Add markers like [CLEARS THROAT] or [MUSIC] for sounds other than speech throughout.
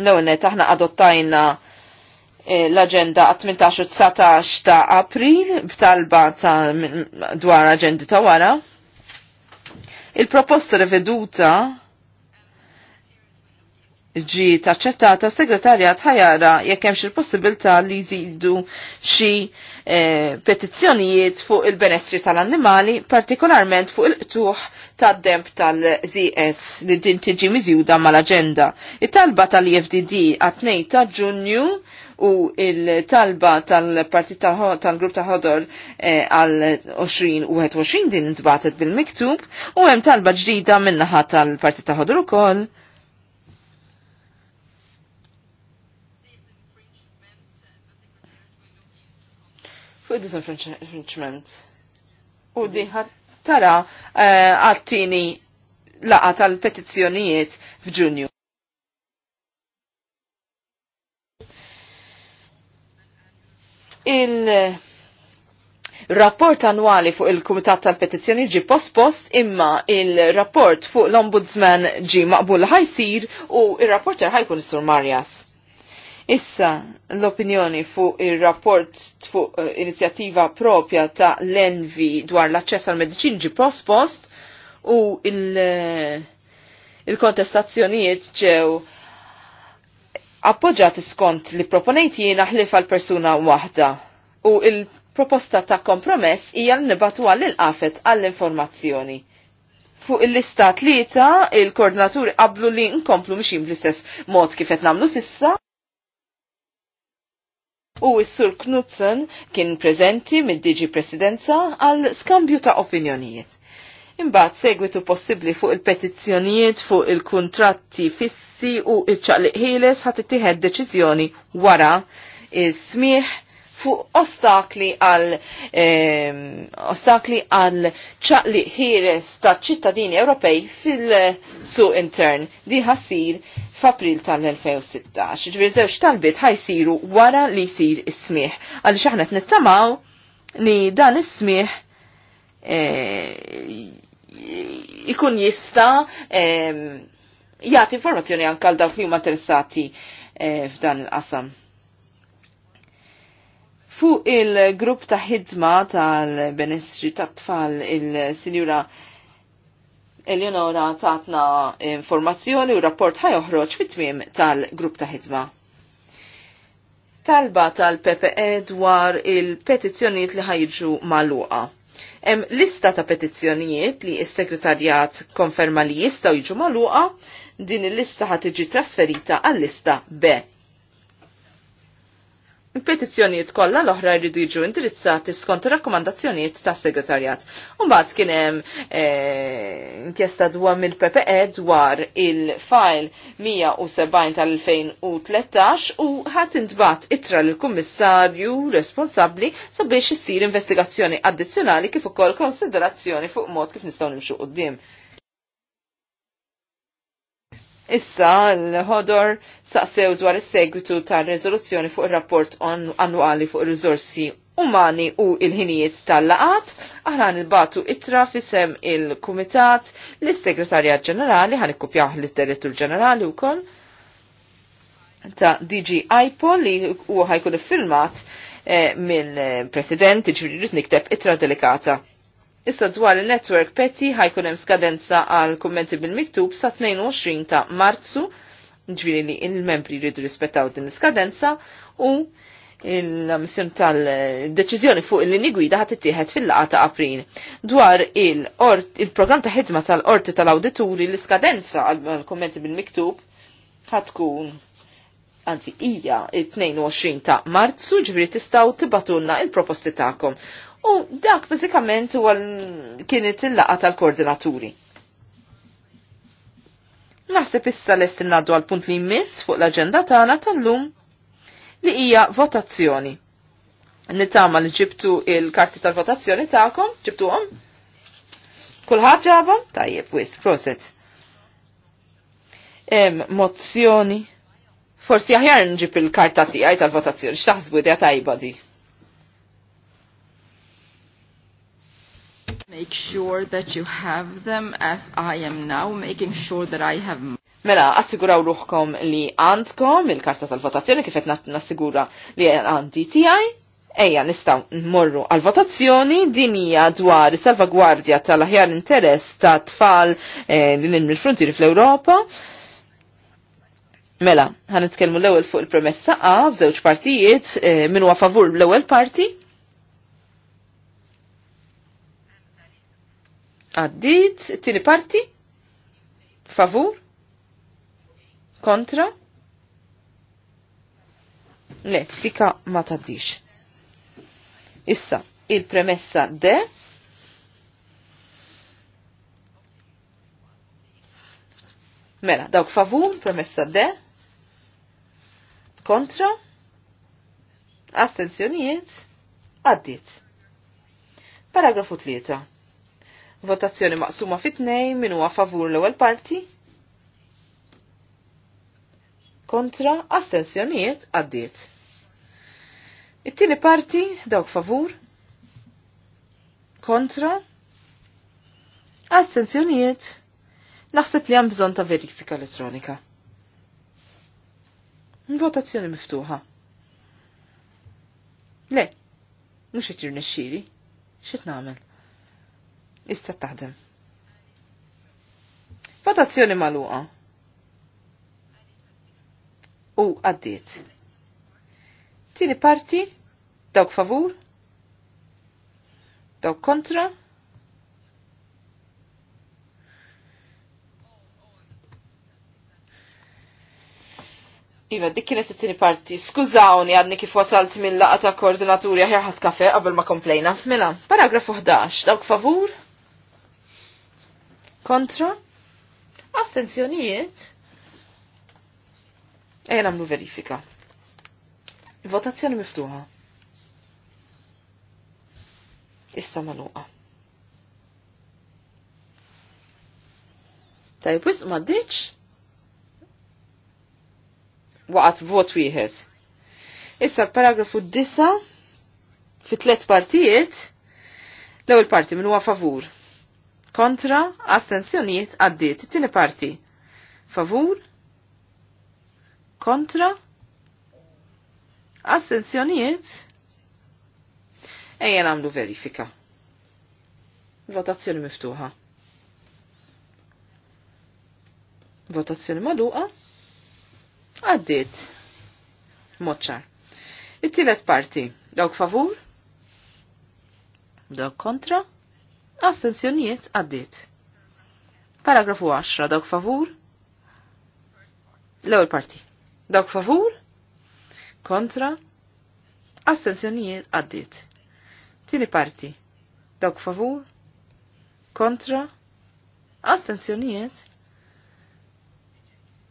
L-għonet aħna adottajna eh, l-agenda 18-19 ta' april b'talba ta' dwar agendi ta' wara. Il-proposta reveduta ġiet aċċettata segretarjat ħajara jekk hemm il-possibilità li jżidu xi eh, petizzjonijiet fuq il-benessri tal-annimali, partikolarment fuq il-qtuħ tad-demp tal-ZS li din tiġi miżjuda mal-aġenda. It-talba tal-IFDD għat ta' Ġunju u il-talba tal-partit tal-grupp ta' ħodor eh, għal 20 u 21 din intbatet bil-miktub u hemm talba ġdida minnaħat tal parti ta' ħodor ukoll fuq disenfranchisement. U diħat tara eh, għattini laqa tal-petizzjonijiet f'Ġunju. il- Rapport annwali fuq il-Kumitat tal-Petizzjoni ġi post-post imma il-rapport fuq l-Ombudsman ġi maqbul ħajsir u il-rapporter ħajkun Sur Marjas. Issa l-opinjoni fuq il-rapport fuq uh, inizjattiva propja ta' l-envi dwar l-aċċess għal medicin ġi post-post u eh, il-kontestazzjonijiet il ġew appoġġati skont li proponejt jiena ħlif għal persuna waħda u il-proposta ta' kompromess hija l-nibatu għall il-qafet għall-informazzjoni. Fuq il-lista tlieta, il-koordinaturi qablu li nkomplu mxim bl-istess mod kif qed nagħmlu sissa u s-sur Knudsen kien prezenti mid diġi Presidenza għal skambju ta' opinjonijiet. Imbagħad segwitu possibbli fuq il-petizzjonijiet fuq il-kuntratti fissi u iċċaqliq ħat ħadd ittieħed deċiżjoni wara is-smieħ fuq ostakli għal ehm, ostakli għal ċaqli ħires ta' ċittadini Ewropej fil-suq intern di ħassir f'April tal-2016. Ġviri żewġ talbiet ħajsiru wara li jsir is-smieħ. Għaliex aħna nittamaw li dan is-smieħ eh, ikun jista ehm, jagħti informazzjoni anke għal dawk li huma interessati eh, f'dan il-qasam. Fuq il-grupp ta' ħidma tal benestri ta' tfal il-sinjura Eleonora tatna informazzjoni u rapport ħaj ħajoħroġ fit-tmiem tal-grupp ta' ħidma talba tal-PPE dwar il-petizzjonijiet li ħajġu maluqa. Hemm lista ta' petizzjonijiet li s-Segretarjat konferma li jistgħu jiġu maluqa, din il-lista ħat iġi trasferita għal-lista B. Il-petizzjonijiet kollha l-oħra jridu jiġu indirizzati skont rakkomandazzjonijiet tas segretarjat. Mbagħad kien hemm eh, inkjesta dwar mill-PPE dwar il-file 170 tal-2013 u ħadd intbat ittra lill kummissarju responsabbli sabiex issir investigazzjoni addizzjonali kif ukoll konsiderazzjoni fuq mod kif nistgħu nimxu quddiem. Issa l-ħodor saqsew dwar is-segwitu tar-riżoluzzjoni fuq ir-rapport annwali fuq ir-riżorsi umani u il-ħinijiet tal-laqat, aħna nibatu itra fisem il-Kumitat l-Segretarjat Ġenerali, ħan ikkupjaħ l-Direttur Ġenerali u kol, ta' DG IPOL li u ħajkun filmat eh, mill-President, ġviri rrit nikteb itra delikata Issa dwar il-network Peti ħajkun hemm skadenza għal kummenti bil-miktub sa 22 ta' Marzu, ġviri li il-membri jridu rispettaw din l-skadenza u il missjon tal-deċizjoni fuq il linji gwida ħat ittieħed fil-laqa ta' april. Dwar il-program ta' ħidma tal-orti tal-awdituri l-iskadenza għal-kommenti bil-miktub ħatkun anzi ija il-22 ta' marzu ġviri tistaw tibatunna il-proposti ta'kom U dak bażikament huwa kienet il-laqa tal-koordinaturi. Naħseb issa lest innaddu għal punt li jmiss fuq l-aġenda tagħna tal-lum li hija votazzjoni. Nittama li ġibtu il-karti tal-votazzjoni tagħkom, ġibtuhom? Kulħadd ġabhom? Tajjeb, wis, proset. Hemm mozzjoni. Forsi aħjar nġib il-karta tiegħi tal-votazzjoni, x'taħsbu idea tajba di. Make sure that you have them as I am now making sure that I have them. Mela, assiguraw ruħkom li għandkom il-karta tal-votazzjoni kif qed nassigura li għandi tiegħi. Ejja, nistaw morru għal-votazzjoni din hija dwar salvagwardja tal-aħjar interess ta' tfal eh, li nimri l-frontieri fl-Ewropa. Mela, ħanitkellmu l-ewwel fuq il-premessa A f'żewġ partijiet eh, min huwa favur l-ewwel parti Għaddit, tini parti? Favur? Kontra? Le, tika ma taddix. Issa, il-premessa D. Mela, dawk favur, premessa D. Kontra? Astenzjonijiet? Għaddit. Paragrafu 3 Votazzjoni maqsuma fit nej min huwa favur l-ewwel parti. Kontra astensjonijiet għaddiet. It-tieni parti dawk favur. Kontra astensjonijiet. Naħseb li hemm bżonn ta' verifika elettronika. Votazzjoni miftuħa. Le, mhux qed jirnexxieli. X'qed nagħmel? Issa taħdem. Votazzjoni maluqa. U għaddiet. Tini parti, dawk favur, dawk kontra, Iva, dik kienet it-tieni parti. Skużawni għadni kif wasalt minn laqa ta' koordinaturi aħjar ħadd kafe qabel ma komplejna. Mela, paragrafu 11, dawk favur, Kontra? Astenzjonijiet? Ejja mnu verifika. Votazzjoni miftuħa. Issa maluqa. Tajb, wisq ma ditx? Waqat vot wieħed. Issa l paragrafu dissa fi tliet partijiet l-ewwel parti minn huwa favur. Kontra, astensjonijiet għaddiet. Tini parti. Favur. Kontra. Astensjonijiet. Ejja namlu verifika. Votazzjoni miftuħa. Votazzjoni maluqa. Għaddiet. Moċċar. It-tielet parti. Dawk favur? Dawk kontra? Astenzjonijiet għaddit. Paragrafu 10. Dawk favur? L-ewwel parti. Dawk favur? Kontra? Astenzjonijiet għaddit. Tieni parti. Dawk favur? Kontra? Astenzjonijiet?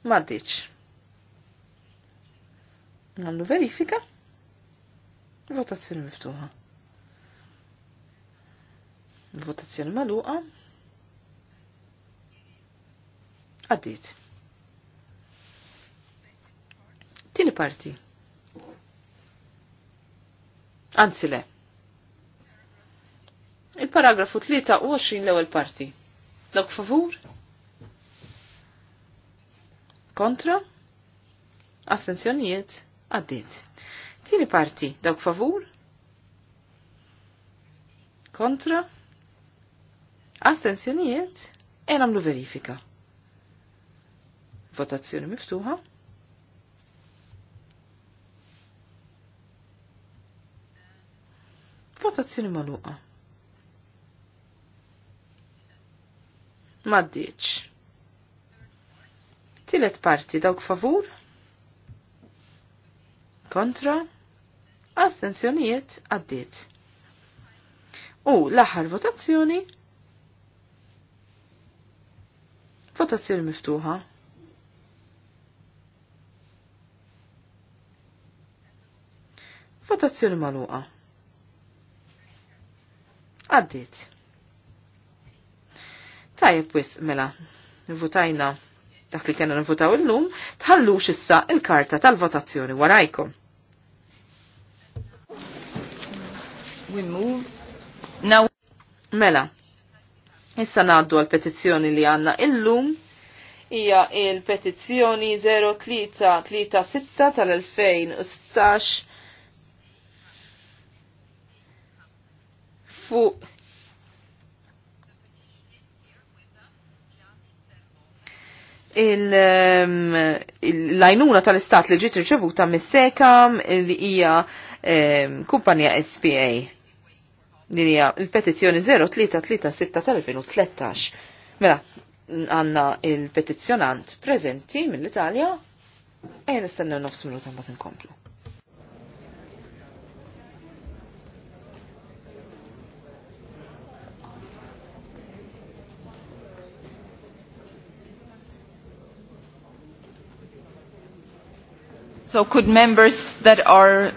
Maddiċ. Nallu verifika? Votazzjoni miftuħa. Votazzjoni maluqa. Għaddit. Tini parti. Anzi le. Il-paragrafu 23 l-ewwel parti. Dawk favur? Kontra? Astenzjonijiet? Għaddit. Tieni parti, dawk favur? Kontra? Astenzjonijiet? jena mlu verifika. Votazzjoni miftuħa? Votazzjoni maluqa. Maddiċ. Tilet parti dawk favur? Kontra? Astenzjonijiet għaddiet. U l-aħħar votazzjoni Votazzjoni miftuħa. Votazzjoni maluqa. Għaddit. Tajjeb wis mela, votajna dak li kena nivutaw il-lum, tħallux xissa il-karta tal-votazzjoni warajkom. We move. Now. Mela, Issa naddu għal petizzjoni li għanna illum hija il-petizzjoni 0336 tal-2016 fuq il-lajnuna il petizzjoni 0336 tal 2016 fuq il lajnuna tal istat li ġiet riċevuta mis-sekam li hija ehm, kumpanija SPA. Din il-petizjoni 0336 tal-2013. Mela, għanna il-petizzjonant prezenti mill-Italja e nistennu nofs minuta ma inkomplu. So could members that are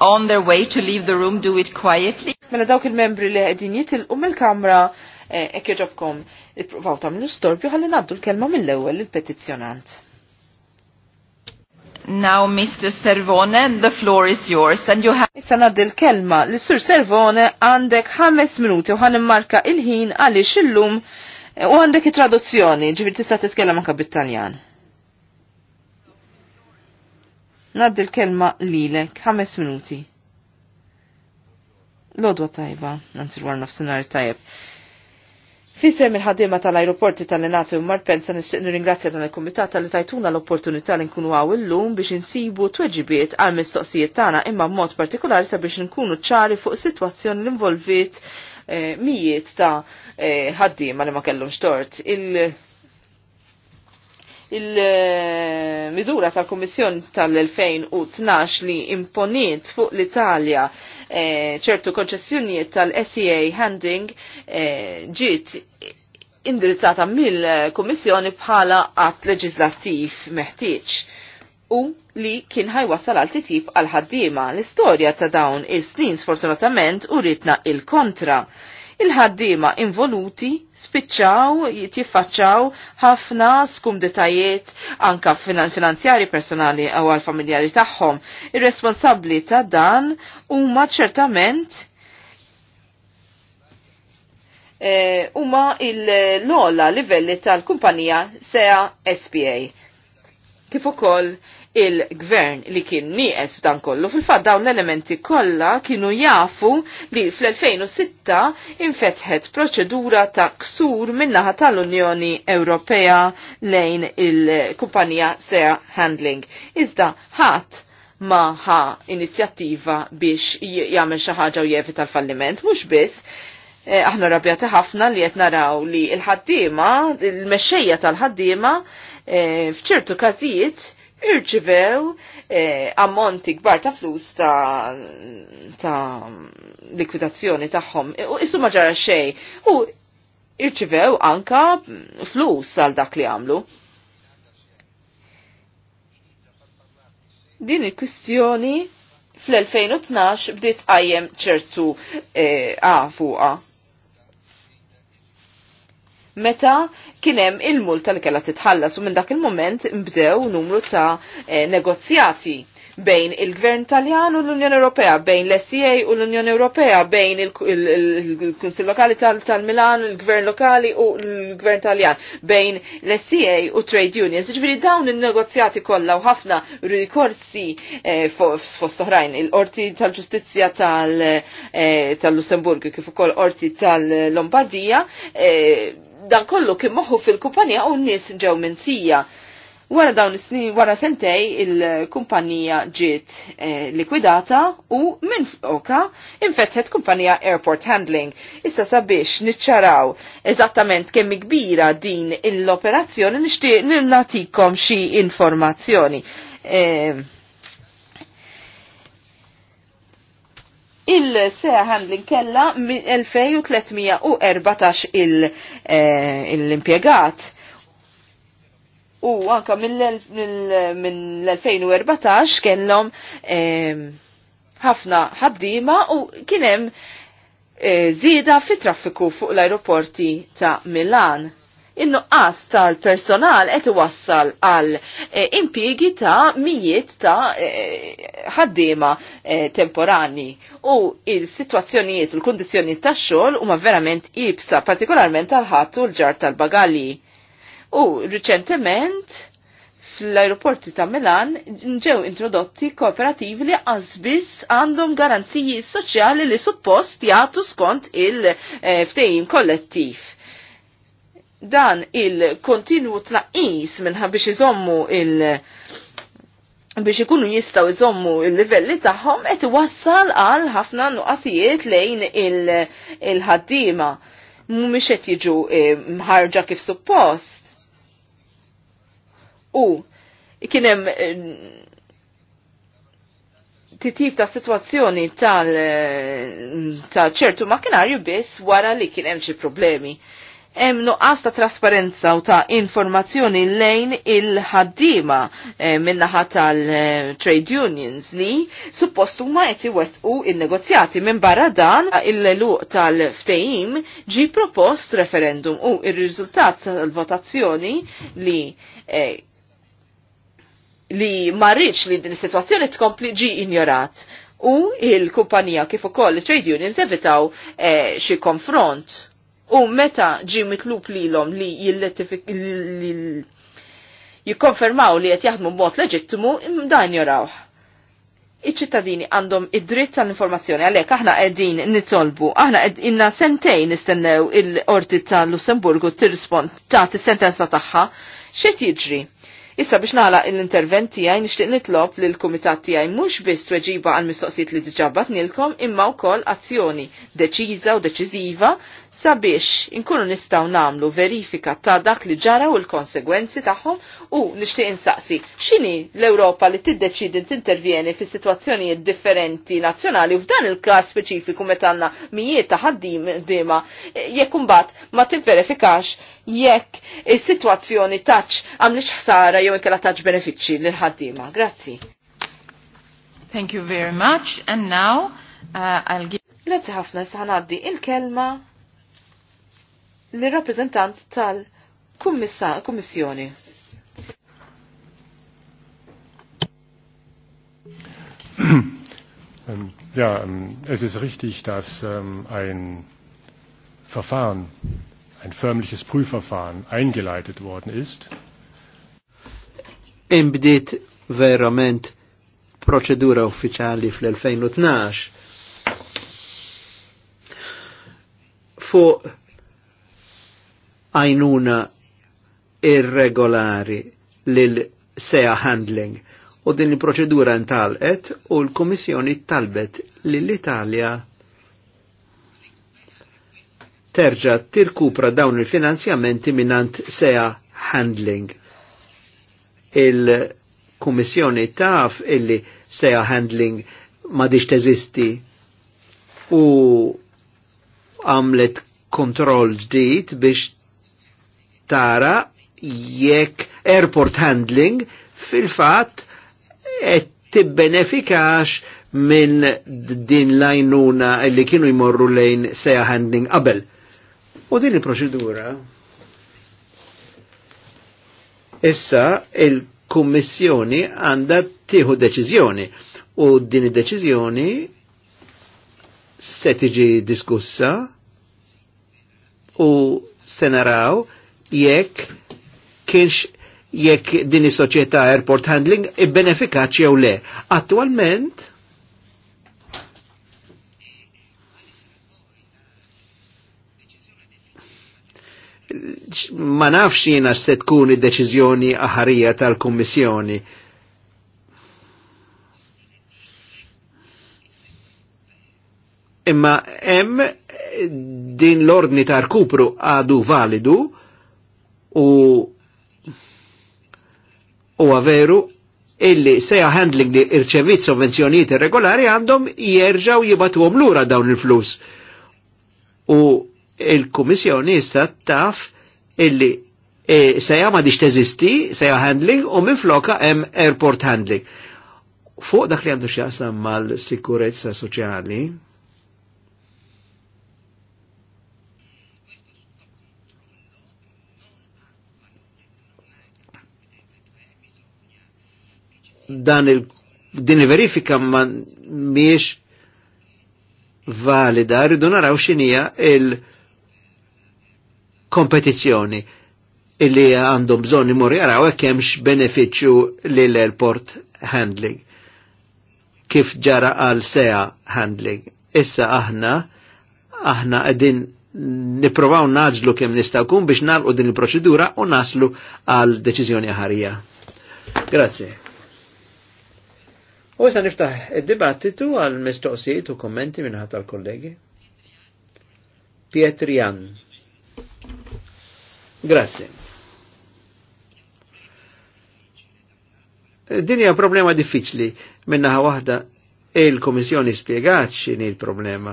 on their way to leave the room do it quietly? Mela dawk il-membri li qegħdin jitilqu mill-kamra hekk eh, joġobkom ippruvaw tagħmlu storbju ħalli ngħaddu l-kelma mill-ewwel il-petizzjonant. Now, Mr. Servone, the floor is yours, and you have... Issa naddi l-kelma li sur Servone għandek ħames minuti u marka il-ħin għaliex illum eh, u għandek it-traduzzjoni, ġifir tista' titkellem anka bit-Taljan. Naddi l-kelma lilek, ħames minuti. Lodwa tajba, nansi l għar nafsinar tajb. Fisem il-ħadima tal-aeroporti tal nati u Marpensa nixtieq nirringrazzja dan il komitat tal-li tajtuna l-opportunità li nkunu għaw illum biex insibu tweġibiet għal mistoqsijiet tagħna imma mod partikolari sabiex nkunu ċari fuq sitwazzjoni l-involvit eh, mijiet ta' eh, ħaddiema li ma kellhomx tort. il- mizura miżura tal-Kummissjoni tal-2012 li imponiet fuq l-Italja eh, ċertu konċessjonijiet tal-SEA handing eh, ġiet indirizzata mill-Kummissjoni bħala għat leġislattiv meħtieġ u li kien ħajwassal għal titjib għal ħaddiema l-istorja ta' dawn is-snin sfortunatament u ritna il-kontra. il kontra il-ħaddima involuti spiċċaw, jitjiffaċċaw ħafna skum detajiet anka finanzjari personali għaw għal-familjari tagħhom. Ir-responsabli ta' dan huma ċertament e, huma e, il-lola livelli tal-kumpanija SEA SPA. Kif ukoll il-gvern li kien nieqes f'dan kollu, fil-fatt dawn l-elementi kollha kienu jafu li fl-2006 infetħet proċedura ta' ksur minnaħa tal-Unjoni Ewropea lejn il-kumpanija Sea Handling. Iżda ħadd ma ħa inizjattiva biex jagħmel xi ħaġa u jevi tal falliment mhux biss eh, aħna rabjati ħafna li qed naraw li l-ħaddiema, il-mexxejja tal-ħaddiema eh, f'ċertu każijiet irċivew eh, ammonti kbar ta' flus ta', ta likwidazzjoni tagħhom. U issu ma ġara xej. U irċivew anka flus għal dak li għamlu. Din il-kwistjoni fl-2012 bdiet qajjem ċertu eh, għafuqa. Eh, meta kienem il-multa li kella titħallas u minn dak il-moment mbdew numru ta' eh, negozjati bejn il-Gvern Taljan u l-Unjoni Ewropea, bejn l-SCA e u l-Unjoni Ewropea, bejn il-Kunsil Lokali tal-Milan, il-Gvern Lokali u l-Gvern Taljan, bejn l-SCA e u Trade Unions. Ġviri dawn il-negozjati kollha u ħafna rikorsi eh, fost oħrajn, il-Orti tal-Ġustizzja eh, tal-Lussemburg kif ukoll Orti tal-Lombardija, dan kollu kien moħħu fil-kumpanija u n-nies ġew minn sija. Wara dawn is-snin wara sentej il-kumpanija ġiet eh, likwidata u minn oka infetħet kumpanija Airport Handling. Issa sabiex niċċaraw eżattament kemm kbira din l-operazzjoni nixtieq nagħtikom xi informazzjoni. Eh, il-sea handling kella 2314 eh, il-impiegat. U anka mill-2014 kellhom eh, ħafna ħaddiema u kienem eh, zieda fit traffiku fuq l-aeroporti ta' Milan in-nuqqas tal-personal qed iwassal għal eh, impjiegi ta' mijiet ta' eh, ħaddiema eh, temporani u il-sitwazzjonijiet u l-kundizzjonijiet tax-xogħol huma verament ibsa, partikolarment tal ħattu u l-ġar tal bagali U riċentement fl-aeroporti ta' Milan ġew introdotti kooperativi li għazbis għandhom garanziji soċjali li suppost jagħtu skont il-ftehim kollettiv dan il-kontinu tnaqis minnħa biex iżommu il- biex ikunu jistaw iżommu il-livelli tagħhom qed iwassal għal ħafna nuqqasijiet lejn il-ħaddiema mhumiex qed jiġu eh, mħarġa kif suppost. U kien hemm eh, titib ta' situazzjoni tal eh, ta' ċertu makinarju biss wara li kien hemm xi problemi hemm nuqqas ta' trasparenza u ta' informazzjoni lejn il-ħaddiema eh, minnaħa tal-trade unions li suppost huma qed iwettqu in-negozjati minn barra dan il-luq tal-ftehim ġi propost referendum u ir-riżultat tal-votazzjoni li eh, li marriċ li din is-sitwazzjoni tkompli ġi injorat u il-kumpanija kif ukoll trade unions evitaw eh, xi konfront U meta ġi mitlub lilhom li jikkonfermaw li qed jaħdmu b'mod leġittimu, dan jorawħ. Iċ-ċittadini għandhom id-dritt tal-informazzjoni għalhekk aħna qegħdin nitolbu, aħna qegħdinna sentejn nistennew il-qorti tal-Lussemburgu tirrispond tagħti sentenza tagħha x'qed jiġri. Issa biex nagħlaq l-intervent tiegħi nixtieq nitlob lil kumitat tiegħi mhux biss tweġiba għal mistoqsijiet li diġabat nilkom imma wkoll azzjoni deċiża u deċiżiva sabiex inkunu nistaw namlu verifika ta' dak li ġara u l-konsegwenzi tagħhom u nixtieq insaqsi x'inhi l-Ewropa li tiddeċidi tintervjeni fi sitwazzjonijiet differenti nazzjonali u f'dan il-każ speċifiku meta għandna mijiet ta' ħaddiema jekk imbagħad ma tivverifikax jekk is-sitwazzjoni taċ għamlix ħsara jew inkella taċ benefiċċji lil ħaddiema. Grazzi. Thank you very much and now uh, I'll give Grazzi ħafna sa ħanaddi il-kelma l-rappresentant tal-Kummissjoni. [CLEARS THROAT] Ähm, ja, ähm, es ist richtig, dass ähm, ein Verfahren, ein förmliches Prüfverfahren eingeleitet worden ist. Imbdiet verament proċedura uffiċjali fl-2012 fuq għajnuna irregolari lil sea handling u din il-proċedura ntalqet u l-Komissjoni talbet li l-Italja terġa tirkupra dawn il-finanzjamenti minant sea handling. Il-Komissjoni taf illi sea handling ma diċ teżisti u għamlet kontroll ġdid biex tara jekk airport handling fil-fat qed tibbenefikax minn din lajnuna li kienu jmorru lejn seja handling qabel. U din il-proċedura issa il-Kummissjoni għandha tieħu deċiżjoni u din id-deċiżjoni se tiġi diskussa u se naraw jekk kienx jekk din is-soċjetà airport handling ibbenefikat jew le. Attualment ma nafx jiena se tkun id-deċiżjoni aħarija tal-Kummissjoni. Imma hemm din l-ordni tar kupru għadu validu u u għaveru illi seja handling li irċeviet sovvenzjoniet irregolari għandhom jerġaw jibatuhom lura dawn il-flus. U il-Kummissjoni issa taf illi e, seja ma diċ teżisti, seja handling u minn floka hemm airport handling. Fuq dak li għandu xjaqsam mal-sikurezza soċjali, dan il din il-verifika ma miex valida, rridu naraw xinija il-kompetizjoni illi għandhom bżonni mur jaraw hekk hemmx benefiċċju lil airport handling kif ġara għal sea handling. Issa aħna aħna qegħdin nippruvaw naġlu kemm nista' jkun biex nagħlqu din il-proċedura u naslu għal deċiżjoni ħarija. Grazie. U issa niftaħ id-dibattitu għal mistoqsijiet u kommenti minn ħadd tal-kollegi. Pietrian. Grazie. Din hija problema diffiċli minnaħa waħda il-Komissjoni spiegaċi x'inhi il-problema.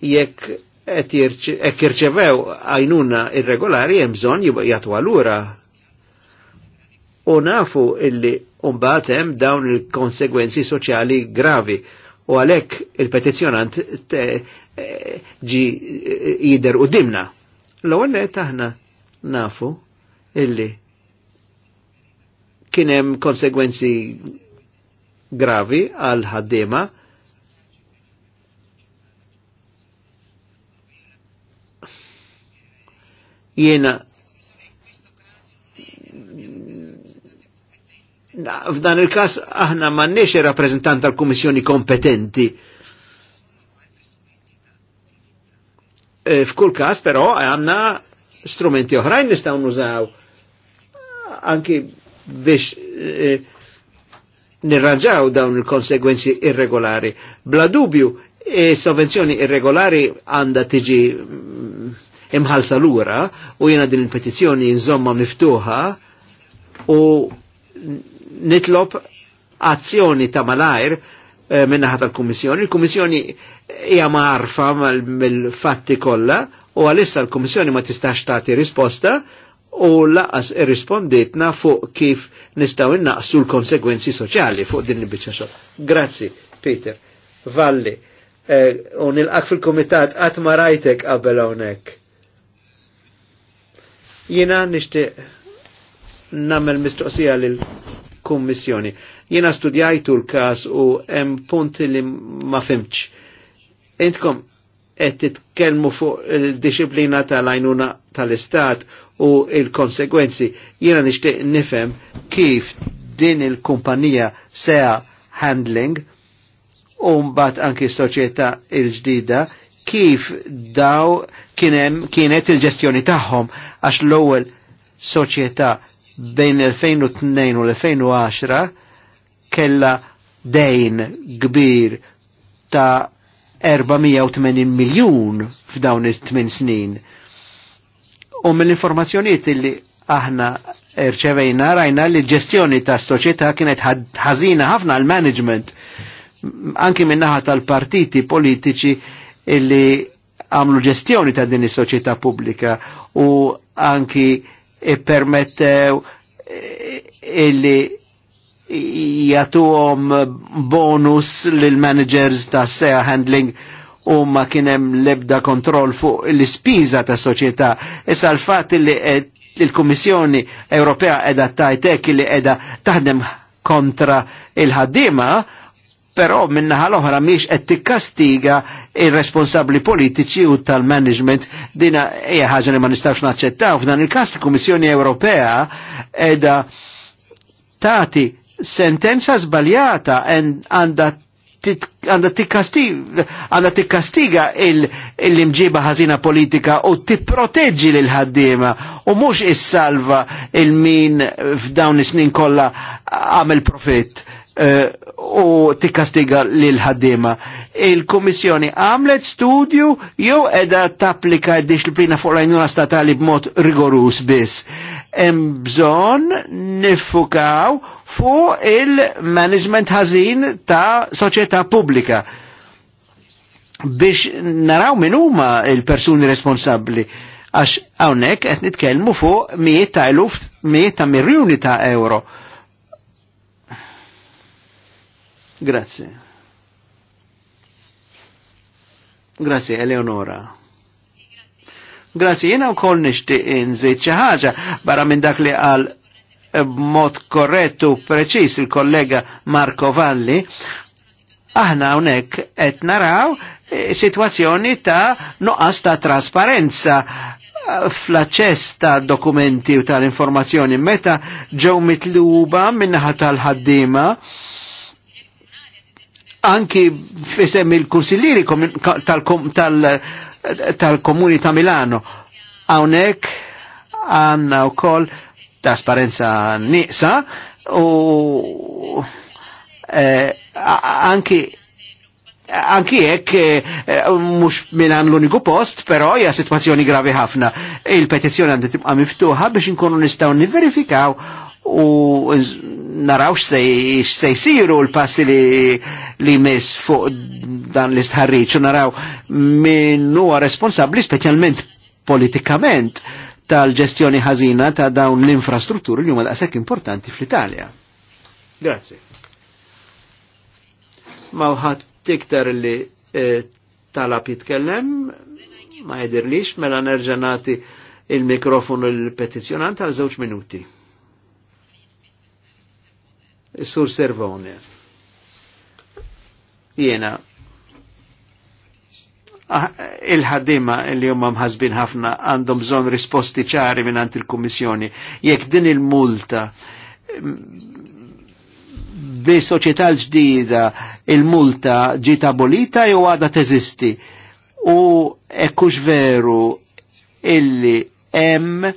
Jekk qed jirċevew għajnuna irregolari hemm bżonn jagħtu allura u nafu illi umbatem hemm dawn il-konsegwenzi soċjali gravi u għalhekk il-petizzjonant e, ġi e, jider u dimna. L-ewwel aħna nafu illi kien hemm konsegwenzi gravi għal ħaddima jiena f'dan il-kas aħna m'għandniex rappreżentant tal-Kummissjoni kompetenti. E, f'kull każ però għandna strumenti oħrajn nistgħu nużaw anki biex e, nirraġaw dawn il-konsegwenzi irregolari. Bla dubju, e, sovvenzjoni irregolari għanda tiġi mm, imħalsa lura u jena din il-petizjoni nżomma miftuħa u nitlob azzjoni ta' malajr eh, minnaħat tal-Kummissjoni. Il-Kummissjoni hija marfa mill-fatti kollha u għalissa l-Kummissjoni ma tistax tagħti risposta u laqas irrisponditna fuq kif nistgħu innaqsu l-konsegwenzi soċjali fuq din il-biċċa xogħol. Grazzi, Peter. Valli, eh, u nilqak fil-komitat qatt ma rajtek qabel hawnhekk. Jiena nixtieq nagħmel mistoqsija lil kummissjoni Jiena studjajtu l-każ u hemm punti li ma fimx. Intkom qed titkellmu fuq il-disciplina tal-għajnuna tal-Istat u il-konsegwenzi. Jiena nixtieq nifhem kif din il-kumpanija sea handling u mbagħad anki soċjetà il-ġdida kif daw kienem, kienet il-ġestjoni tagħhom għax l-ewwel soċjetà bejn 2002 u l-2010 kella dejn kbir ta' 480 miljun f'dawn it-8 snin. U mill-informazzjonijiet li aħna rċevejna rajna li l-ġestjoni ta' soċjetà kienet ħażina ħafna l management anki naħa tal-partiti politiċi illi għamlu ġestjoni ta' din is-soċjetà pubblika u anki permettew eh, illi jatuhom bonus lil managers ta' sea handling u ma kienem lebda kontroll fuq l-ispiża ta' soċjetà. Issa l-fatt li eh, l-Kummissjoni Ewropea edha tajtek li edha taħdem kontra il-ħaddima, però minna l-oħra miex qed tikkastiga ir-responsabbli politiċi u tal-management dina hija ħaġa li ma nistax naċċettaw. F'dan il-każ il-Kummissjoni Ewropea edha tati sentenza żbaljata għandha għanda tikkastiga l-imġiba ħazina politika u tipproteġġi lil ħaddiema u mhux issalva il-min f'dawn is-snin kollha għamel profitt Eh, u tikkastiga lil ħaddiema. Il-Kummissjoni għamlet studju jew edha tapplika d-disciplina fuq l-għajnuna statali b'mod rigorus biss. Hemm bżonn nifukaw fuq il-management ħażin ta' soċjetà pubblika biex naraw minn huma il-persuni responsabbli għax hawnhekk qed nitkellmu fuq mijiet ta' luft mijiet ta' mirjuni ta' euro Grazie. Grazie, Eleonora. Grazie, jena u koll nishti nżid xi ħaġa barra minn dak li għal b'mod korrettu preċis il-kollega Marco Valli, aħna hawnhekk qed naraw e, situazzjoni ta' noqas ta' trasparenza fl-aċċess ta' dokumenti u tal-informazzjoni meta ġew mitluba minnaħa tal-ħaddiema anki fisem il-kursilliri tal-komuni tal ta' Milano. Awnek Hawnhekk u wkoll trasparenza nisa u eh, anki anki jekk mux eh, mhux Milan l-uniku post, però hija situazzjoni gravi ħafna. Il-petizzjoni għandet tibqa' miftuħa biex inkunu nistgħu niverifikaw u naraw se jisiru l-passi li, li mis fuq dan l-istħarriċ u naraw minnu huwa responsabli specialment politikament tal-ġestjoni ħażina ta' dawn l-infrastrutturi li huma daqshekk importanti fl-Italja. Grazzi. Ma wħad tiktar li eh, talab jitkellem, ma jidirlix, mela nerġanati il-mikrofonu l-petizjonant għal żewġ minuti. Sur Servone. Jena ah, il-ħaddima li huma mħasbin ħafna għandhom bżonn risposti ċari minn il-Kummissjoni. Jekk din il-multa bi soċjetà l-ġdida il-multa ġiet abolita jew għadha teżisti. U ekkux veru illi hemm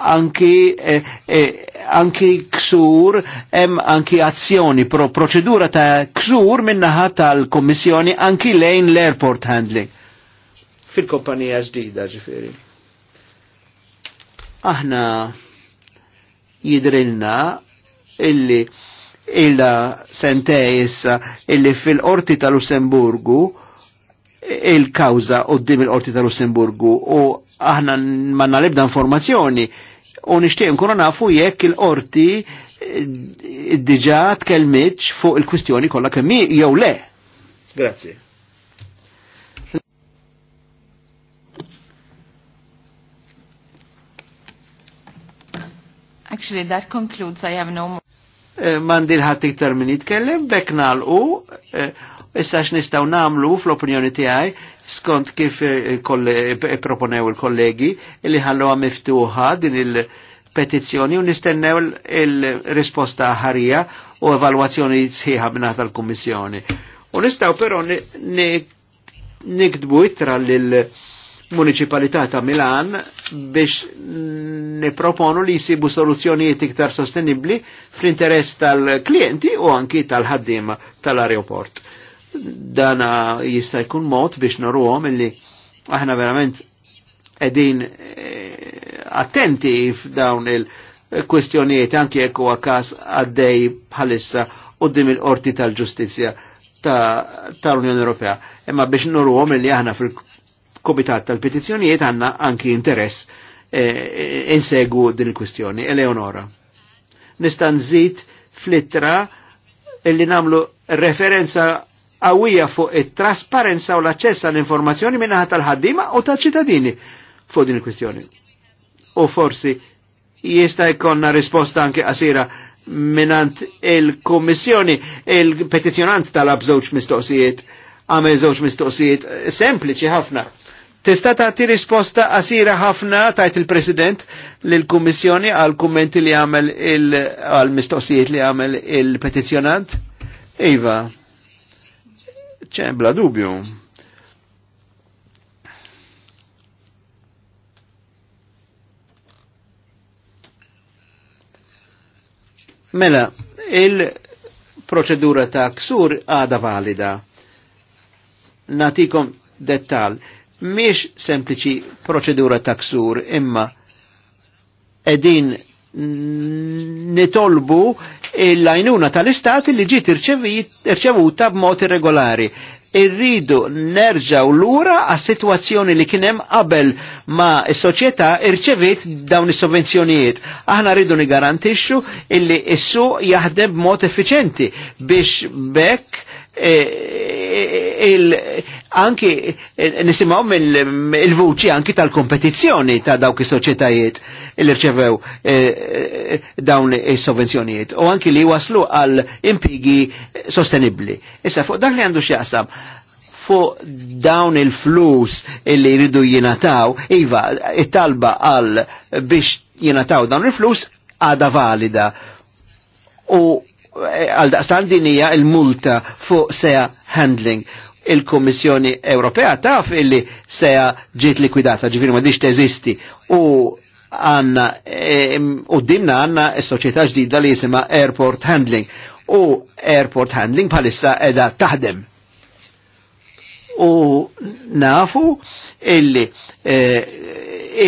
anki eh, eh, anki ksur, em anki azzjoni pro proċedura ta' ksur minnaħa tal-Kommissjoni anki lejn l-airport handling. Fil-kompanija ġdida ġifiri. Aħna jidrilna illi illa sentej illi fil-orti tal-Lussemburgu il-kawza d-dim il-orti tal-Lussemburgu u aħna manna libda informazzjoni U nixtieq nkunu nafu jekk il-qorti eh, diġà tkellmitx fuq il-kwistjoni kollha kemm jew le. Grazzi. Actually, that concludes. I have no more. Eh, Mandil ħat iktar min jitkellem, bekk nalqu eh, Issa x'nistgħu namlu fl-opinjoni tiegħi skont kif eh, eh, proponew il-kollegi li ħalluha miftuħa din il-petizzjoni u nistennew il-risposta ħarija u evalwazzjoni sħiħa minn tal-Kummissjoni. U nistgħu però nikdbu ittra l municipalità ta' Milan biex niproponu li jisibu soluzzjonijiet iktar sostenibli fl-interess tal-klienti u anki tal-ħaddima tal-aeroport dana jista' jkun mod biex norruhom illi aħna verament edin eh, attenti f'dawn il-kwestjonijiet anki jekk huwa każ għaddej bħalissa qudiem il-qorti tal-ġustizzja tal-Unjoni ta Ewropea. Imma biex nurruhom illi aħna fil-Komitat tal-Petizzjonijiet għandna anki interess e, eh, insegu din il-kwistjoni. Eleonora. Nista' nżid flittra illi namlu referenza għawija fuq it-trasparenza u l-aċċess għall-informazzjoni minnaħa tal ħaddima u tal-ċittadini fuq din il-kwistjoni. U forsi jista' jkollna risposta anke qasira minant il-Kommissjoni, il-petizjonant tal-ab żewġ mistoqsijiet, għamel żewġ mistoqsijiet sempliċi ħafna. Tista' tagħti risposta qasira ħafna tajt il-President lill-Kummissjoni għal kummenti li għamel għal mistoqsijiet li għamel il-petizjonant? Iva ċe, bla dubju. Mela, il-proċedura ta' ksur għada valida. Natikom dettal. Miex sempliċi proċedura ta' ksur, imma edin nitolbu Il-lajnuna tal-istat li ġiet irċevuta b'mod irregolari irridu nerġaw lura għas situazzjoni li kienem qabel ma s-soċieta irċevit dawn is-sovvenzjonijiet. Aħna rridu garantixxu illi issu jaħdem b'mod effiċenti biex bekk eh, anki nisimaw mill-vuċi anki tal-kompetizzjoni ta' dawk is-soċjetajiet li rċevew eh, eh, dawn is-sovvenzjonijiet u anki li waslu għal impigi sostenibbli. Issa fuq dak li għandu x'jaqsam fuq dawn il-flus li jridu jinataw, iva, it-talba għal biex jinataw dawn il-flus għada valida. U eh, għal daqstan dinija il-multa fuq sea handling il-Kommissjoni Ewropea taf illi seja ġiet likwidata, ġifiri ma diċ teżisti u għanna e, u dimna għanna s-soċieta e ġdida li jisima Airport Handling u Airport Handling bħalissa edha taħdem. U nafu illi e,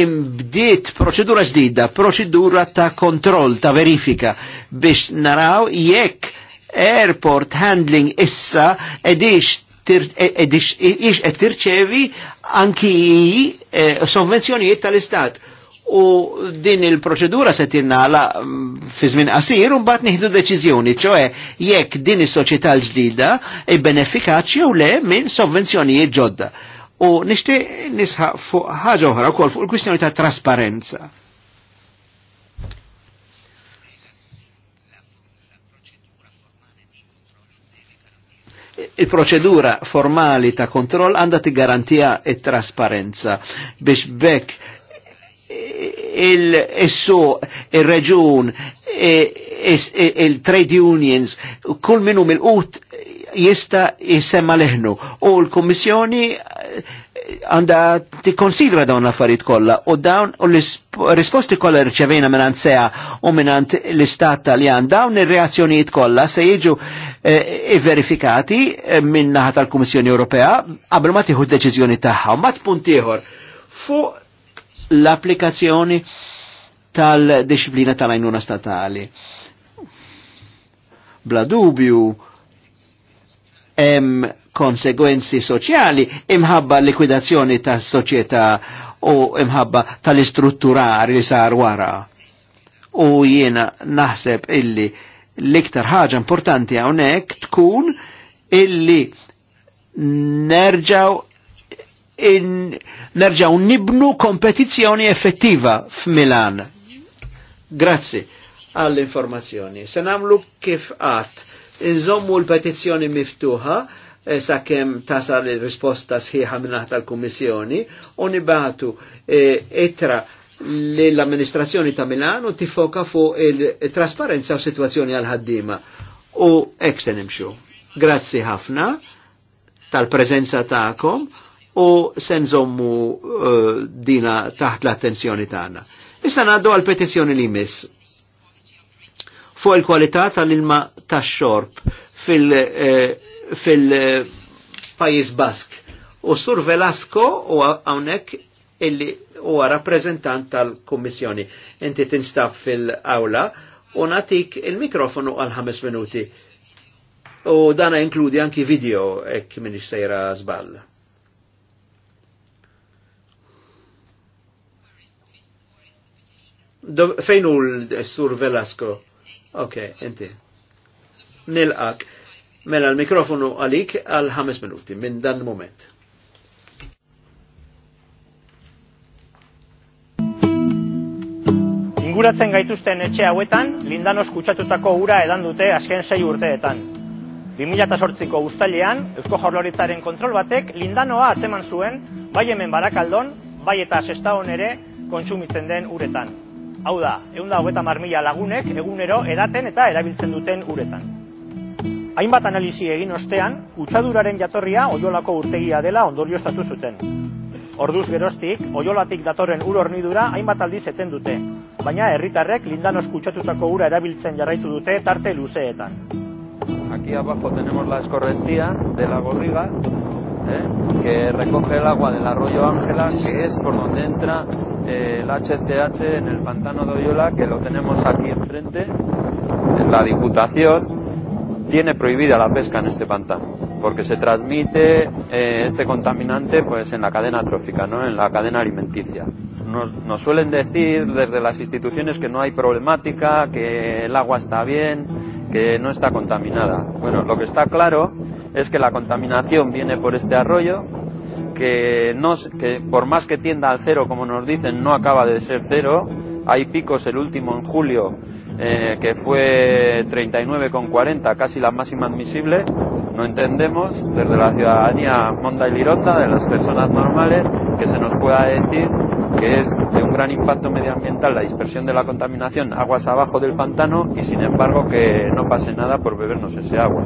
imbdiet proċedura ġdida, proċedura ta' kontroll, ta' verifika biex naraw jekk airport handling issa edix E, e, e, ix qed tirċevi anki sovvenzjonijiet tal-Istat. U din il-proċedura se tinnala mm, fi żmien qasir u mbagħad nieħdu deċiżjoni, ċoe jekk din is-soċjetà l-ġdida ibbenefikaċ jew le minn sovvenzjonijiet ġodda. U nixtieq nisħaq fuq ħaġa oħra wkoll fuq il-kwistjoni ta' trasparenza il-proċedura formali ta' kontroll għandha garantija it-trasparenza biex bekk il-su, il-reġun, il-trade unions, kull minnu mill-qut jista jisemma leħnu. U l-Kommissjoni għanda tikkonsidra dawn l-affarijiet kollha u dawn u l-risposti kollha rċevejna minant seja u minant l-istat tal-jan dawn ir-reazzjonijiet kollha se jiġu e, verifikati e, minn naħa tal-Kummissjoni Ewropea qabel ma tieħu d-deċiżjoni tagħha u mat punt ieħor fuq l-applikazzjoni tal-disciplina tal-għajnuna statali. Bla dubju, em, konsegwenzi soċjali imħabba likwidazzjoni tas soċjetà u imħabba tal istrutturar li sar wara. U jiena naħseb illi l-iktar ħaġa importanti hawnhekk tkun illi nerġaw in, nerġaw nibnu kompetizzjoni effettiva f'Milan. Grazzi għall-informazzjoni. Se namlu kif qatt, inżommu l-petizzjoni miftuħa Eh, sakemm tasal il-risposta sħiħa minnaħ tal-Kummissjoni u nibatu etra eh, li l-amministrazzjoni ta' Milano tifoka fuq il-trasparenza u situazzjoni għal-ħaddima. U ek se nimxu. Grazzi ħafna tal-prezenza ta'kom u senżommu eh, dina taħt l-attenzjoni tagħna. Issa naddu għal petizzjoni li miss fuq il-kwalità tal-ilma tax-xorb fil- fil-Pajis Bask. U Sur Velasco u għawnek illi huwa rappresentant tal-Kommissjoni. Inti tinstab fil-awla u natik il-mikrofonu għal ħames minuti. U dana inkludi anki video ek minni sejra zbal. Fejn eh, sur Velasco? Ok, inti. Nilqak. Mela l-mikrofonu għalik għal 5 minuti minn dan moment. Inguratzen gaituzten etxe hauetan, lindan oskutsatutako ura edan dute azken sei urteetan. 2008ko ustalean, Eusko Jorloritzaren kontrol batek lindanoa atzeman zuen, bai hemen barakaldon, bai eta sesta honere kontsumitzen den uretan. Hau da, egun da hogeta marmila lagunek egunero edaten eta erabiltzen duten uretan. Hainbat analizi egin ostean, kutsaduraren jatorria oiolako urtegia dela ondorio estatu zuten. Orduz geroztik, oiolatik datorren ur hornidura hainbat aldiz eten dute, baina herritarrek lindanos kutsatutako ura erabiltzen jarraitu dute tarte luzeetan. Aquí abajo tenemos la escorrentía de la Gorriga, ¿eh? que recoge el agua del arroyo Ángela, que es por donde entra eh, el HCH en el pantano de Oyola, que lo tenemos aquí enfrente, en la Diputación, tiene prohibida la pesca en este pantano, porque se transmite eh, este contaminante pues en la cadena trófica, ¿no? en la cadena alimenticia. Nos, nos suelen decir desde las instituciones que no hay problemática, que el agua está bien, que no está contaminada. Bueno, lo que está claro es que la contaminación viene por este arroyo, que, no, que por más que tienda al cero, como nos dicen, no acaba de ser cero. Hay picos, el último en julio, eh, que fue 39,40, casi la máxima admisible. No entendemos desde la ciudadanía monda y lironda, de las personas normales, que se nos pueda decir que es de un gran impacto medioambiental la dispersión de la contaminación aguas abajo del pantano y sin embargo que no pase nada por bebernos ese agua.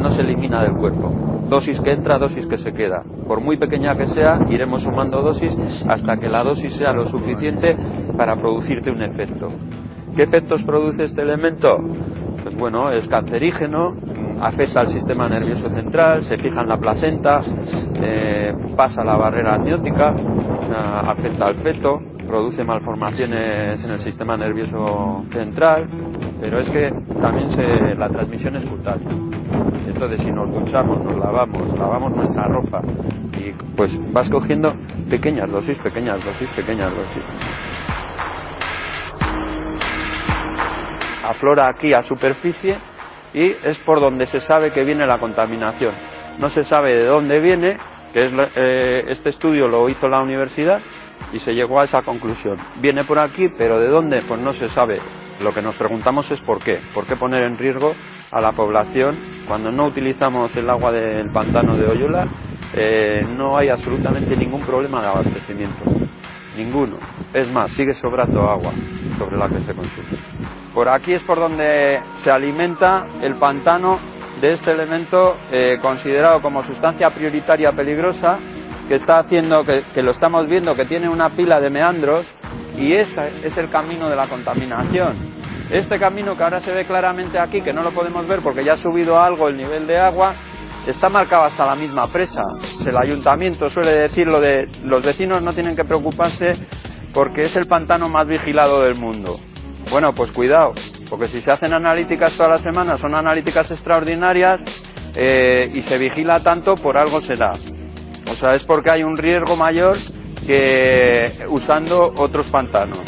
No se elimina del cuerpo. Dosis que entra, dosis que se queda. Por muy pequeña que sea, iremos sumando dosis hasta que la dosis sea lo suficiente para producirte un efecto. ¿Qué efectos produce este elemento? Pues bueno, es cancerígeno, afecta al sistema nervioso central, se fija en la placenta, eh, pasa la barrera amniótica, eh, afecta al feto, produce malformaciones en el sistema nervioso central, pero es que también se, la transmisión es cutánea. Entonces, si nos duchamos, nos lavamos, lavamos nuestra ropa, y pues vas cogiendo pequeñas dosis, pequeñas dosis, pequeñas dosis. aflora aquí a superficie y es por donde se sabe que viene la contaminación. No se sabe de dónde viene, que es, eh, este estudio lo hizo la universidad y se llegó a esa conclusión. Viene por aquí, pero de dónde, pues no se sabe. Lo que nos preguntamos es por qué. ¿Por qué poner en riesgo a la población cuando no utilizamos el agua del pantano de Oyola? Eh, no hay absolutamente ningún problema de abastecimiento. Ninguno. Es más, sigue sobrando agua sobre la que se consume. Por aquí es por donde se alimenta el pantano de este elemento eh, considerado como sustancia prioritaria peligrosa que está haciendo, que, que lo estamos viendo, que tiene una pila de meandros y ese es el camino de la contaminación. Este camino que ahora se ve claramente aquí, que no lo podemos ver porque ya ha subido algo el nivel de agua, Está marcado hasta la misma presa. El ayuntamiento suele decir lo de los vecinos no tienen que preocuparse porque es el pantano más vigilado del mundo. Bueno, pues cuidado, porque si se hacen analíticas todas las semanas, son analíticas extraordinarias eh, y se vigila tanto, por algo será. O sea, es porque hay un riesgo mayor que usando otros pantanos.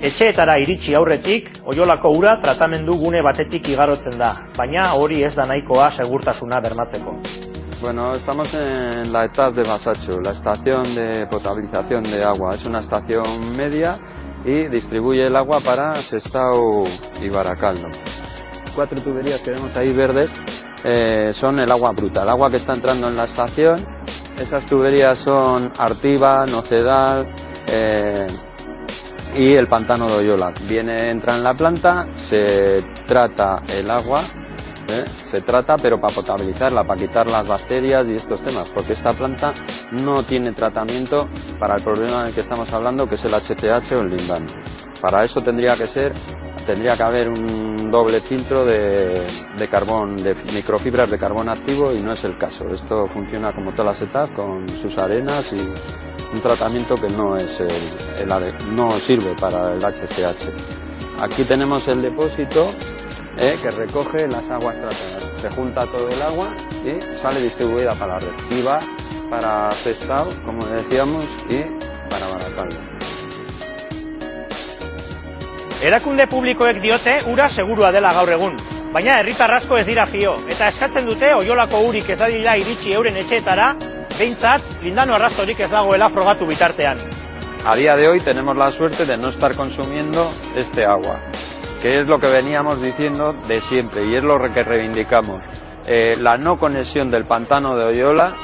Etxeetara iritsi aurretik, oiolako ura tratamendu gune batetik igarotzen da, baina hori ez da nahikoa segurtasuna bermatzeko. Bueno, estamos en la etapa de Basacho, la estación de potabilización de agua. Es una estación media y distribuye el agua para Sestao y Baracaldo. Cuatro tuberías que vemos ahí verdes eh, son el agua bruta, el agua que está entrando en la estación. Esas tuberías son Artiva, Nocedal, eh, y el pantano de Oyola. Viene, entra en la planta, se trata el agua, ¿eh? se trata pero para potabilizarla, para quitar las bacterias y estos temas, porque esta planta no tiene tratamiento para el problema del que estamos hablando, que es el HTH o el lindan. Para eso tendría que ser tendría que haber un doble filtro de, de carbón, de microfibras de carbón activo y no es el caso. Esto funciona como todas las setas con sus arenas y un tratamiento que no, es el, el, no sirve para el HCH. Aquí tenemos el depósito eh, que recoge las aguas tratadas. Se junta todo el agua y sale distribuida para la red. Y va para Sestao, como decíamos, y para Baracaldo. Erakunde publikoek diote ura segurua dela gaur egun, baina herritar asko ez dira fio eta eskatzen dute oiolako urik ez dadila iritsi euren etxeetara behintzat, lindano arrastorik ez dagoela probatu bitartean. A día de hoy tenemos la suerte de no estar consumiendo este agua, que es lo que veníamos diciendo de siempre y es lo que reivindicamos. Eh, la no conexión del pantano de Oyola,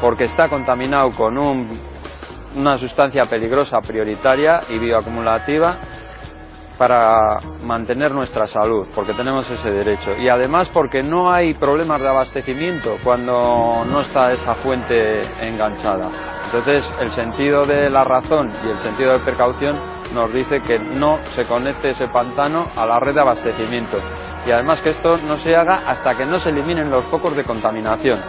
porque está contaminado con un, una sustancia peligrosa prioritaria y bioacumulativa, para mantener nuestra salud, porque tenemos ese derecho. Y además porque no hay problemas de abastecimiento cuando no está esa fuente enganchada. Entonces, el sentido de la razón y el sentido de precaución nos dice que no se conecte ese pantano a la red de abastecimiento. Y además que esto no se haga hasta que no se eliminen los focos de contaminación,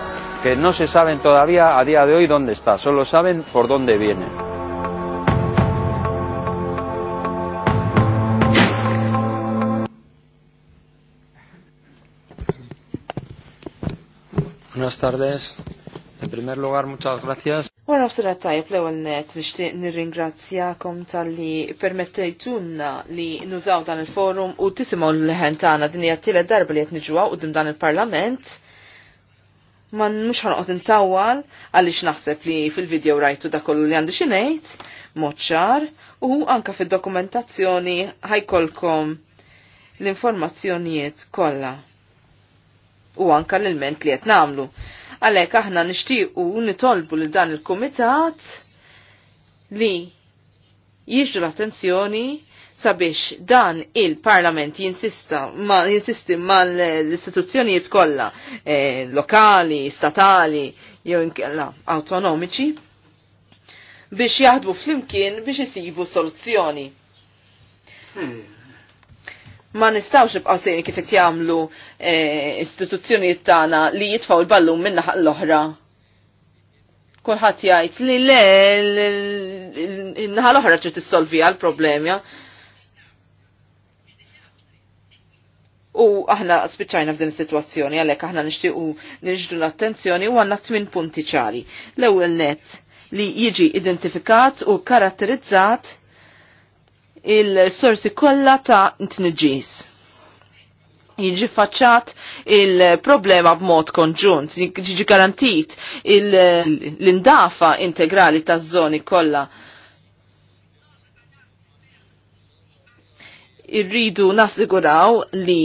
que no se saben todavía a día de hoy dónde está, solo saben por dónde viene. Buenas tardes. In primer lugar, muchas gracias. Wara f'sira tajb l-ewwel net nixtieq nirringrazzjakom tal-li permettejtunna li nużaw dan il-forum u tisimgħu l-leħen tagħna din hija t-tielet darba li qed niġwa dim dan il-Parlament. Ma mhux ħanqod intawwal għaliex naħseb li fil-video rajtu da kollu li għandi xi ngħid, moċċar u anka fid-dokumentazzjoni ħajkolkom l-informazzjonijiet kollha u anka l-ilment li qed nagħmlu. Għalhekk aħna nixtiequ nitolbu lil dan il-kumitat li jiġu l-attenzjoni sabiex dan il-parlament jinsisti ma, jinsisti mal-istituzzjonijiet kollha eh, lokali, statali, jew inkella autonomiċi biex jaħdbu flimkien biex isibu soluzzjoni. Hmm ma nistawx ibqaw kif qed jagħmlu eh, istituzzjonijiet tagħna li jitfgħu l-ballum minn naħa l-oħra. Kulħadd jgħid li le naħa l-oħra ġiet issolvija l problemja U aħna spiċċajna f'din is-sitwazzjoni għalhekk aħna nixtiequ nirġdu l-attenzjoni u għandna tmien punti ċari. L-ewwel nett li jiġi identifikat u karatterizzat il-sorsi kollha ta' tniġis. Jiġi faċċat il-problema b'mod konġunt, jiġi garantit l-indafa integrali ta' zoni kollha. Irridu nassiguraw li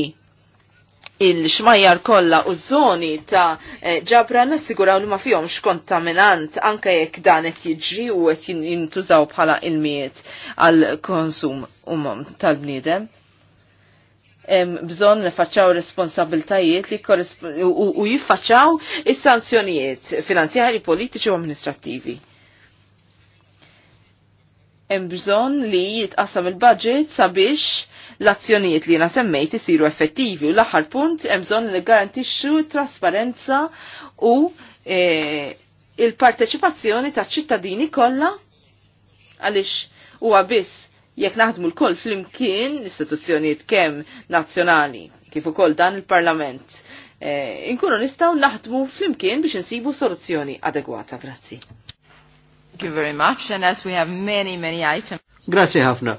il-xmajjar kollha u żoni ta' e, ġabra nassiguraw li ma fihomx kontaminant anke jekk dan qed jiġri u qed jintużaw bħala ilmijiet għal konsum umom tal-bniedem. Bżon faċċaw responsabiltajiet li u jiffaċċaw is-sanzjonijiet finanzjari, politiċi u amministrattivi hemm bżonn li jitqasam il-budget sabiex l-azzjonijiet li nasemmejt isiru effettivi u l-aħħar punt hemm bżonn li garantixxu trasparenza u e, il-parteċipazzjoni ta' ċittadini kollha għaliex huwa biss jekk naħdmu l-koll fl-imkien istituzzjonijiet kemm nazzjonali kif ukoll dan il-Parlament e, inkunu nistgħu naħdmu fl-imkien biex insibu soluzzjoni adegwata. Grazzi. Thank you very much and as we have many many items. Grazie ħafna.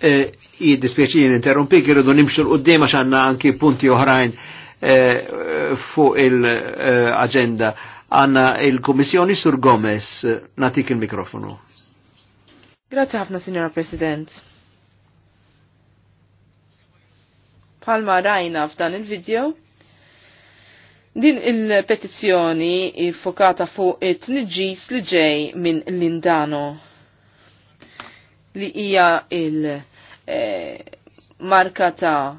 Eh, jiddispieċin interrompi kirridu nimxu l-qoddima xanna anki punti oħrajn eh, fuq il-agenda. Eh, għanna il-Komissjoni Sur Gomez, natik il-mikrofonu. Grazie ħafna, Signora President. Palma rajna f'dan il-video, Din il-petizzjoni fokata fuq it-tniġġis li ġej minn Lindano li hija il- E, marka ta'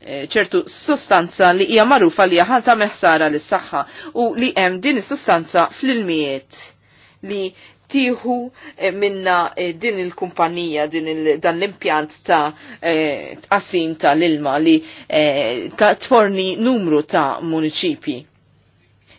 e, ċertu sostanza li hija magħrufa li ħal ta' meħsara lis saħħa u li hemm din is-sostanza fl-ilmijiet li tieħu e, minna din il-kumpanija, din il dan l-impjant ta' qasim tal-ilma li ta' tforni numru ta' municipji.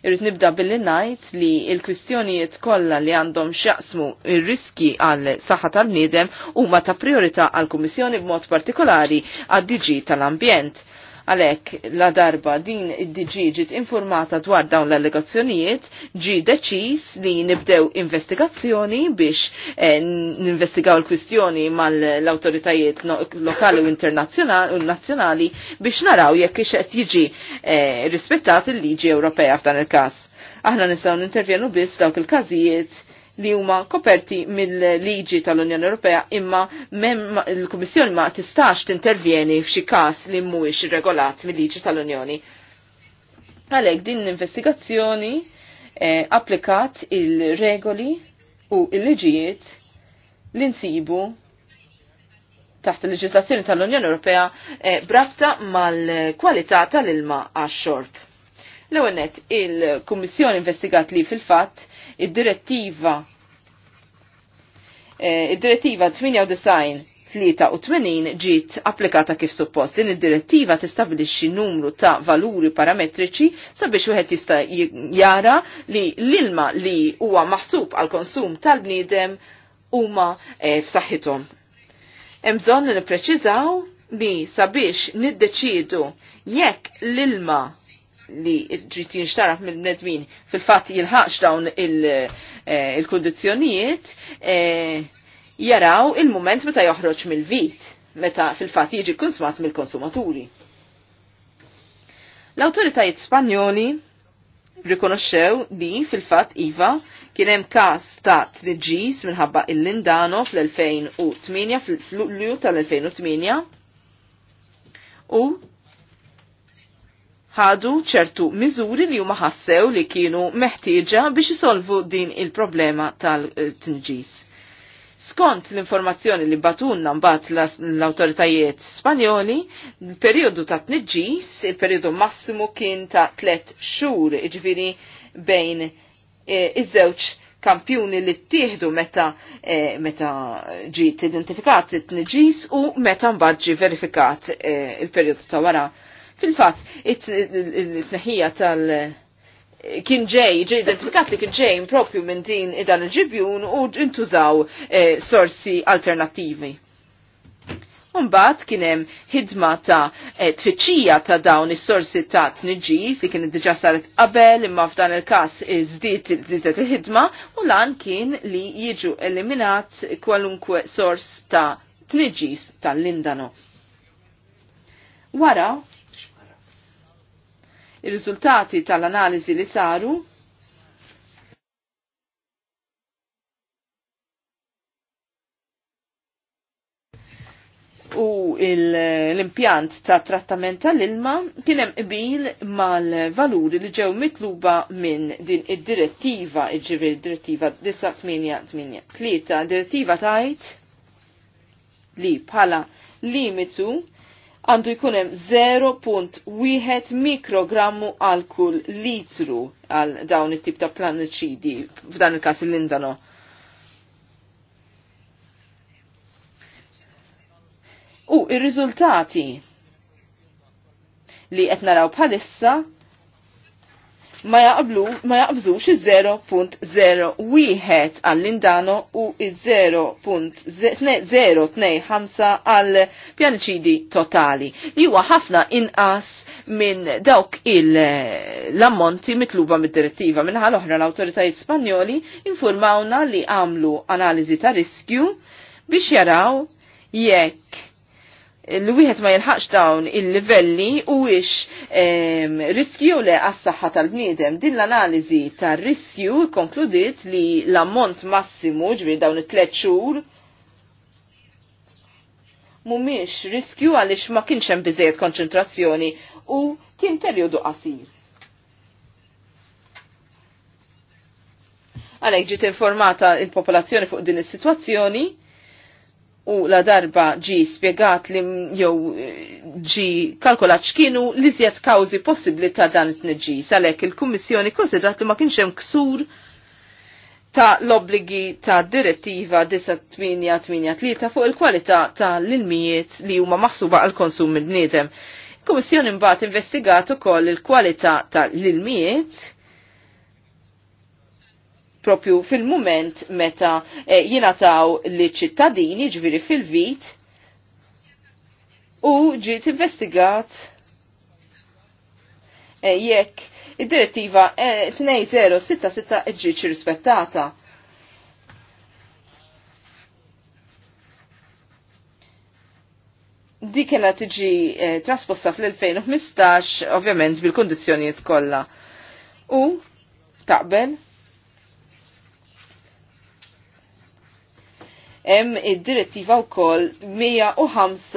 Irrid nibda billi ngħid li l-kwistjonijiet kollha li għandhom x'jaqsmu il riski għal saħħa tal niedem huma ta' priorità għall-Kummissjoni b'mod partikolari għad-DG tal-Ambjent Għalhekk la darba din id diġi ġiet informata dwar dawn l-allegazzjonijiet, ġi deċiż li nibdew investigazzjoni biex eh, ninvestigaw l-kwistjoni mal-awtoritajiet lokali u internazzjonali biex naraw jekk ixqed jiġi eh, rispettat il-liġi Ewropea f'dan il-każ. Aħna nistgħu nintervjenu biss f'dawk il-każijiet li huma koperti mill-liġi tal-Unjoni Ewropea imma l-Kummissjoni ma tistax tintervjeni f'xi każ li mhuwiex irregolat mill-liġi tal-Unjoni. Għalhekk din l-investigazzjoni eh, applikat il-regoli u il-liġijiet li nsibu taħt il-leġislazzjoni tal-Unjoni Ewropea eh, brabta mal-kwalità tal-ilma għax-xorb. L-ewwel il-Kummissjoni investigat li fil-fatt id-direttiva eh, id-direttiva 98 83 ġiet applikata kif suppost. Din id-direttiva tistabilixxi numru ta' valuri parametriċi sabiex wieħed jista' jara li l-ilma li huwa maħsub għal konsum tal-bniedem huma eh, f'saħħithom. Hemm bżonn nippreċiżaw li sabiex niddeċiedu jekk l-ilma li ġrit jinxtaraf mill-bnedmin fil-fat jilħax dawn eh, il-kondizjonijiet eh, jaraw il-moment meta joħroġ mill-vit, meta fil-fat jiġi konsumat mill-konsumaturi. L-autoritajiet Spanjoli rikonoxxew li fil-fat Iva kien hemm każ ta' tniġġis minħabba il-Lindano fl-2008 fl-Lulju tal-2008 u ħadu ċertu miżuri li huma ħassew li kienu meħtieġa biex isolvu din il-problema tal-tinġis. Skont l-informazzjoni li batunna mbagħad l-awtoritajiet Spanjoli, il-perjodu ta' tniġis, il-perjodu massimu kien ta' tlet xhur, iġviri bejn e, iż-żewġ kampjuni li ttieħdu meta e, meta ġiet identifikat it-tniġis u meta mbagħad ġi verifikat e, il-perjodu ta' wara Fil-fatt, it-tneħija tal- kien ġej, ġej identifikat li kien ġej propju minn din id-dan il-ġibjun u intużaw eh, sorsi alternativi. Umbat kienem ħidma ta' eh, tfittxija ta' dawn is-sorsi ta' tniġis li kien id-dġa saret qabel imma f'dan il-kas żdiet żdietet il-ħidma u lan kien li jiġu eliminat kwalunkwe sors ta' tniġis tal-lindano. Wara Ir-riżultati tal-analiżi li saru u l-impjant ta' trattament tal-ilma kienem qbil mal-valuri li ġew mitluba minn din id-direttiva, iġivir direttiva 9883, direttiva tajt li bħala limitu għandu jkunem 0.1 mikrogrammu għal kull litru għal dawn it-tip ta' planicidi f'dan il-kas l-indano. U ir-riżultati li qed naraw bħalissa ma jaqblu ma jaqbżux iż-0.01 għall-indano u iż-0.025 għall pjaniċidi totali li huwa ħafna inqas minn dawk il-ammonti mitluba mid-direttiva ħal oħra l-awtoritajiet Spanjoli infurmawna li għamlu analiżi ta' riskju biex jaraw jekk l-wieħed ma jilħaqx dawn il-livelli u ix riskju le għas-saħħa tal-bniedem. Din l-analiżi tar-riskju konkludiet li l-ammont massimu ġbir dawn it tlet xhur mumiex riskju għaliex ma kienx hemm biżejjed konċentrazzjoni u kien perjodu qasir. Għalhekk ġiet informata il-popolazzjoni fuq din is-sitwazzjoni u la darba ġi spiegat li jew eh, ġi kalkulat x'kienu li zjed kawzi possibbli ta' dan it-tneġġis għalhekk il-Kummissjoni konsidrat li ma kienx hemm ksur ta' l obbligi ta' direttiva 9883 fuq il-kwalità l ilmijiet li huma maħsuba għal konsum minn bniedem. il Kummissjoni mbagħad investigat ukoll il-kwalità l ilmijiet propju fil-moment meta e, eh, jinataw li ċittadini ġviri fil-vit u ġiet investigat eh, jekk id-direttiva 2066 eh, ġiet rispettata. Di kella tiġi trasposta fl-2015, ovvjament, bil kondizjoniet kollha. U taqbel hemm id-direttiva wkoll 105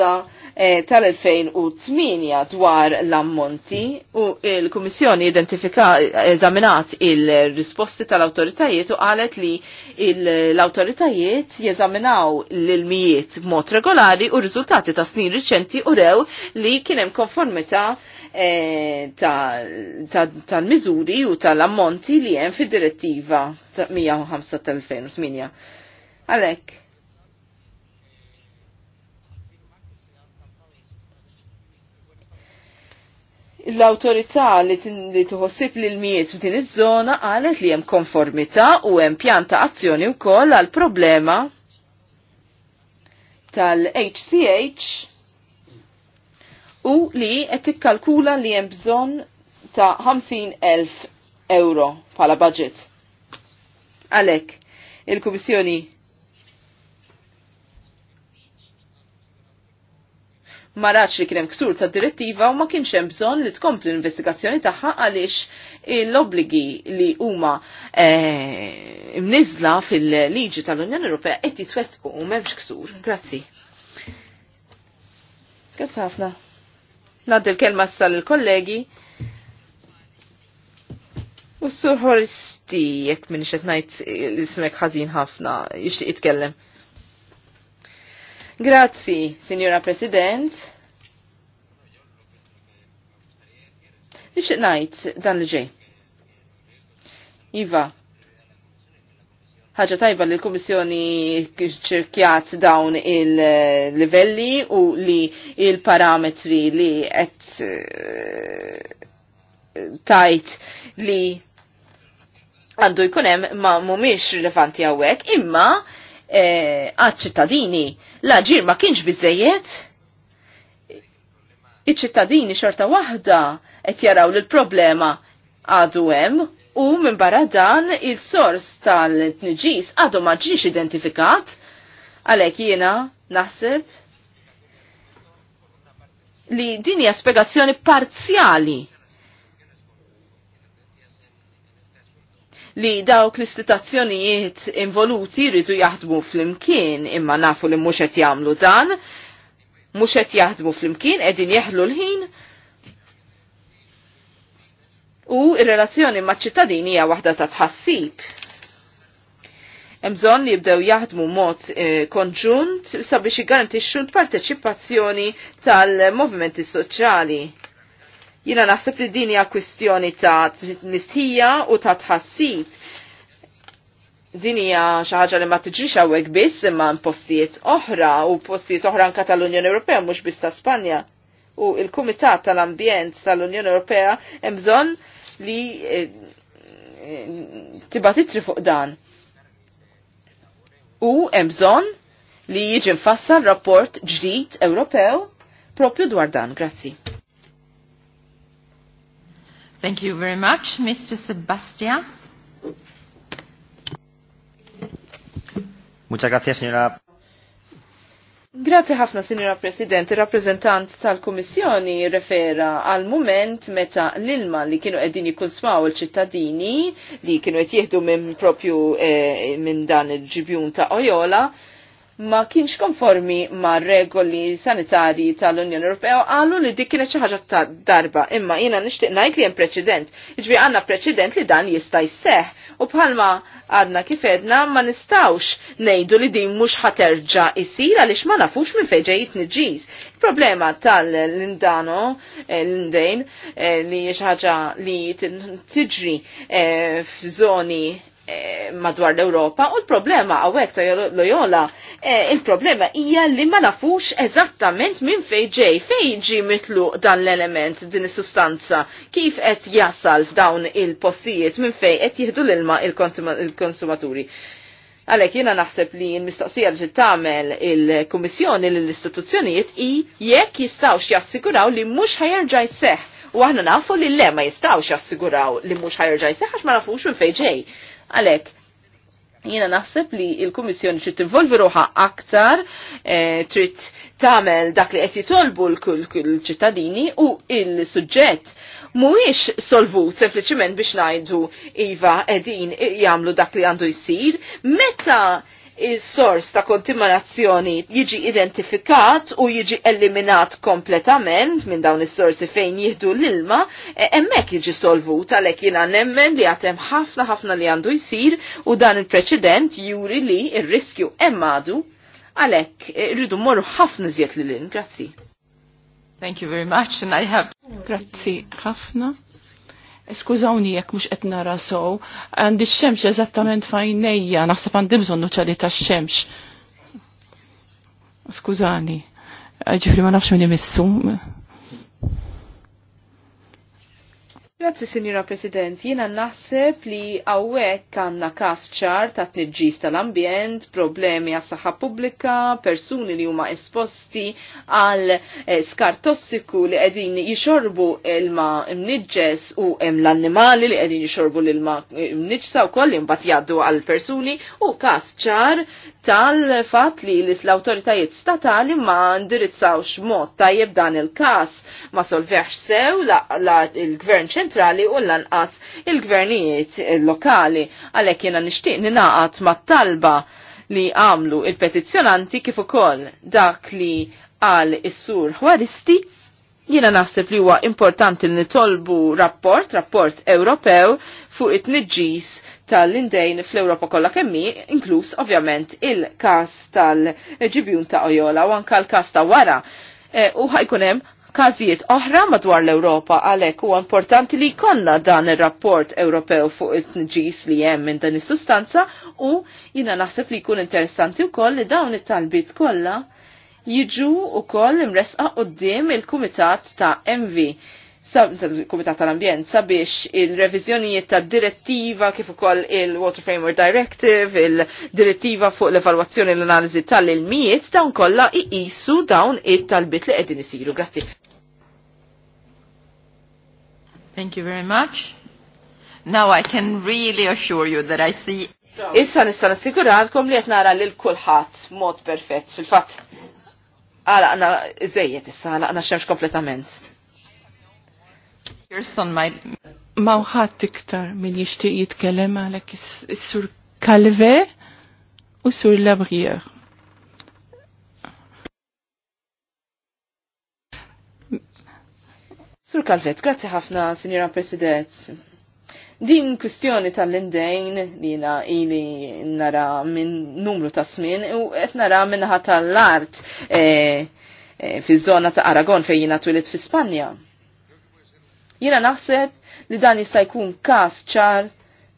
eh, tal-2008 dwar l-ammonti u l-Kummissjoni identifika eżaminat il-risposti tal-awtoritajiet u qalet li l-awtoritajiet jeżaminaw l-ilmijiet b'mod regolari u riżultati ta' snin riċenti u rew li kien hemm konformità eh, tal-miżuri u tal-ammonti li hemm fid-direttiva 105 tal-2008. Għalek, l-autorità li tħossib li l-miet f'din iż-żona għalet li hemm konformità u hemm pjanta azzjoni wkoll għal problema tal-HCH u li qed tikkalkula li hemm bżonn ta' 50,000 euro pala budget. Għalek, il-Kummissjoni ma rax li kienem ksur ta' direttiva u ma kienx hemm bżonn li tkompli l-investigazzjoni tagħha għaliex l-obligi li huma eh, mniżla fil-liġi tal-Unjoni Ewropea qed jitwettqu u m'hemmx ksur. Grazzi. Grazzi ħafna. Naddi l-kelma sal il-kollegi. U s-sur Horisti, jek minn xetnajt l-ismek eh, ħazin ħafna, jishtiq jitkellem. Grazzi, Signora President. Nixtieq ngħid dan li ġej. Iva, ħaġa tajba li l-Kummissjoni ċirkjat dawn il-livelli u li il-parametri li qed eh, tajt li għandu jkunem ma mumiex rilevanti għawek, imma E, għad-ċittadini. laġir ma kienx bizzejiet. Iċ-ċittadini xorta waħda qed jaraw l-problema għadu hemm u minn barra dan il-sors tal-tniġis għadu ma ġiex identifikat għalhekk jiena naħseb li din hija spjegazzjoni parzjali li dawk l istitazzjonijiet involuti jridu jaħdmu fl-imkien imma nafu li mhux qed jagħmlu dan, mhux qed jaħdmu fl-imkien qegħdin jeħlu l-ħin u ir-relazzjoni maċ-ċittadini hija waħda ta' tħassib. Hemm bżonn li jibdew jaħdmu mod eh, konġunt sabiex jiggarantixxu l-parteċipazzjoni tal-movimenti soċjali Jina naħseb li din hija kwistjoni ta' mistħija u ta' tħassib. xi ħaġa li ma tiġrix għawek biss imma postijiet oħra u postijiet oħra anka tal-Unjoni Ewropea mhux biss ta' Spanja. U il-Kumitat tal-Ambjent tal-Unjoni Ewropea hemm bżonn li eh, tibgħat titri fuq dan. U hemm bżonn li jiġi mfassal rapport ġdid Ewropew propju dwar dan. Grazzi. Thank you very much. Mr. Sebastia. Muchas gracias, señora. Grazie ħafna, Sinjora President. Il-rappresentant tal kommissjoni refera għal moment meta l-ilma li kienu qegħdin jikkunsmaw il-ċittadini li kienu qed jieħdu minn propju eh, minn dan il-ġibjun ta' Ojola ma kienx konformi ma' regoli sanitari tal-Unjoni Ewropea għallu li dik kienet xi ħaġa ta' darba imma jiena nixtieq ngħid li hemm preċedent. Iġbi għandna preċedent li dan jista' jseħħ u bħalma għadna kif edna ma nistawx ngħidu li din mhux ħaterġa' isir għaliex ma nafux minn fejn ġejjit niġġis. Il-problema tal-lindano eh, l-indejn eh, li xi ħaġa li tiġri eh, f'żoni Eh, madwar l-Europa u l-problema għawek ta' Lojola, eh, il-problema hija li ma nafux eżattament minn fej ġej, fej ġi mitlu dan l-element din is-sustanza, kif qed jasal f'dawn il-postijiet minn fej qed jieħdu l-ilma il-konsumaturi. Għalek jena naħseb li l-mistoqsija li tagħmel il-Kummissjoni l-istituzzjonijiet i jekk jistawx jassiguraw li mhux ħajerġa' jseħħ u aħna nafu li le ma jistawx jassiguraw li mhux ħajerġa' jseħħ għax ma nafux minn fejn ġej Għalek, jina naħseb li il-Kummissjoni trid tinvolvi ruħa aktar, eh, trid tagħmel dak li qed jitolbu l-ċittadini u il-suġġett mhuwiex solvut sempliċiment biex ngħidu iva qegħdin jagħmlu dak li għandu jsir, meta il-sors ta' kontaminazzjoni jiġi identifikat u jiġi eliminat kompletament minn dawn is-sorsi fejn jihdu l-ilma, e, emmek jiġi solvut għalhekk jiena nemmen li għatem ħafna ħafna li għandu jsir u dan il-preċedent juri li ir-riskju emmadu għalhekk e, rridu morru ħafna żjed lil grazzi. Thank you very much and I have Grazzi ħafna. Skużawni jekk mhux qed nara sow, għandi x-xemx eżattament fajnejja, naħseb għandi bżonn nuċċali tax-xemx. Skużani, ġifri ma nafx min imissu, Grazzi, Signora President. Jiena naħseb li għawek għanna kas ċar ta' tniġġis tal-ambjent, problemi għas saħħa pubblika, persuni li huma esposti għal eh, skar tossiku li qegħdin jixorbu ilma mniġġes u hemm l-annimali li qegħdin jixorbu l-ilma eh, mniġsa wkoll imbagħad jgħaddu għal persuni u kas ċar tal-fatt li l-awtoritajiet statali ma ndirizzawx mod tajjeb dan il-kas ma solveħx sew la, la il-gvern ċentrali u lanqas il-gvernijiet lokali. Għalhekk jiena nixtieq ninaqat mat-talba li għamlu il-petizzjonanti kif ukoll dak li għal is-sur ħwaristi jiena naħseb li huwa importanti li nitolbu rapport, rapport Ewropew fuq it-tniġġis tal-indejn fl ewropa kollha kemmi, inkluż ovvjament il-każ tal-ġibjun ta' Ojola u anka l-każ ta' wara. Eh, u ħajkun hemm każijiet oħra madwar l-Ewropa għalhekk huwa importanti li jkollna dan ir-rapport Ewropew fuq it-tniġis li hemm minn dan is-sustanza u jiena naħseb li jkun interessanti wkoll li dawn it-talbiet kollha jiġu wkoll imresqa qudiem il-Kumitat ta' MV tal-Kumitat tal-Ambjent sabiex il-reviżjonijiet ta' direttiva kif ukoll il-Water Framework Directive, il-direttiva fuq l-evalwazzjoni l-analiżi tal-ilmijiet dawn kollha iqisu dawn it-talbit li qegħdin isiru. Grazzi. Thank you very much. Now I can really assure you that I see Issa nista' nassiguratkom li qed nara lil kulħadd mod perfett fil-fatt. Għalaqna żejjed issa, għalaqna xemx kompletament. Mawħat iktar mill jixtieq jitkellem għalhekk is-sur Calve u sur Labrier. Sur Calvet, grazie ħafna, Sinjora President. Din kustjoni tal-indejn li jina ili nara minn numru ta' smin u es nara minnaħa tal-art e, eh, eh, fi zona ta' Aragon fejjina twilit fi Spanja Jiena naħseb li dan jista' jkun każ ċar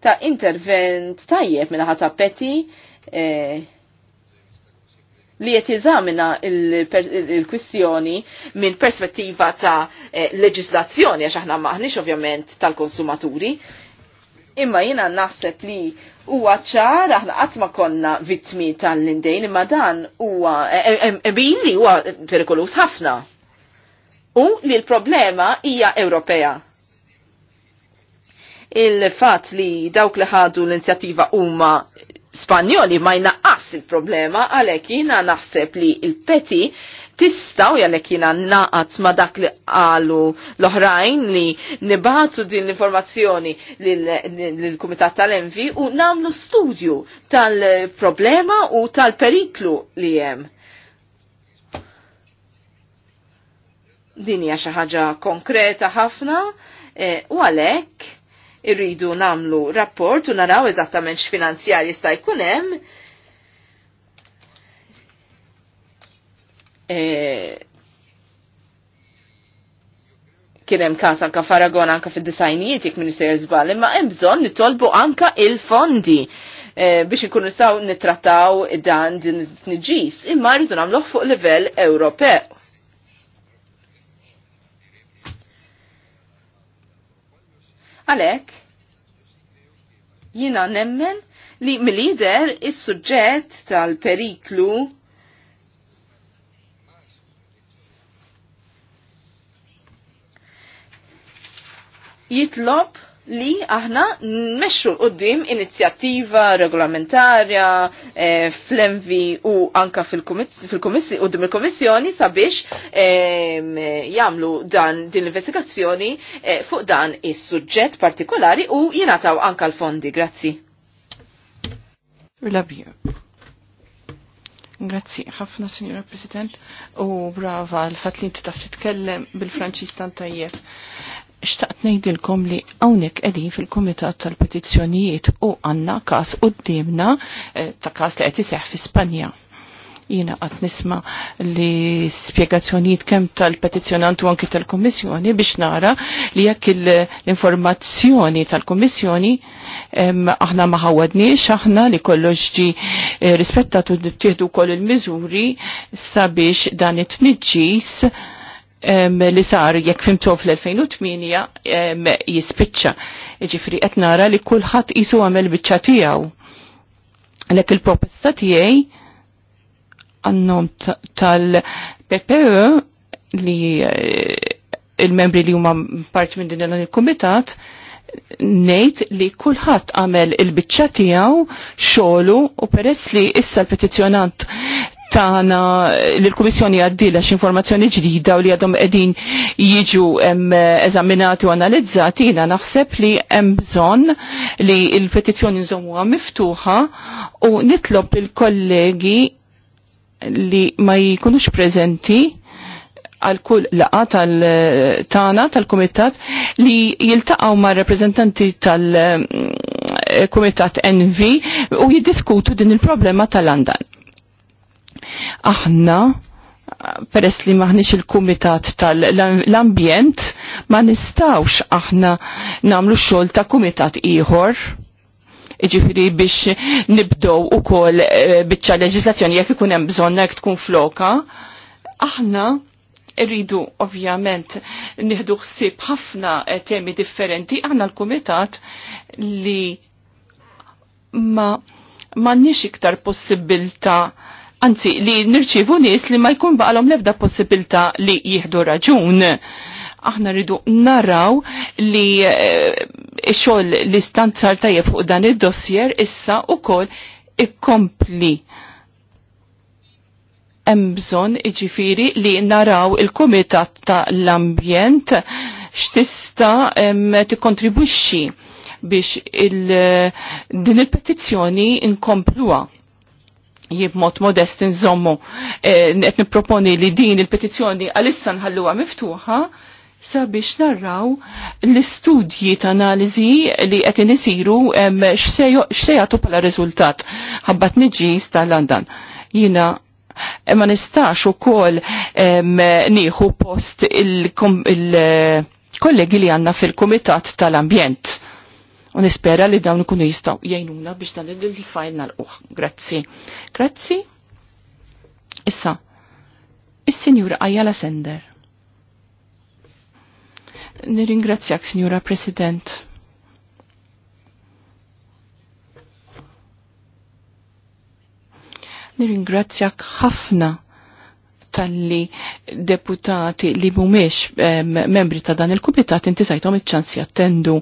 ta' intervent tajjeb minna ħata peti eh, li qed jeżamina il-kwistjoni minn perspettiva ta' eh, leġislazzjoni għax aħna maħniex ovvjament tal-konsumaturi. Imma jiena naħseb li huwa ċar aħna qatt ma konna vittmi tal-lindejn imma dan huwa e, eh, li huwa perikolus ħafna u li l-problema hija Ewropea. Il-fat li dawk li ħadu l-inzjattiva huma Spanjoli ma jnaqqas il-problema għalhekk jiena naħseb li l-peti tistaw jallek jina naqat ma dak li għalu l-oħrajn li nibatu din l-informazzjoni l-Kumitat tal-Envi u namlu studju tal-problema u tal-periklu li jem. din hija xi ħaġa konkreta ħafna e, u għalhekk irridu namlu rapport u naraw eżattament x'finanzjar jista' jkun hemm. E, kien hemm każ anke Faragon anke fid-disajnijiet jekk Minister żball, imma hemm bżonn nitolbu anke il-fondi e, biex ikun nistgħu nittrattaw dan din it-tniġis, imma rridu nagħmluh fuq livell Ewropew. Għalek, jina nemmen li mill-lider is-suġġett tal-periklu jitlob li aħna nmexxu l-qoddim inizjattiva regolamentarja eh, fl-envi u anka fil-komissi u dim il-komissjoni sabiex e, jagħmlu dan din l-investigazzjoni eh, fuq dan is-suġġett partikolari u jingħataw anka l-fondi. Grazzi. Grazzi, ħafna, Signora President, u brava l-fat li taf titkellem bil-Franċis tan tajjeb xtaqt nejdilkom li għawnek edin fil-Komitat tal-Petizzjonijiet u għanna kas u d-dimna eh, ta' kas li għetiseħ fi Spanja. Jina għat nisma li spiegazzjonijiet kem tal-petizjonantu anki tal-Komissjoni biex nara li jekk l-informazzjoni tal-Komissjoni aħna maħawadniex, aħna li kollox ġi eh, rispettatu d-tieħdu koll il-mizuri sabiex dan it-tniġġis li sar jekk fimtu fl-2008 jispiċċa. Ġifri qed nara li kulħadd jisu għamil biċċa tiegħu. Lek il-proposta tiegħi għannom tal-PPE li eh, il-membri li huma parti minn din il-kumitat nejt li kulħadd għamel il-biċċa tiegħu xogħlu u peress li issa l petizjonant taħna eh, l-Kummissjoni għaddila informazzjoni ġdida u li għadhom qegħdin jiġu eżaminati u analizzati jina naħseb li hemm bżonn li l-petizzjoni nżommuha miftuħa u nitlob il-kollegi li ma jikunux preżenti għal kull laqa tal-tana, eh, tal-komitat, li jiltaqaw ma' reprezentanti tal-komitat eh, NV u jiddiskutu din il-problema tal-Andan. Aħna peress li maħniċ il-kumitat tal-ambjent, ma nistawx aħna namlu xol ta' kumitat iħor, iġifiri biex nibdow u kol eh, bieċa leġislazzjoni jek ikun hemm bżonna jek tkun floka. Aħna rridu ovvjament nieħdu ħsieb ħafna eh, temi differenti aħna l-kumitat li ma ma nix iktar possibilta' anzi li nirċivu nies li ma jkun baqalom l-ebda possibilità li jieħdu raġun. Aħna rridu naraw li eh, xogħol li stanzar tajjeb fuq dan id-dossier issa wkoll ikkompli. Hemm bżonn iġifieri li naraw il-Kumitat tal-Ambjent x'tista' tikkontribwixxi biex il, eh, din il-petizzjoni inkompluha jibmot modest nżommu eh, qed nipproponi li din il-petizzjoni għalissa nħalluha miftuħa sabiex narraw l-istudji ta' analiżi li qed inisiru x'se jagħtu bħala riżultat ħabbat niġi ta' London. Jina eh, ma nistax ukoll nieħu post il-kollegi eh, li għandna fil-Kumitat tal-Ambjent U nispera li dawn ikunu jistaw jgħinuna biex dan il-fajl nal-uħ. Grazzi. Grazzi. Issa, is sinjura Ajala Sender. Nirringrazzjak, Sinjura President. Nirringrazzjak ħafna tal-li deputati li mumiex eh, membri ta' dan il-kumitat inti sajtom iċ-ċans jattendu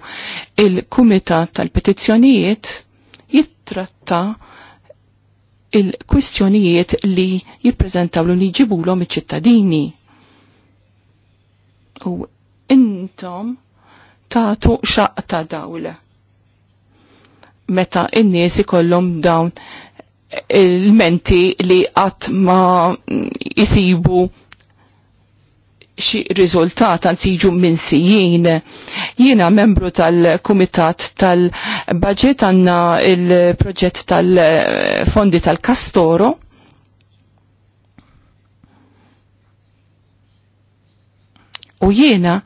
il-kumitat tal-petizzjonijiet jittratta il-kwistjonijiet li jippreżentaw l jġibulhom iċ-ċittadini. U intom tagħtu xaq ta' dawle meta n-nies ikollhom dawn il-menti li qatt ma jisibu xi riżultat anzi jiġu minn sijin. Jiena membru tal-Kumitat tal-Baġit għandna il-proġett tal-Fondi tal-Kastoro. U jiena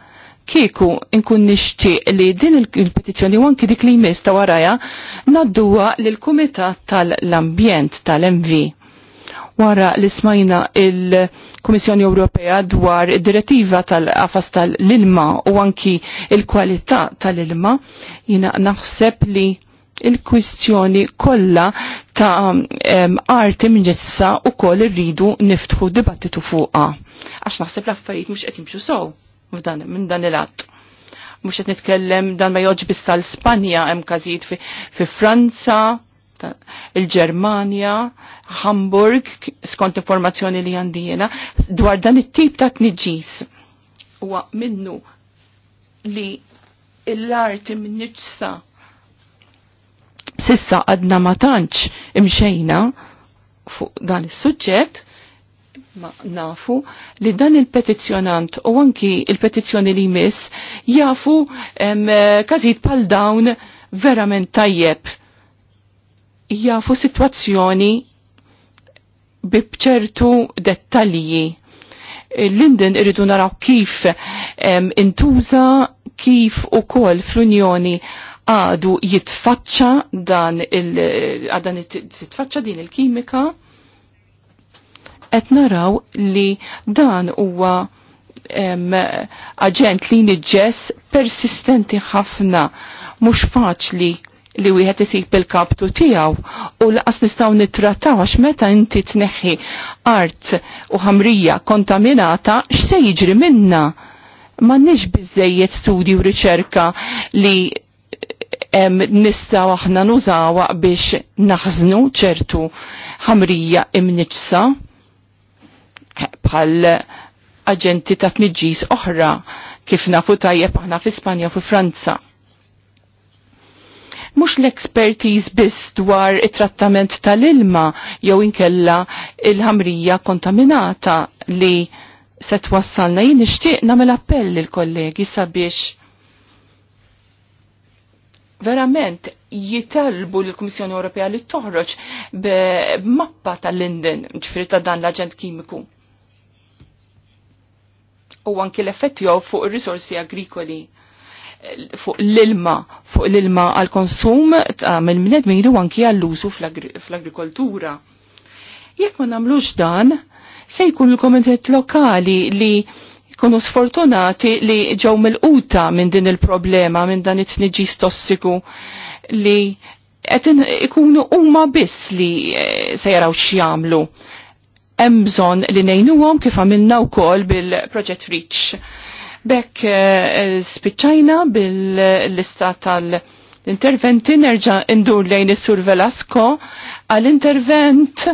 kieku inkun nixtieq li din il-petizzjoni u anki dik li jmiss ta' waraja nadduwa lil kumitat tal-ambjent tal-MV. Wara li smajna il-Kummissjoni Ewropea dwar id-direttiva tal-qafas tal-ilma u anki il-kwalità tal-ilma, jina naħseb li il-kwistjoni kollha ta' um, arti minġessa u koll irridu niftħu dibattitu fuqa. Għax naħseb l-affarijiet mhux qed jimxu sew minn dan il-att. Mux qed nitkellem dan ma joġ bissa l-Spanja hemm każijiet fi, Franza, il-Ġermanja, Hamburg, skont informazzjoni li għandijena, dwar dan it-tip ta' tniġis. Huwa minnu li l-art imniġsa sissa għadna ma tantx imxejna fuq dan is-suġġett, ma nafu li dan il-petizjonant u anki il-petizjoni li jmiss jafu kazit pal dawn verament tajjeb. Jafu situazzjoni b'ċertu dettalji. Linden irridu naraw kif intuża kif u kol fl-Unjoni għadu jitfaċċa dan il din il-kimika qed naraw li dan huwa aġent li niġġess persistenti ħafna mhux faċli li wieħed isib bil-kaptu tiegħu u laqas nistgħu nittrattaw għax meta inti tneħħi art u ħamrija kontaminata x'se jiġri minna. M'għandniex biżejjed studju u riċerka li nistgħu aħna nużawha biex naħżnu ċertu ħamrija imniġsa bħal aġenti ta' tniġġis oħra kif nafu tajjeb aħna fi Spanja u fi Franza. Mhux l expertise biss dwar it-trattament tal-ilma jew inkella il-ħamrija kontaminata li se twassalna jien nixtieq nagħmel appell il kollegi sabiex verament jitalbu l-Kummissjoni Ewropea li toħroġ b'mappa tal-Linden ġifieri ta' dan l-aġent kimiku u anki l-effett fuq ir-risorsi agrikoli fuq l-ilma, fuq l-ilma għal-konsum ta' mill mined u anki għall-użu fl-agrikoltura. Jekk ma nagħmlux dan, se jkun il-komitet lokali li kunu sfortunati li ġew mill-quta minn din il-problema, minn dan it-tniġis tossiku li qed ikunu huma biss li eh, se jaraw x'jamlu hemm bżonn li ngħinuhom kif għamilna wkoll bil-Project Reach. Bekk eh, spiċċajna bil-lista tal-interventi nerġa' ndur lejn is-Sur Velasco għall-intervent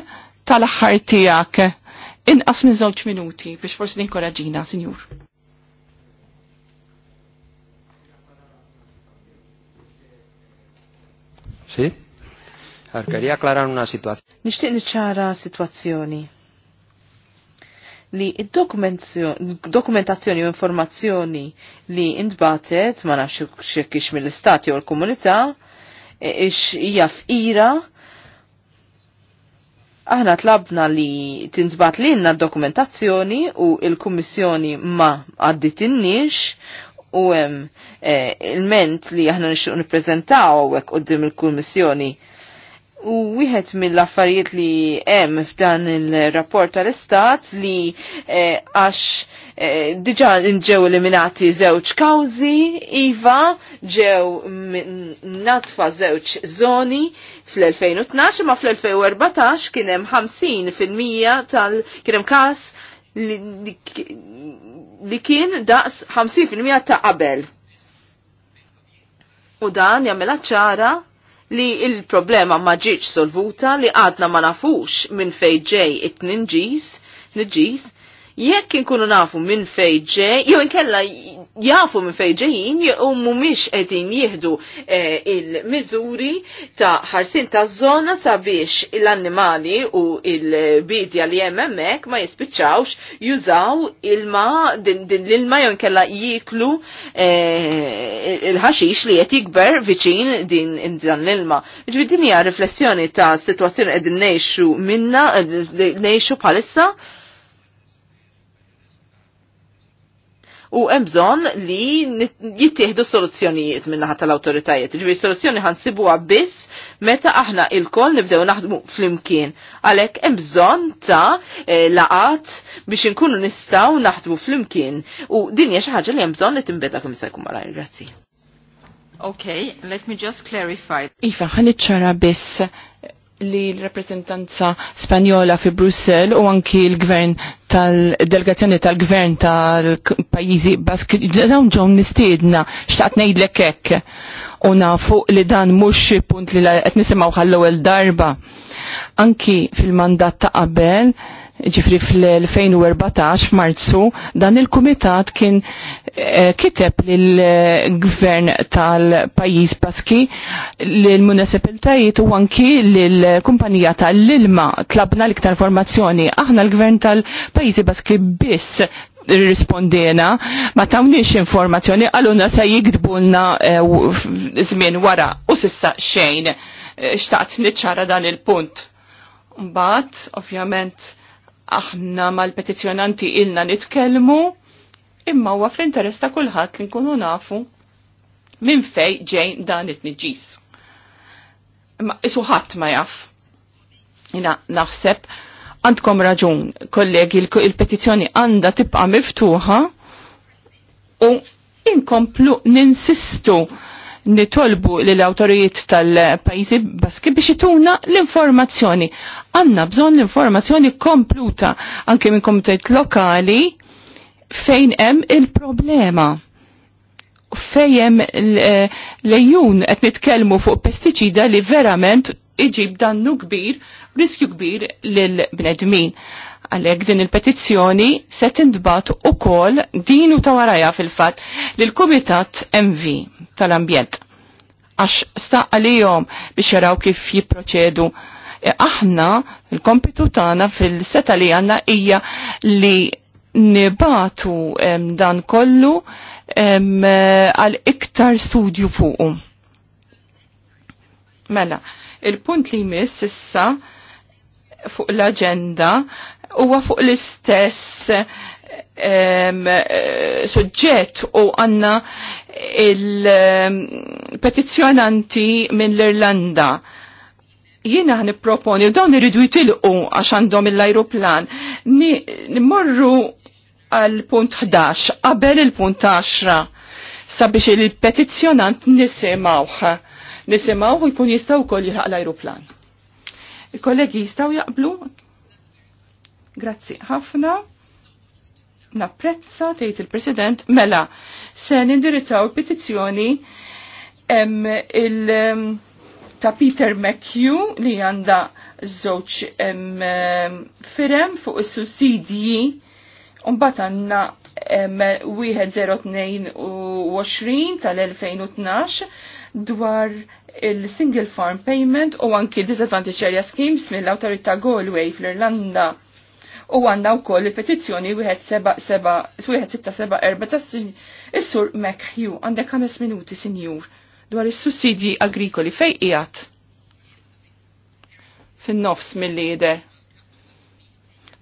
tal-aħħar tiegħek. Inqas minn żewġ minuti biex forsi ninkoraġina, Sinjur. Sì? Si? Għar una situazione. Nixtieq niċċara sitwazzjoni li dokumentazzjoni u informazzjoni li intbatet ma nafx xekkix mill-istat jew l-komunità e- ix hija fqira aħna tlabna li tinsbat li inna dokumentazzjoni u il-Kummissjoni ma għadditinniex u hemm e, il-ment li aħna nixtieq nippreżentaw hekk għek il kummissjoni U wieħed mill-affarijiet li hemm f'dan il-rapport tal-Istat li eh, għax e, diġà ġew eliminati żewġ kawżi, iva ġew natfa żewġ zoni fl-2012 ma fl-2014 kien hemm 50% tal kien hemm każ li, li kien daqs 50% ta' qabel. U dan jagħmilha ċara li il-problema ma ġiġ solvuta li għadna ma nafux minn fej ġej it ninġis ġis, jekk inkunu nafu minn fej ġej, jew inkella jafu minn fejġejjin u mumiex qegħdin jieħdu eh, il-miżuri ta' ħarsin ta' zona sabiex l-annimali u il-bidja li hemm hemmhekk ma jispiċċawx jużaw ilma din l-ilma jew kella jieklu eh, il-ħaxix li qed jikber viċin din dan l-ilma. Ġifieri din hija riflessjoni ta' situazzjoni qegħdin ngħixu minna eh, ngħixu bħalissa u hemm bżonn li jittieħdu soluzzjonijiet minn naħa tal-awtoritajiet. Ġifieri soluzzjoni ħansibuha biss meta aħna lkoll nibdew naħdmu flimkien. Għalhekk hemm bżonn ta' eh, laqat biex inkunu nistgħu naħdmu flimkien. U din hija xi ħaġa li hemm bżonn li tinbeda kemm se jkun malajr. Grazzi. Okay, let me just clarify. Iva, ħaniċċara biss li l reprezentanza spanjola fi Brussel u anki l-gvern tal-delegazzjoni tal-gvern tal-pajizi bask dawn ġew nistiedna xtaqt nejdlek hekk u nafu li dan mhux punt li qed nisimgħu ħall-ewwel darba. Anki fil-mandat ta' qabel ġifri fl-2014 f'Marzu dan il-kumitat kien Eh, kiteb lill-gvern tal-pajjiż Baski lill-municipalitajiet u anki lill-kumpanija tal-ilma tlabna l-iktar formazzjoni. Aħna l-gvern tal-pajjiżi Baski biss rispondena ma tawnix informazzjoni għaluna se jikdbulna eh, żmien wara u sissa xejn eh, xtaqt niċċara dan il-punt. Mbagħad, ovvjament, aħna mal-petizjonanti ilna nitkellmu imma huwa fl-interess ta' kulħadd li nkunu nafu minn fej ġejn dan it-nġis. Imma isu ħadd ma jaf. Jina naħseb għandkom raġun, kollegi, il-petizzjoni għanda tibqa miftuħa u inkomplu ninsistu nitolbu l awtorijiet tal-pajzi baski biex ituna l-informazzjoni. Għanna bżon l-informazzjoni kompluta anke minn komitet lokali fejn hemm il-problema. Fejn hemm eh, lejjun qed nitkellmu fuq pestiċida li verament iġib dannu kbir, riskju kbir lill-bnedmin. Għalek din il-petizzjoni se tintbat u kol din u tawaraja fil-fat l-Kumitat MV tal-Ambjent. Għax staqqa li jom biex jaraw kif jiproċedu e aħna il-kompitu tagħna fil-seta li għanna hija li nibatu dan kollu għal iktar studju fuqu. Mela, il-punt li jmiss issa fuq l-agenda huwa fuq l-istess suġġett u għanna il-petizjonanti minn l-Irlanda jiena għan proponi u dawn iridu jitilqu għax għandhom l-ajruplan nimorru għal punt 11 qabel il-punt 10 sabiex il-petizzjonant nisimawħ nisimawħ jkun jistaw kol jilħaq l-ajruplan. Il-kollegi jistaw jaqblu? Grazzi ħafna. Napprezza tgħid il-President mela se nindirizzaw petizzjoni il-, -petizzjoni, il ta' Peter McHugh li għanda zoċ firem fuq is-sussidji e. un-bat għanna 1022 tal-2012 dwar il-Single Farm Payment u anki Disadvantage Area Schemes mill autorita Galway fl-Irlanda. U għanna u koll il-petizjoni 1674 tas-sur McHugh. Għandek 5 minuti, sinjur dwar is-sussidji agrikoli fej qiegħed fin-nofs mill lieder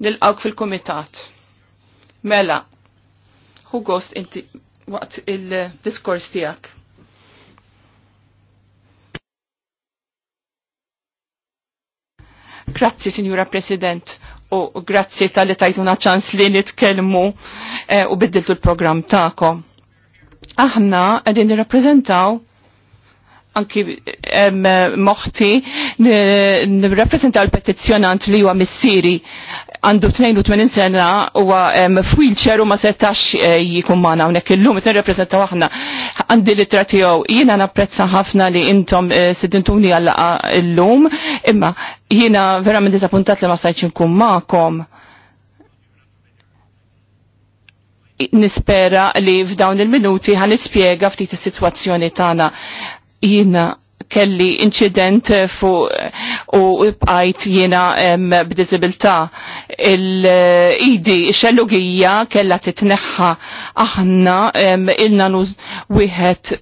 nilqawk fil-komitat. Mela, hu gost inti waqt il-diskors tijak. Grazzi, Signora President, u grazzi tal-li tajtuna ċans li nitkelmu eh, u biddiltu l-program ta'kom. Aħna għedin nirrapprezentaw anki moħti nirrappresenta l-petizjonant li huwa missieri għandu 82 sena u f'wheelchair u ma setax eh, jikun unek hawnhekk illum qed reprezenta aħna għandi litra tiegħu jiena napprezza ħafna li intom eh, sidintuni il illum imma jiena verament disappuntat li ma stajtx inkun magħkom nispera li f'dawn il-minuti ħan nispjega ftit is-sitwazzjoni tagħna Jina kelli incident fu u bqajt jiena b'diżibilità il-idi xellugija kella titneħħa aħna ilna nuż wieħed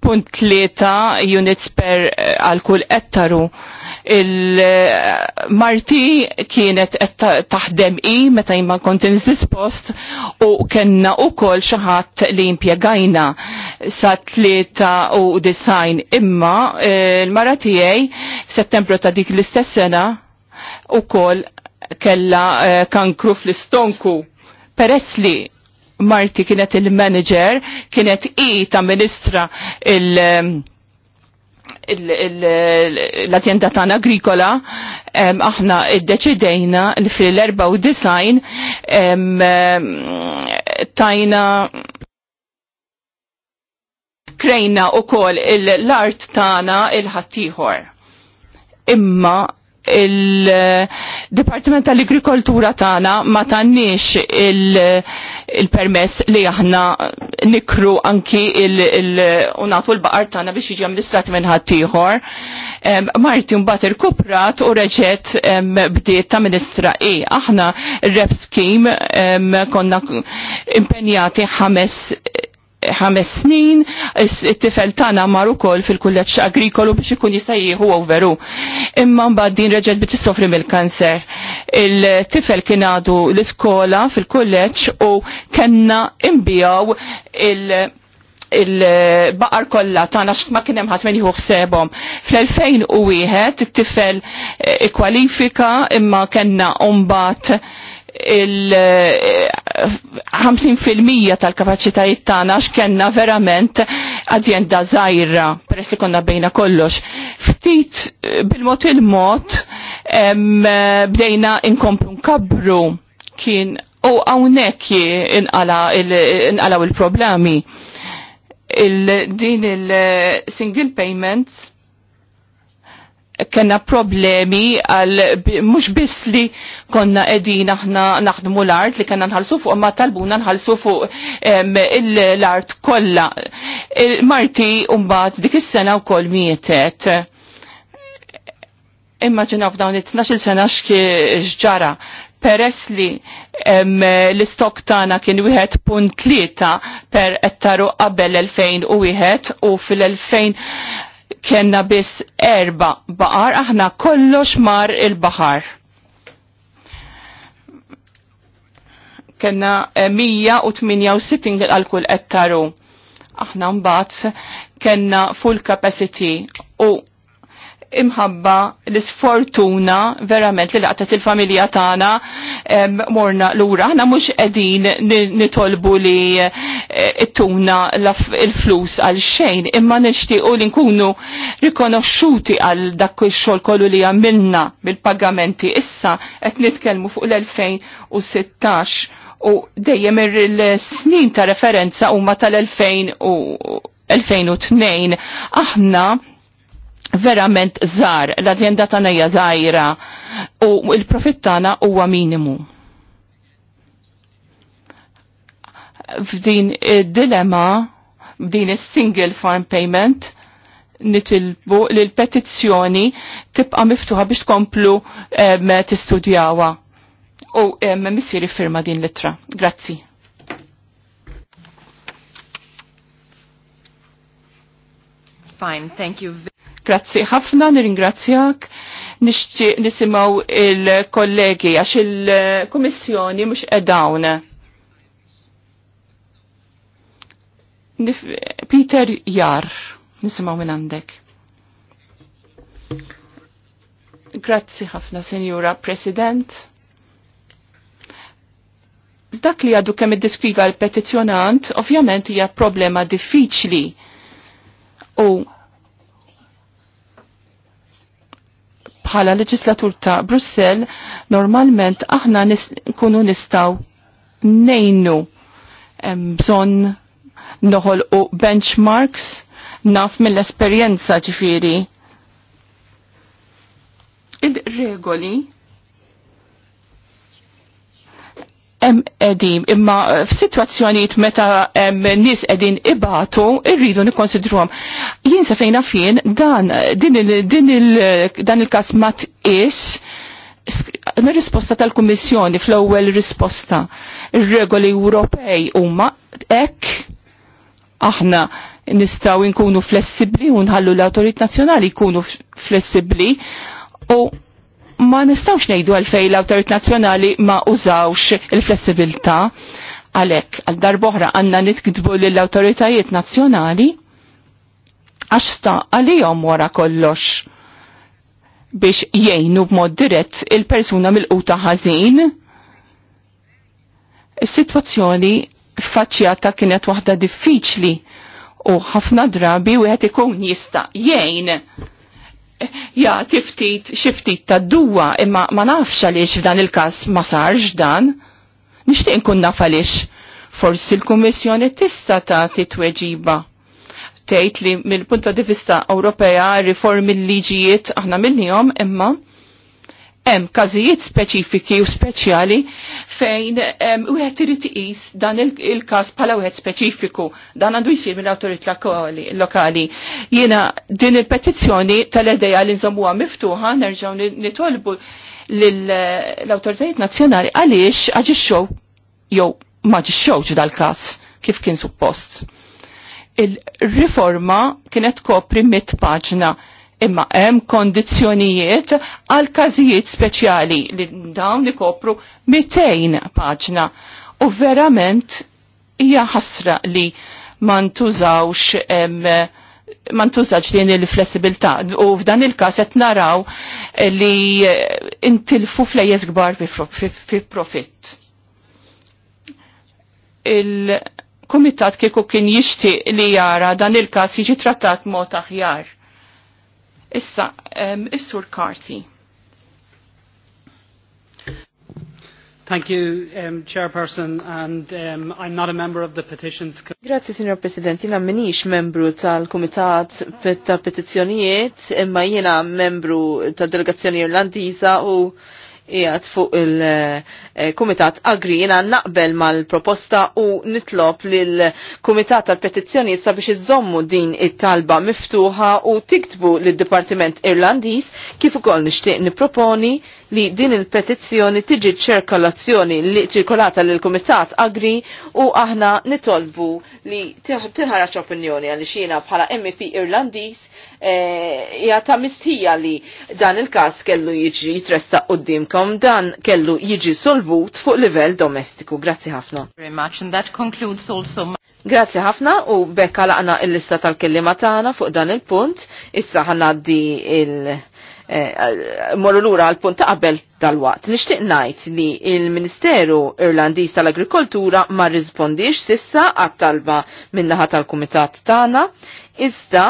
punt tlieta units per eh, għal kull ettaru il-marti kienet taħdem i meta jimma kontin dispost u kenna u kol xaħat li impiegajna sa tlieta u design imma eh, il-mara tijaj settembru ta' dik l-istess sena u kol kella eh, kankru fl-istonku peress li Marti kienet il-manager, kienet i ta' ministra il- l-azienda tana agrikola aħna iddeċidejna li fil-94 tajna krejna u kol l-art tagħna il-ħattijħor. Imma il-Dipartiment tal-Agrikoltura tagħna ma tanniex il-permess il li aħna nikru anki il-unatu il l-baqar tagħna biex jiġi amministrat minn ħaddieħor. Marti mbagħad irkuprat u um, bdiet ta' ministra E. Aħna rep scheme konna impenjati ħames ħames snin, it-tifel tagħna mar ukoll fil-kulleġġ agrikolu biex ikun jista' jieħu overu. Imma mbagħad din reġgħet bit tissofri mill-kanser. Il-tifel kien għadu l-iskola fil-kulleġġ u kellna imbijaw il- il-baqar kollha tagħna ma kien hemm ħadd min jieħu ħsebhom. Fl-2001 it-tifel eh, ikkwalifika imma kellna mbagħad il-50% eh, tal-kapacitajiet tagħna x'kenna verament azienda żgħira peress li konna bejna kollox. Ftit eh, bil-mod il-mod eh, bdejna inkomplu nkabru kien u hawnhekk inqalaw il-problemi. Il din il-single payments kena problemi għal mux biss li konna edin aħna naħdmu l-art li kena nħalsu fuq ma talbuna nħalsu fuq l-art kolla. Marti umbat dik is-sena u koll mietet. Immaġina f'dawn it-12 sena xġara peress li l-istok tana kien 1.3 per ettaru qabel 2001 u fil-2000 kena biss erba baqar, aħna kollox mar il-bahar. Kena 168 eh, għal kull ettaru. Aħna mbagħad kena full capacity u imħabba l-sfortuna verament li laqtet il-familja tagħna morna lura aħna mhux qegħdin nitolbu li eh, ittuna l flus għal xejn imma nixtiequ li nkunu rikonoxxuti għal dak ix-xogħol kollu li għamilna bil-pagamenti issa qed nitkellmu fuq l-2016 u dejjem il-snin ta' referenza huma tal 2002 aħna verament żar, l-azienda tagħna hija żgħira u l-profitt tagħna huwa minimu. F'din id-dilemma, b'din is-single farm payment, nitilbu li l-petizzjoni tibqa' miftuħa biex t-istudjawa. U missieri firma din litra. Grazzi. Fine, thank you. Grazzi ħafna, nirringrazzjak. Nixtieq nisimgħu il-kollegi għax il mux mhux qedawn. Peter Jar, nisimgħu minn għandek. Grazzi ħafna, senjura President. Dak li għadu kemm iddiskriva l-petizzjonant, ovvjament hija problema diffiċli. U bħala leġislatur ta' Brussel normalment aħna nkunu nis nistaw nejnu bżon noħol u benchmarks naf mill-esperienza ġifiri. Id-regoli hemm qegħdin imma eh, f'sitwazzjonijiet meta hemm nies qegħdin ibatu irridu nikkonsidruhom. Jien se fejna fien dan din il, din il dan il-każ ma tqis mir risposta tal-Kummissjoni fl-ewwel risposta. Ir-regoli Ewropej huma hekk aħna nistgħu nkunu flessibbli u nħallu l-awtorit nazzjonali jkunu flessibbli u ma nistawx nejdu għalfej l-autorit nazjonali ma użawx il-flessibilta għalek għal darboħra għanna nitkidbu l-autoritajiet nazjonali għaxta għalijom wara kollox biex jgħinu b'mod dirett il-persuna mill-quta ħażin. Is-sitwazzjoni faċċjata kienet waħda diffiċli u ħafna drabi wieħed ikun jista' jgħin ja tiftit xiftit ta' duwa imma ma nafx għaliex f'dan il-każ ma sarx dan. Nixtieq nkun naf għaliex. Forsi l-Kummissjoni tista' tagħti tweġiba. Tgħid li mill punta di vista Ewropea riformi l-liġijiet aħna minnihom imma hemm każijiet speċifiki u speċjali fejn wieħed irid iqis dan il-każ bħala wieħed speċifiku dan għandu jsir mill-awtorità lokali. Jiena din il-petizzjoni tal-edeja li nżommuha miftuħa nerġgħu nitolbu l-awtoritajiet nazzjonali għaliex aġixxew jew ma ġixxewx dal-każ kif kien suppost. Il-riforma kienet kopri mit paġna imma hemm kondizzjonijiet għal każijiet speċjali li dawn ikopru 200 paġna u verament hija ħasra li ma ntużawx ma ntużax din il-flessibilità u f'dan il-każ qed naraw li eh, intilfu flejjeż kbar fi profitt. Il-Kumitat kieku kien jixtieq li jara dan il-każ jiġi trattat mod aħjar Issa, is-sur Karti. Thank you, um, Chairperson, and um, I'm not a member of the Petitions Committee. Grazie, Signor President. Jena minix membru tal komitat tal-Petizzjonijiet, imma jena membru tal-Delegazzjoni Irlandiza u jgħat fuq il-Kumitat Agri jina naqbel mal-proposta u nitlob l kumitat tal-Petizzjoni jitsa biex iżommu din it-talba miftuħa u tiktbu l dipartiment Irlandiż kif ukoll nixtieq niproponi li din il-petizzjoni tiġi ċirkolazzjoni li ċirkolata l kumitat Agri u aħna nitolbu li tirħaraċ opinjoni għalli xina bħala MP Irlandiż eh, hija ta' mistija li dan il-każ kellu jiġi jitresta dimkom dan kellu jiġi solvut fuq livell domestiku. Grazzi ħafna. Grazie Grazzi ħafna u bekka laqna il-lista tal-kellima tagħna fuq dan il-punt. Issa ħanaddi il-, Eh, morru lura għal punt qabel tal wat Nixtieq ngħid li il-Ministeru Irlandiż tal-Agrikoltura ma rrispondix sissa għat-talba minnaħa tal-Kumitat tagħna, iżda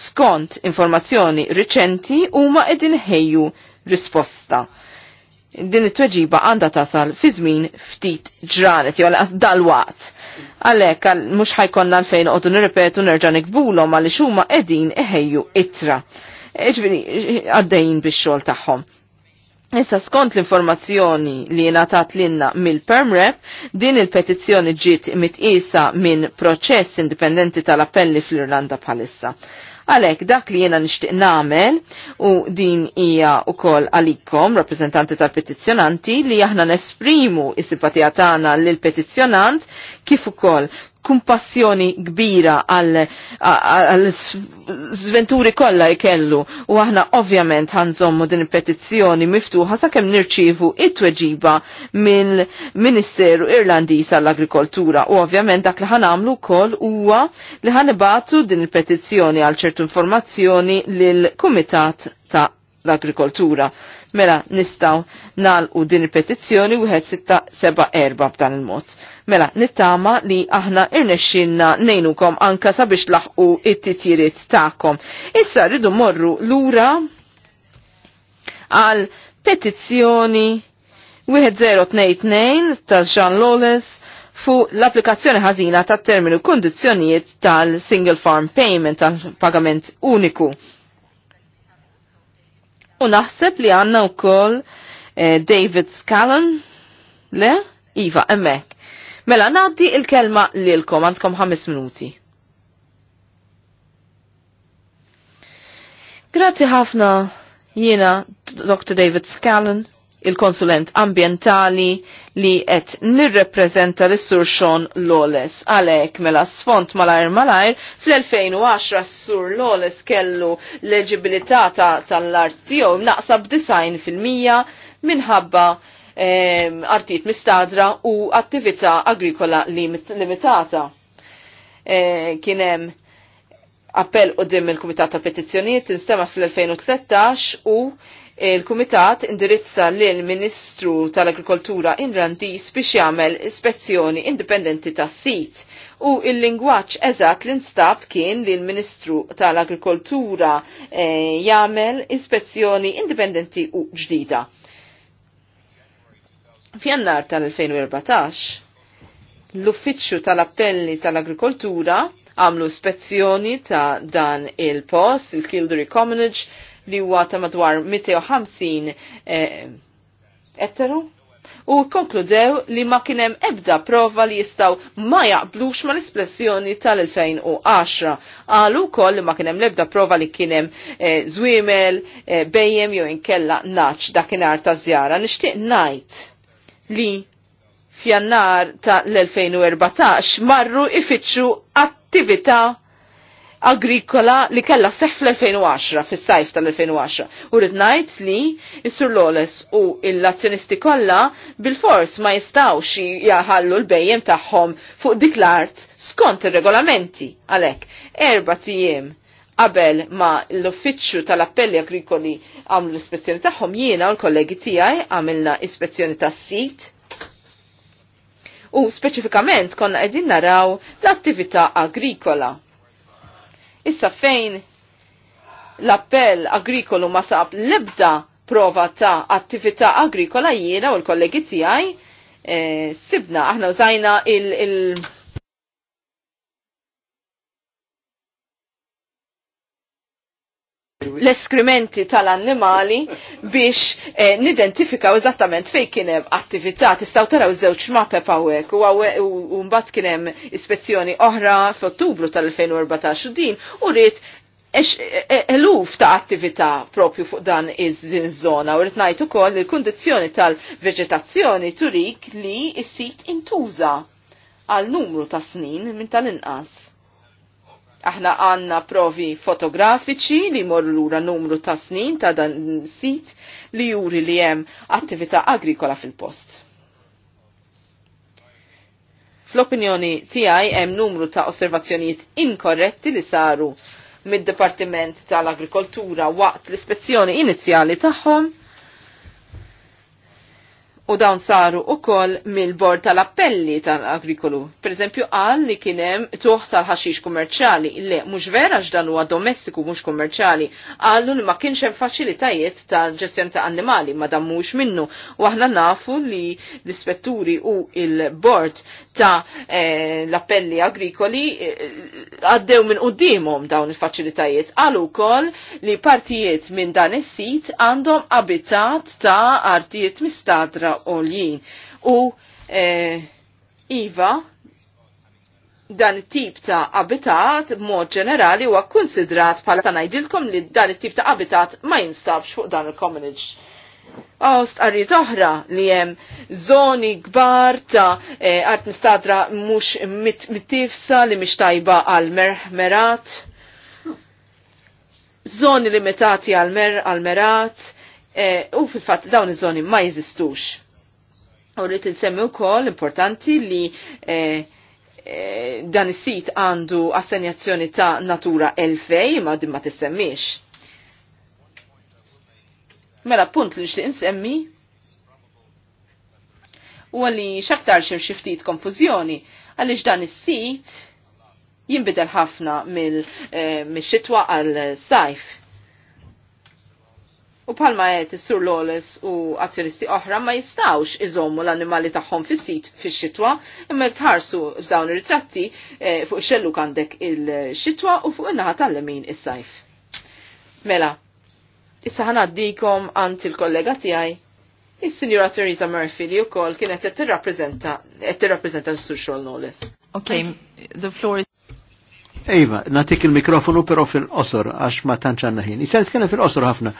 skont informazzjoni riċenti huma qegħdin ħejju risposta. Din it-tweġiba għandha tasal fi żmien ftit ġranet jew dal-waqt. Għalhekk mhux ħajkonna l fejn qogħdu nirripetu nerġa' nikbulhom għaliex huma qegħdin iħejju ittra ġvini għaddejn biex xol taħħom. Issa skont l-informazzjoni li natat l-inna mill-Permrep, din il-petizzjoni ġiet mitqisa minn proċess indipendenti tal-appelli fl-Irlanda bħalissa. Għalek, dak li jena nishtiq namel u din hija u kol għalikom, rappresentanti tal-petizjonanti, li aħna nesprimu is sipatija tagħna lill-petizjonant kif ukoll kumpassjoni kbira għal sventuri kollha jkellu u aħna ovvjament għanżommu din il-petizzjoni miftuħa sakemm nirċievu it-tweġiba mill-Ministeru Irlandis għall-Agrikoltura u ovvjament dak li ħanamlu wkoll huwa li ħanibatu din il-petizzjoni għal ċertu informazzjoni lill-Kumitat ta' l-Agrikoltura. Mela nistaw u din il-petizzjoni 1674 b'dan il-mod. Mela, nittama li aħna irnexxinna nejnukom anka sabiex laħqu it-titjiriet tagħkom. Issa rridu morru lura għal petizzjoni 1022 ta' Jean Lawless fu l-applikazzjoni ħażina ta' terminu kundizzjonijiet tal-Single Farm Payment tal-pagament uniku. U naħseb li għanna u koll eh, David Scallon, le? Iva, emmek. Mela naddi il-kelma lilkom għandkom ħames minuti. Grazzi ħafna jiena Dr. David Scallon, il-konsulent ambientali li qed nirrepreżenta l sur Sean Lawless. Għalhekk mela sfont malajr malajr fl-2010 sur Lawless kellu l-eġibilità tal-art tiegħu naqsa b'9 fil-mija minħabba artit mistadra u attività agrikola limitata. E, kienem appell u dim il-Kumitat tal Petizzjoniet instema fl-2013 u il-Kumitat indirizza l ministru tal-Agrikoltura Inrandis biex jagħmel ispezzjoni indipendenti tas-sit u il-lingwaċ eżatt l-instab kien li l-Ministru tal-Agrikoltura eh, jagħmel ispezzjoni indipendenti u ġdida. Fjannar tal-2014 l-Uffiċċju tal-Appelli tal-Agrikoltura għamlu spezzjoni ta' dan il-post, il-Kildery Commonage, li huwa ta' madwar 250 eh, ettaru. U konkludew li ma kienem ebda prova li jistaw ma jaqblux ma l-espressjoni tal-2010. Għalu kol li ma kienem lebda prova li kienem eh, zwimel, eh, bejjem jew inkella naċ dakinar ta' zjara. Nishtiq najt li f'jannar ta' l-2014 marru ifittxu attività agrikola li kella seħ fl-2010, fis-sajf tal-2010. U rridnajt li s-sur Loles u l-azzjonisti kollha bil-fors ma jistawx jaħallu l-bejjem tagħhom fuq dik l-art skont ir-regolamenti għalhekk erba' tijem qabel ma l-uffiċċju tal-appelli agrikoli għamlu l-ispezzjoni tagħhom jiena u l-kollegi tiegħi għamilna ispezzjoni tas-sit. U speċifikament konna qegħdin naraw l-attività agrikola. Issa fejn l-appell agrikolu ma sab ebda prova ta' attività agrikola jiena u l-kollegi tiegħi eh, sibna aħna użajna il-, il l-eskrimenti tal-annimali biex eh, nidentifikaw eżattament fej kienem attività. Tistaw taraw żewġ mappe pawek u, u kienem ispezzjoni oħra f'Ottubru tal-2014 din u rrit e- e- eluf ta' attività propju fuq dan iż-żona u rrit ngħid ukoll il-kundizzjoni tal-veġetazzjoni turik li s-sit intuża għal numru ta' snin minn tal-inqas Aħna għanna provi fotografiċi li morru lura numru ta' snin ta' dan sit li juri li hemm attività agrikola fil-post. Fl-opinjoni tiegħi hemm numru ta' osservazzjonijiet inkorretti li saru mid-Dipartiment tal-Agrikoltura waqt l-ispezzjoni inizjali tagħhom U dawn saru u koll mill-bord tal-appelli tal-agrikolu. Per eżempju, għal li kienem tuħ tal-ħaxix kummerċali, le mux vera ġdan huwa domestiku mux kummerċali, għallu li ma kienx hemm faċilitajiet tal-ġestjoni ta' annimali, ma dammux minnu. U aħna nafu li l-ispetturi u il-bord ta' eh, l-appelli agrikoli eh, għaddew minn qudiemhom dawn il-faċilitajiet. Għallu koll li partijiet minn dan is-sit għandhom abitat ta' artijiet mistadra oljin. U eh, Iva, dan it-tip ta' abitat mod ġenerali huwa konsidrat bħala ta' ngħidilkom li dan it-tip ta' abitat ma jinstabx fuq dan il-commonage. Għost għarriet oħra li jem zoni gbar ta' eh, art mistadra mux mit mittifsa li mux tajba għal merat. zoni limitati għal mer għal merat, E, u fil-fatt dawn iż-żoni ma jeżistux. U rrid insemmi wkoll importanti li e, e, dan is-sit għandu assenjazzjoni ta' natura 2000 ma din ma tissemmix. Mela punt li nixtieq insemmi u għalli xaktar xem xiftit konfuzjoni, għalli dan is-sit jimbidel ħafna mill-xitwa għal-sajf. U palma għed sur Lawless u azzjonisti oħra ma jistawx iżommu l-animali tagħhom fis-sit fix-xitwa, imma tħarsu f'dawn ir-ritratti eh, fuq xelluk għandek il-xitwa u fuq in-naħa tal-lemin is-sajf. Mela, issa ħanaddikom għand il-kollega tiegħi Is-Sinjora Theresa Murphy li wkoll kienet qed tirrappreżenta qed tirrappreżenta s-Sur Lawless. Okay, the floor is Ejva, natik il-mikrofonu però fil-qosor għax ma tantx għandna ħin. Issa nitkellem fil-qosor ħafna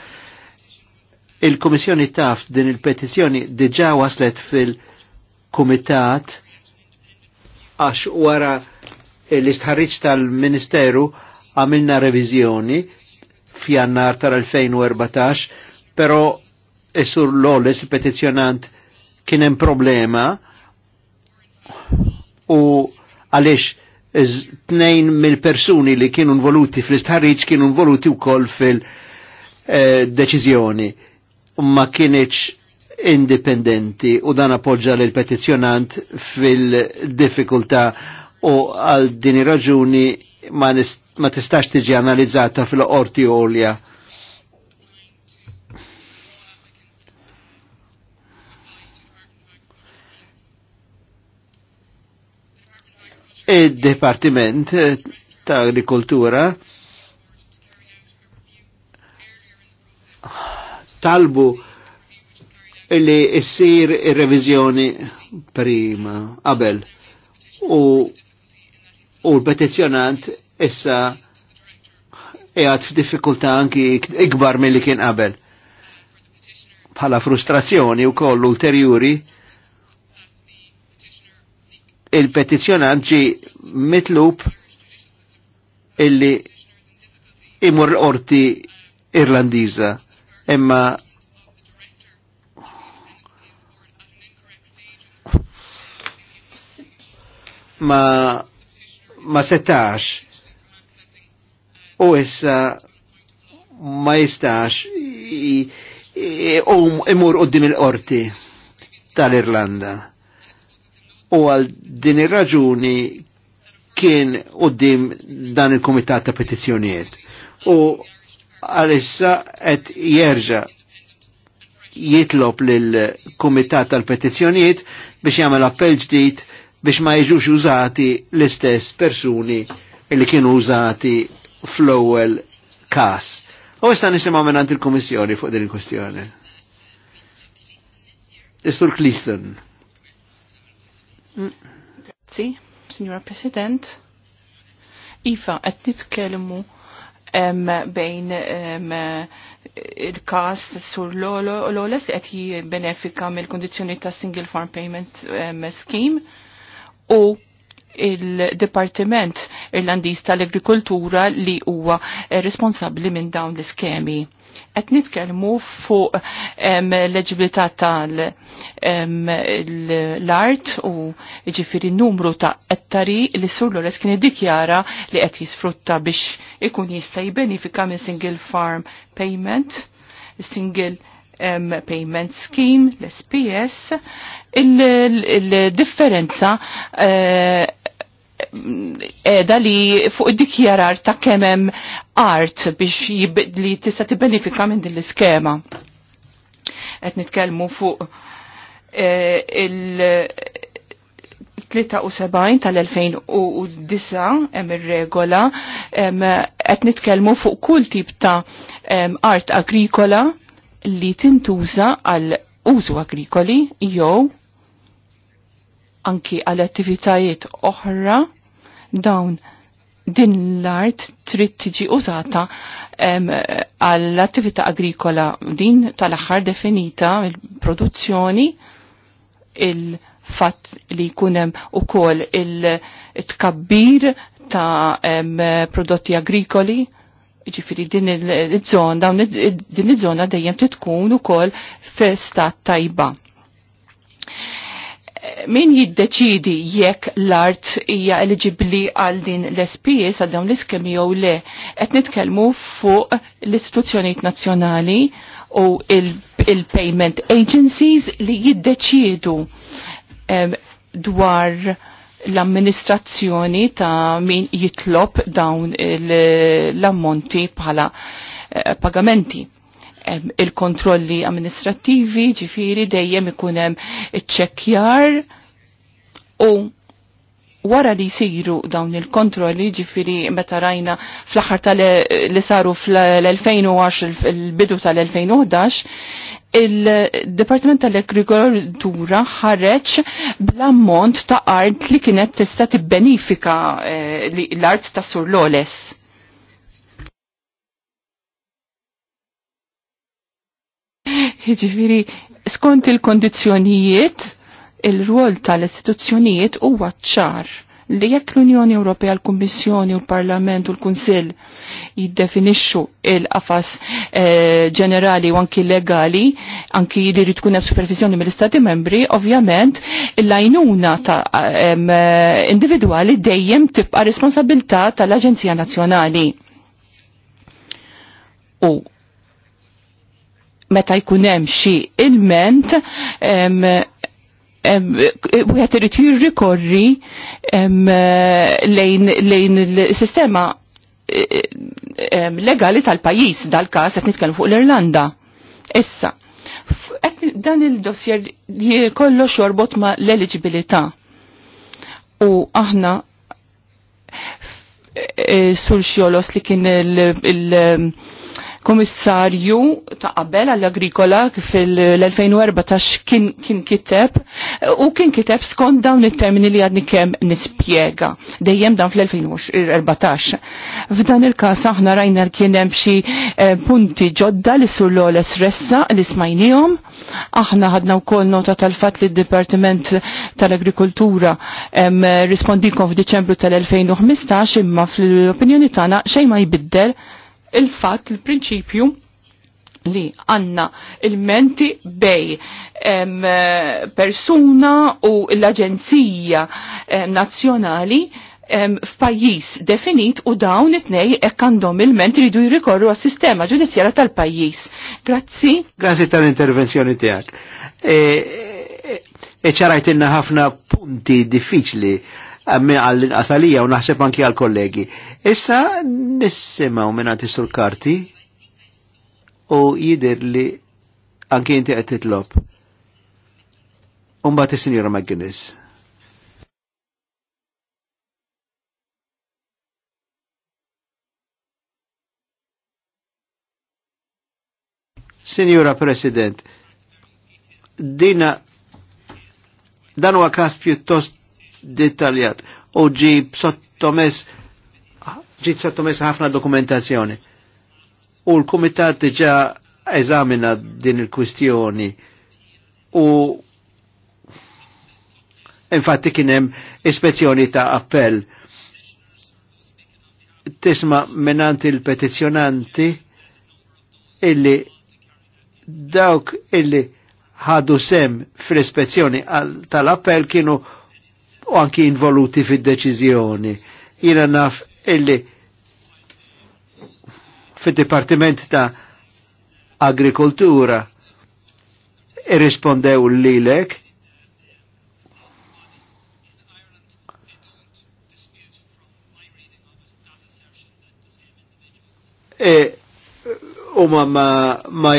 Il-Komissjoni taf din il-petizjoni diġa waslet fil-Kumitat għax wara l-istħarriċ tal-Ministeru għamilna revizjoni f'jannar tal-2014, pero l Lolles, il-petizjonant, kienem problema u għalix tnejn mill-persuni li kienu involuti fl-istħarriċ kienu involuti u koll fil-deċizjoni. Eh, ma kienieċ indipendenti u dan appoġġa lil petizzjonant fil-diffikultà u għal din raġuni ma, ma tistax tiġi analizzata fil-qorti olja. id-Departiment ta' Agrikoltura talbu li issir il-revizjoni prima qabel u u l-petizjonant issa f f'diffikultà anki ikbar milli kien qabel. Bħala frustrazzjoni koll ulterjuri il-petizjonant ġi mitlub illi imur l-orti irlandiza imma ma ma setax u issa ma jistax u imur u din il-qorti tal-Irlanda. U għal din il raġuni kien u dim dan il-Komitat ta' Petizzjonijiet. U għalissa qed jerġa' jitlob lill-Kumitat tal-Petizzjonijiet biex jagħmel appell ġdid biex ma jiġux użati l-istess persuni li kienu użati fl-ewwel każ. U issa nisimgħu minn il-Kummissjoni fuq din il-kwestjoni. Istur Cleason. Grazzi, Signora President. Iva, qed nitkellmu bejn il-kas sur l-oles li qed jibbenefika mill-kondizzjoni ta' Single Farm Payment Scheme u il-Departiment Irlandiż tal-Agrikultura li huwa eh, responsabbli minn dawn l-iskemi qed nitkellmu fuq l-eġibilità tal-art u ġifiri numru ta' ettari li sur Lores kien iddikjara li qed jisfrutta biex ikun jista' jibbenifika minn single farm payment, single um, payment scheme, l-SPS, il-differenza il eh, edha li fuq dikjarar ta' kemem art biex li tista' tibbenifika minn din l-iskema. Qed nitkellmu fuq e, il-73 tal-2009 hemm ir-regola qed nitkellmu fuq kull tip ta' art agrikola li tintuża għal użu agrikoli jew anki għal attivitajiet oħra dawn din l-art trid tiġi użata għall-attività agrikola din tal-aħħar definita il-produzzjoni il-fatt li kunem u kol il-tkabbir ta' prodotti agrikoli ġifiri din il zona din il-zona dejjem titkun u kol fil-stat tajba min jiddeċidi jekk l-art hija eligibli għal din l-SPS għal dawn l-iskemi jew le qed nitkellmu fuq l-istituzzjonijiet nazzjonali u il-payment il agencies li jiddeċidu dwar l-amministrazzjoni ta' min jitlob dawn l-ammonti bħala eh, pagamenti il-kontrolli amministrativi, ġifiri dejjem ikunem ċekjar u wara li jisiru dawn il-kontrolli ġifiri meta rajna fl-aħħar tal li saru fl-2010 il-bidu tal-2011 il-Departiment tal-Agrikoltura ħareġ bl-ammont ta' art li kienet tista' tibbenifika eh, l-art ta' Sur Loles Ġifiri, skont il-kondizjonijiet, il-rol tal-istituzzjonijiet huwa ċar li jekk l-Unjoni Ewropea, l-Kummissjoni u l-Parlament u l-Kunsill jiddefinixxu il-qafas eh, ġenerali u anki legali, anki li jrid tkun hemm supervizjoni mill-Istati membri, ovvjament l-għajnuna ta' eh, individwali dejjem tibqa' responsabilità tal-Aġenzija Nazzjonali. U meta jkun hemm xi ilment wieħed irid jirrikorri lejn il-sistema legali tal-pajjiż dal-każ qed nitkellmu fuq l-Irlanda. Issa, dan il-dossier kollox xorbot ma l-eligibilità. U aħna e, e, sul xjolos li kien il- komissarju ta' qabel għall-agrikola fil-2014 kien, kien kiteb u kien kiteb skont dawn it-termini li għadni kemm nispjega dejjem dan fl-2014. F'dan il-każ aħna rajna li kien hemm xi eh, punti ġodda li sur l-oles ressa li smajnihom. Aħna ħadna wkoll nota tal-fatt li d-Dipartiment tal-Agrikoltura rispondikom f'Diċembru tal-2015 imma fl-opinjoni tagħna xejn ma jbiddel il-fatt il-prinċipju li għanna il-menti bej em, persuna u l-Aġenzija Nazzjonali f'pajjiż definit u dawn it-nej hekk għandhom il-ment ridu jrikorru għas-sistema ġudizzjara tal-pajjiż. Grazzi. Grazzi tal-intervenzjoni tiegħek. E, e, e, e inna ħafna punti diffiċli għall għasalija u naħseb anki għal-kollegi. Issa nissimaw minnati sur karti u jidir li anki inti għed titlob. Umbat t sinjora McGinnis. Signora President, dina dan huwa każ pjuttost dettaljat u ġi sottomess ġiet sottomess ħafna dokumentazzjoni. U l-Kumitat ġa eżamina din il-kwistjoni u infatti kien hemm ispezzjoni ta' appell. Tisma' menanti il-petizzjonanti illi dawk illi ħadu sem fl-ispezzjoni tal-appell kienu u anki involuti fil-deċizjoni. Jina naf illi fil-Departiment ta' Agrikultura irrispondew l lilek e, u ma ma ma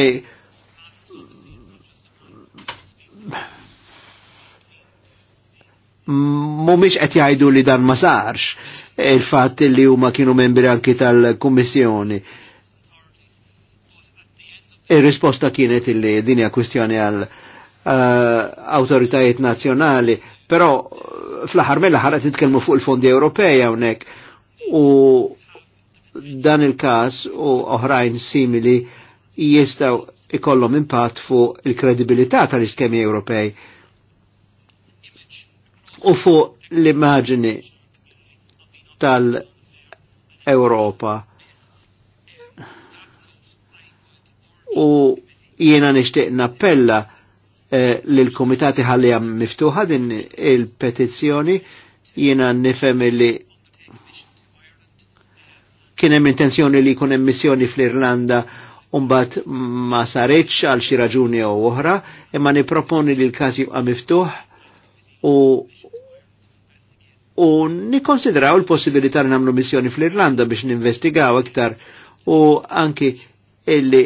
mumiex qed jgħidu li dan ma sarx il-fatt li huma kienu membri anki tal-Kummissjoni. Ir-risposta kienet illi din hija kwistjoni għal eh, awtoritajiet nazzjonali, però fl-aħħar mela ħara titkellmu fuq il-fondi Ewropej hawnhekk u dan il-każ u oħrajn simili jistgħu ikollhom impatt fuq il-kredibilità tal-iskemi Ewropej u fuq l immagini tal-Europa u jiena nishtiq nappella eh, l-komitati ħallija miftuħa din il-petizzjoni jiena nifhem li kien hemm intenzjoni li jkun hemm missjoni fl-Irlanda unbat ma sareċ għal xi raġuni u oħra, imma niproponi li l-każ jibqa' miftuħ u u nikonsidraw il-possibilità li namlu missjoni fl-Irlanda biex ninvestigaw iktar u anki illi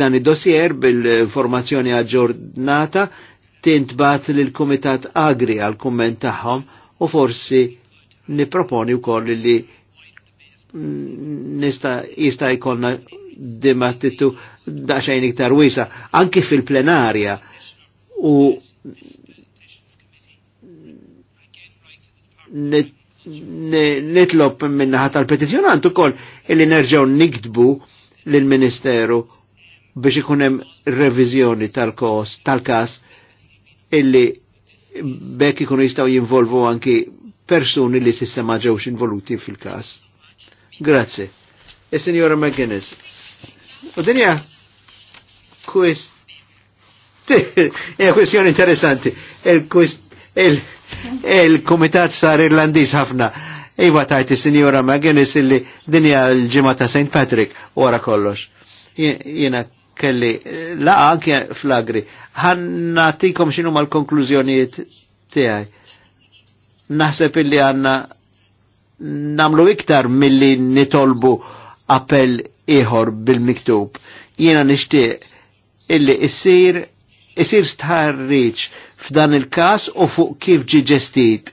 dan id-dossier bil-informazzjoni aġġornata tintbat lill-Kumitat Agri għal kumment tagħhom u forsi niproponi wkoll li nista jista jkollna dimattitu daċxajn iktar wisa anki fil-plenarja u nitlob ħat tal-petizjonant ukoll illi nerġaw nikdbu l ministeru biex ikunem revizjoni tal-kos tal-każ illi bekk ikunu jistaw jinvolvu anki persuni li s'issa ma ġewx involuti fil kas Grazie. E signora McGinnis, U dinja kwest. e [LAUGHS] kwestjoni interessanti. Il-kwest. Il-kwest il-Komitat sar Irlandiż ħafna. Iva tajti Sinjora Magenis illi dinja l-ġimgħa ta' St. Patrick wara kollox. Jiena kelli laqa anke flagri. Ħan nagħtikom x'inhu mal-konklużjonijiet tiegħi. Naħseb illi għandna namlu iktar milli nitolbu appell ieħor bil-miktub. Jiena nixtieq illi issir isir stħarriċ f'dan il-kas u fuq kif ġi ġestit.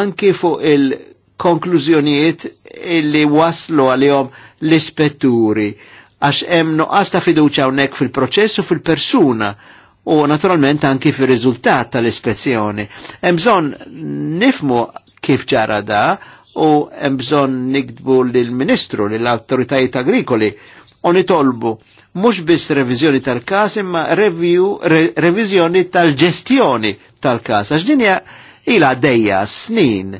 Anki fuq il-konklużjonijiet illi waslu għalihom l-ispetturi għax hemm nuqqas ta' fiduċa hawnhekk fil-proċess u fil-persuna u naturalment anki fir-riżultat tal-ispezzjoni. Hemm bżonn nifmu kif ġara da u hemm bżonn nikdbu lill-Ministru lill-Awtoritajiet Agrikoli u nitolbu mhux biss revizjoni tal-każ imma review re, tal-ġestjoni tal-każ għax ila dejja snin.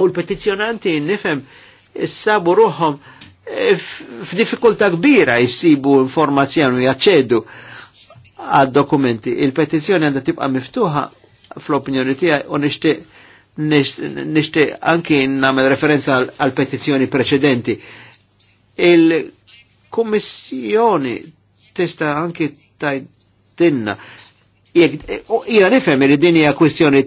U l-petizjonanti s-sabu issabu e, f-difikulta kbira jsibu informazzjoni u jaċċedu għad-dokumenti. Il-petizzjoni għandha tibqa' miftuħa fl-opinjoni tiegħi u nixtieq nishti anki nagħmel referenza għal petizzjoni preċedenti. Il kommissjoni testa anki tajdinna. Ija nifem li din hija kwistjoni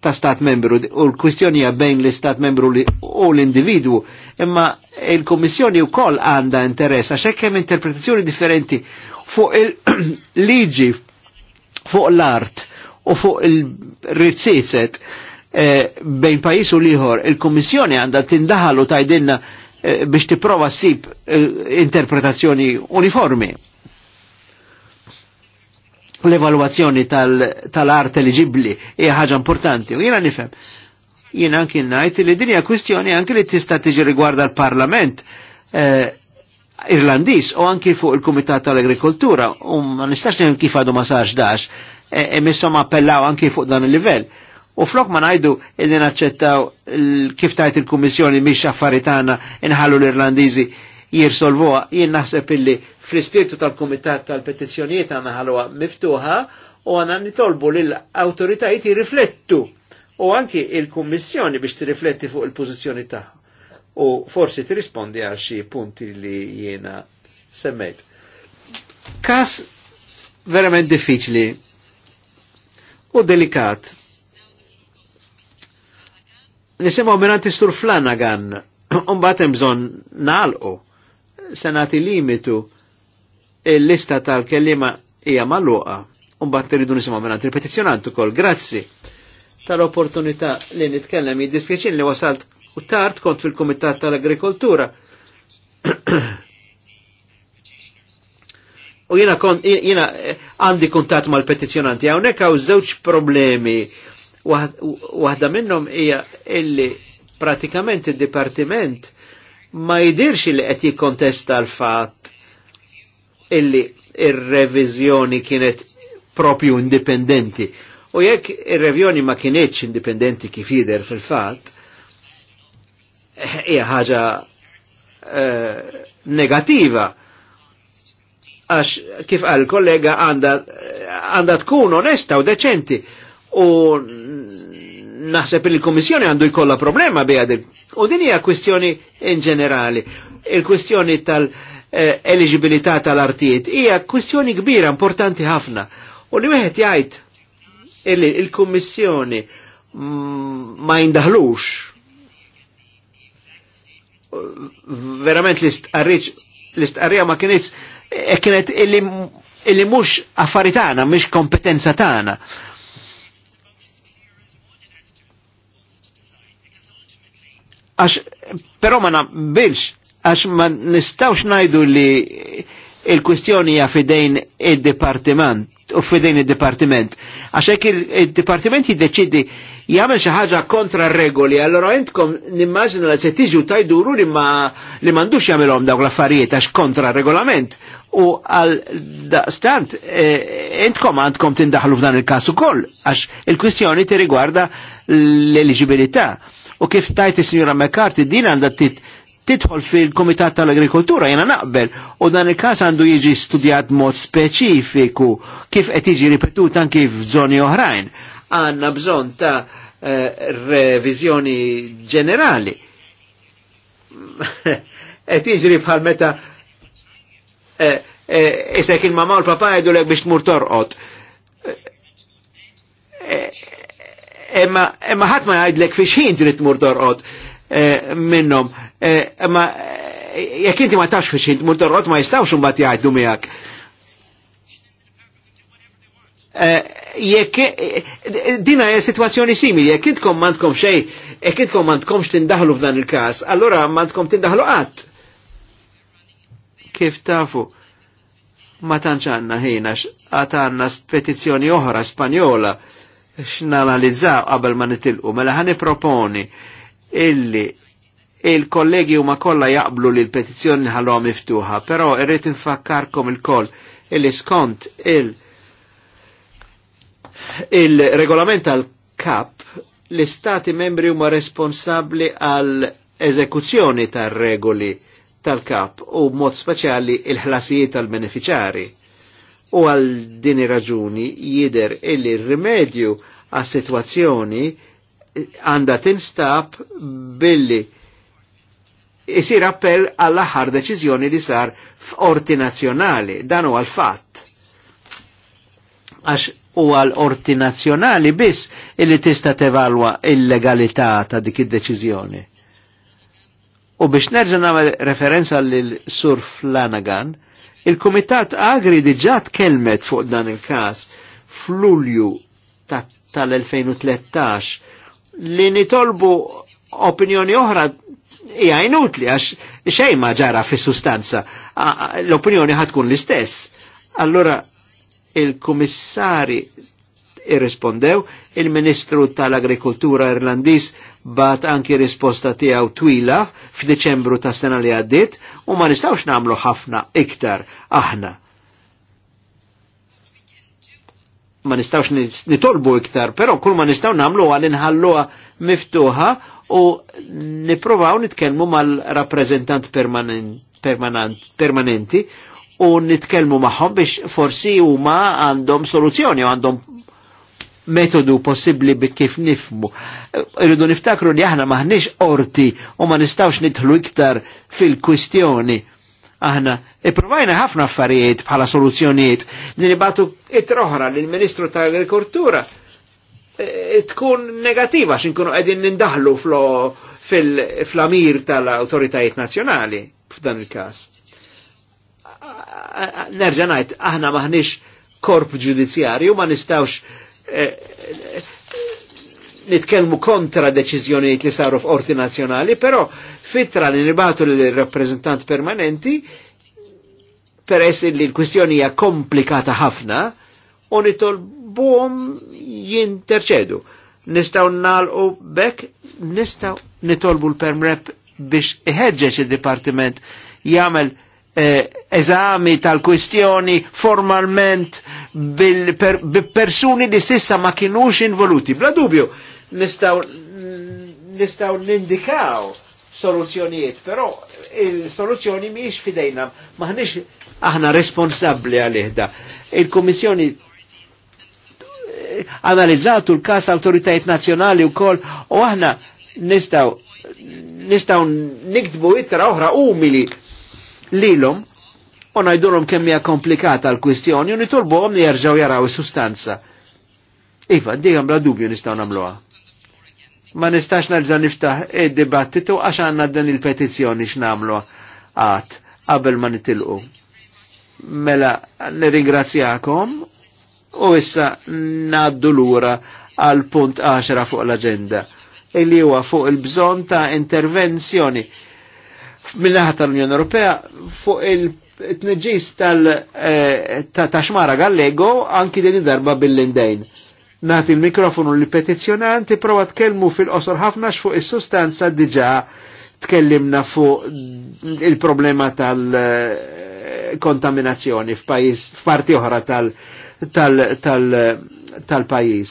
ta' stat membru u l-kwistjoni hija bejn l-istat membru u l-individwu, imma il-Kommissjoni wkoll għandha interess għax hekk hemm interpretazzjoni differenti fuq il-liġi fuq l-art u fuq il-rizzizet eh, bejn pajis u liħor, il-Kommissjoni għanda tindaħal u tajdinna Eh, biex tipprova ssib eh, interpretazzjoni uniformi. L-evaluazzjoni tal-art tal eligibli hija ħaġa importanti u jiena nifhem. Jiena anki ngħid li din hija kwistjoni anki li tista' tiġi rigwarda l-Parlament eh, Irlandiż u anki fuq il-Kumitat tal-Agrikoltura u um, ma nistax nifhem kif għadu ma sarx dax emissom eh, e appellaw anki fuq dan il-livell. U flok ma najdu illi naċċettaw kif tajt il-Kummissjoni miex affaritana inħallu l-Irlandiżi jirsolvuha, jien naħseb illi fl-ispirtu tal-Kumitat tal-Petizzjonijiet għandna ħalwa miftuħa u għandna nitolbu l awtoritajiet jirriflettu u anki il-Kummissjoni biex tirrifletti fuq il-pożizzjoni tagħha. U forsi tirrispondi għal xi punti li jiena semmejt. Kas verament diffiċli u delikat Nisimaw minanti sur Flanagan, [CLEARS THROAT] unbatem bżon nalqu, senati limitu il-lista tal-kellima hija maluqa, unbat rridu nisimaw minanti il kol, ukoll. Grazzi tal-opportunità li nitkellem, jiddispjaċin li wasalt u tard kont fil-Kumitat tal-Agrikoltura. [CLEARS THROAT] u jina, jina eh, għandi kontat mal-petizjonanti, għawnek għaw zewċ problemi Waħda minnhom hija illi pratikament id-dipartiment ma jidirx li qed jikkontesta l-fatt illi ir-reviżjoni kienet propju indipendenti. U jekk ir-revjoni ma kienieċ indipendenti kif jidher fil-fatt, hija ħaġa eh, negativa. Għax kif għal kollega għanda tkun onesta u deċenti u naħseb il-Komissjoni għandu jkollha problema bija din. U din hija kwestjoni in ġenerali. Il-kwestjoni tal-eligibilità eh, tal-artijiet hija kwestjoni kbira, importanti ħafna. U li wieħed jgħid il-Kummissjoni mm, ma jindaħlux verament l-istqarrija ma kienet e kienet illi mhux affaritana, mhix kompetenza tana. Għax, però ma nabilx, għax ma nistawx najdu li il-kwestjoni hija fidejn id-dipartiment u fidejn id-dipartiment. Għax hekk id-dipartiment jiddeċidi jagħmel xi ħaġa kontra regoli, allora intkom nimmaġina li se tiġu tajduru li ma li m'għandux jagħmelhom dawk l-affarijiet għax kontra regolament. U għal stant eh, intkom għandkom tindaħlu f'dan il-każ ukoll għax il-kwistjoni tirrigwarda l eligibilità U kif tajt is-Sinjura McCarthy din għandha titħol fil-Komitat tal-Agrikoltura jena naqbel u dan il-kas għandu jiġi studjat mod speċifiku kif qed jiġi ripetut anki f'żoni oħrajn. Għandna bżonn ta' eh, revizjoni ġenerali. [LAUGHS] Qed jiġri bħal meta eh, eh, Isek il-mama u l-papa jgħidu l biex tmur torqot imma ħadd ma jgħidlek fi xejn trid tmur torqod eh, minnhom. Imma eh, eh, jekk inti ma tafx fi xejn tmur torqod ma jistgħux imbagħad jgħidu miegħek. Jekk dina hija sitwazzjoni simili, jekk intkom m'għandkom xejn, jekk intkom m'għandkomx tindaħlu f'dan il-każ, allura m'għandkom tindaħlu qatt. Kif tafu? Ma tantx għandna ħinax għad għandna petizzjoni oħra Spanjola x'nanalizzaw qabel ma nitilqu, mela ħani proponi illi il-kollegi huma kollha jaqblu li l-petizzjoni ħalluha miftuħa, però irrid infakkarkom il-koll illi skont il- il-regolament tal kap l-istati membri huma responsabbli għal eżekuzzjoni tar-regoli tal-kap u mod speċjali il-ħlasijiet tal-beneficjari. U għal din raġuni jider illi rimedju għas situazzjoni għanda tinstab billi isir appell għall aħħar deċiżjoni li sar f'orti nazzjonali, dan huwa għal fatt Għax u għal orti nazzjonali biss illi tista' tevalwa il-legalità ta' dik id-deċiżjoni. U biex nerġa' nagħmel referenza l Sur Flanagan, Il-Kumitat Agri diġà tkellmet fuq dan il-każ f'Lulju tal-2013 li nitolbu opinjoni oħra hija inutli għax xejn ma ġara fis sustanza l-opinjoni ħatkun l-istess. Allora il-kummissari irrispondew Il-Ministru tal-Agrikoltura Irlandiż bat anki risposta tiegħu twila f'Diċembru ta' sena li għaddiet u ma nistgħux nagħmlu ħafna iktar aħna. Ma nistgħux nitolbu iktar, però kull ma nistgħu nagħmlu għal inħalluha miftuħa u nipprovaw nitkellmu mal-rappreżentant permanenti u nitkellmu magħhom biex forsi huma għandhom soluzzjoni u għandhom metodu possibli bi kif nifmu. Irridu niftakru li aħna maħniex orti u ma nistawx nidħlu iktar fil-kwistjoni. Aħna ipprovajna ħafna affarijiet bħala soluzzjonijiet niribatu it-roħra lill-Ministru ta' Agrikoltura e, tkun negativa xinkunu qegħdin nindaħlu fil-flamir tal-autoritajiet nazzjonali f'dan il-każ. Nerġa' ngħid aħna maħniex korp ġudizzjarju ma nistawx Eh, eh, nitkellmu kontra deċiżjonijiet li saru f'orti nazjonali, però fitra li nibatu l-rappresentant permanenti essi li l-kwistjoni hija komplikata ħafna u nitolbuhom jinterċedu. Nistaw nalqu bekk, nistaw nitolbu l-permrep biex iħeġġeġ il-dipartiment jagħmel eh, eżami eh, tal-kwistjoni formalment bil-persuni li sissa ma kienux involuti. Bla dubju, nistaw, nistaw nindikaw soluzzjonijiet, però il-soluzzjoni miex fidejna, maħnix aħna responsabli għal-ihda. Il-Komissjoni analizzatu l-kas autoritajiet nazjonali u kol u aħna nistaw nistaw niktbu ittra oħra umili lilom u ngħidulhom kemm hija komplikata l-kwistjoni u nitolbuhom jerġgħu jaraw is-sustanza. Iva, dejjem bla dubju nistgħu nagħmluha. Ma nistax nerġa' niftaħ id-dibattitu għax għandna dan il-petizzjoni x'namlu għad qabel ma nitilqu. Mela nirringrazzjakom u issa naddu lura għal punt 10 fuq l-agenda illi huwa fuq il-bżon ta' intervenzjoni mill-naħa tal-Unjoni Ewropea fuq il t neġis tal-taxmara eh, gallego anki din darba bil-lindejn. Nati il-mikrofonu li petizjonanti prova tkellmu fil-qosor ħafna fuq is-sustanza diġa tkellimna fuq il-problema tal-kontaminazzjoni eh, f'pajis, f'parti oħra tal-pajis.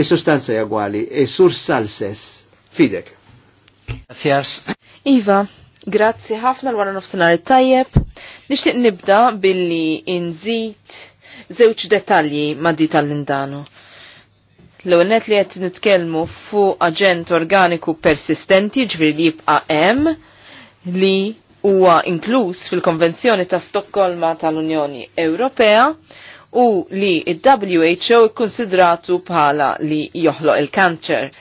Is-sustanza jagwali, is-sur e salses. Fidek. Grazie. Iva, grazie ħafna l-wara nofsinhar tajjeb. Nixtieq nibda billi inżid żewġ dettalji maddi tal-indanu. L-għonet li għet nitkelmu fu aġent organiku persistenti ġviri li jibqa M li huwa inkluż fil-Konvenzjoni ta' Stokkolma tal-Unjoni Ewropea u li il-WHO ikkonsidratu bħala li joħloq il-kanċer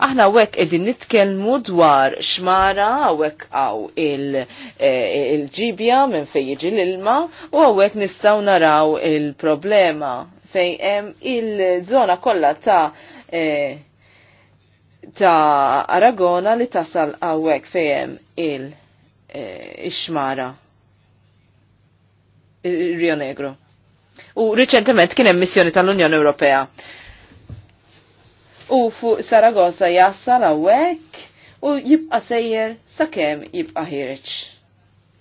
Aħna wek edin nitkelmu dwar xmara, wek għaw eh, il-ġibja minn fej jiġi l-ilma u għawek nistaw naraw il-problema fej il-zona kollha ta' eh, ta' Aragona li tasal għawek hemm il-xmara. Eh, Rio Negro. U riċentement kien hemm missjoni tal-Unjoni Ewropea u fuq Saragossa jassal għawek u jibqa sejjer sakemm jibqa ħirċ.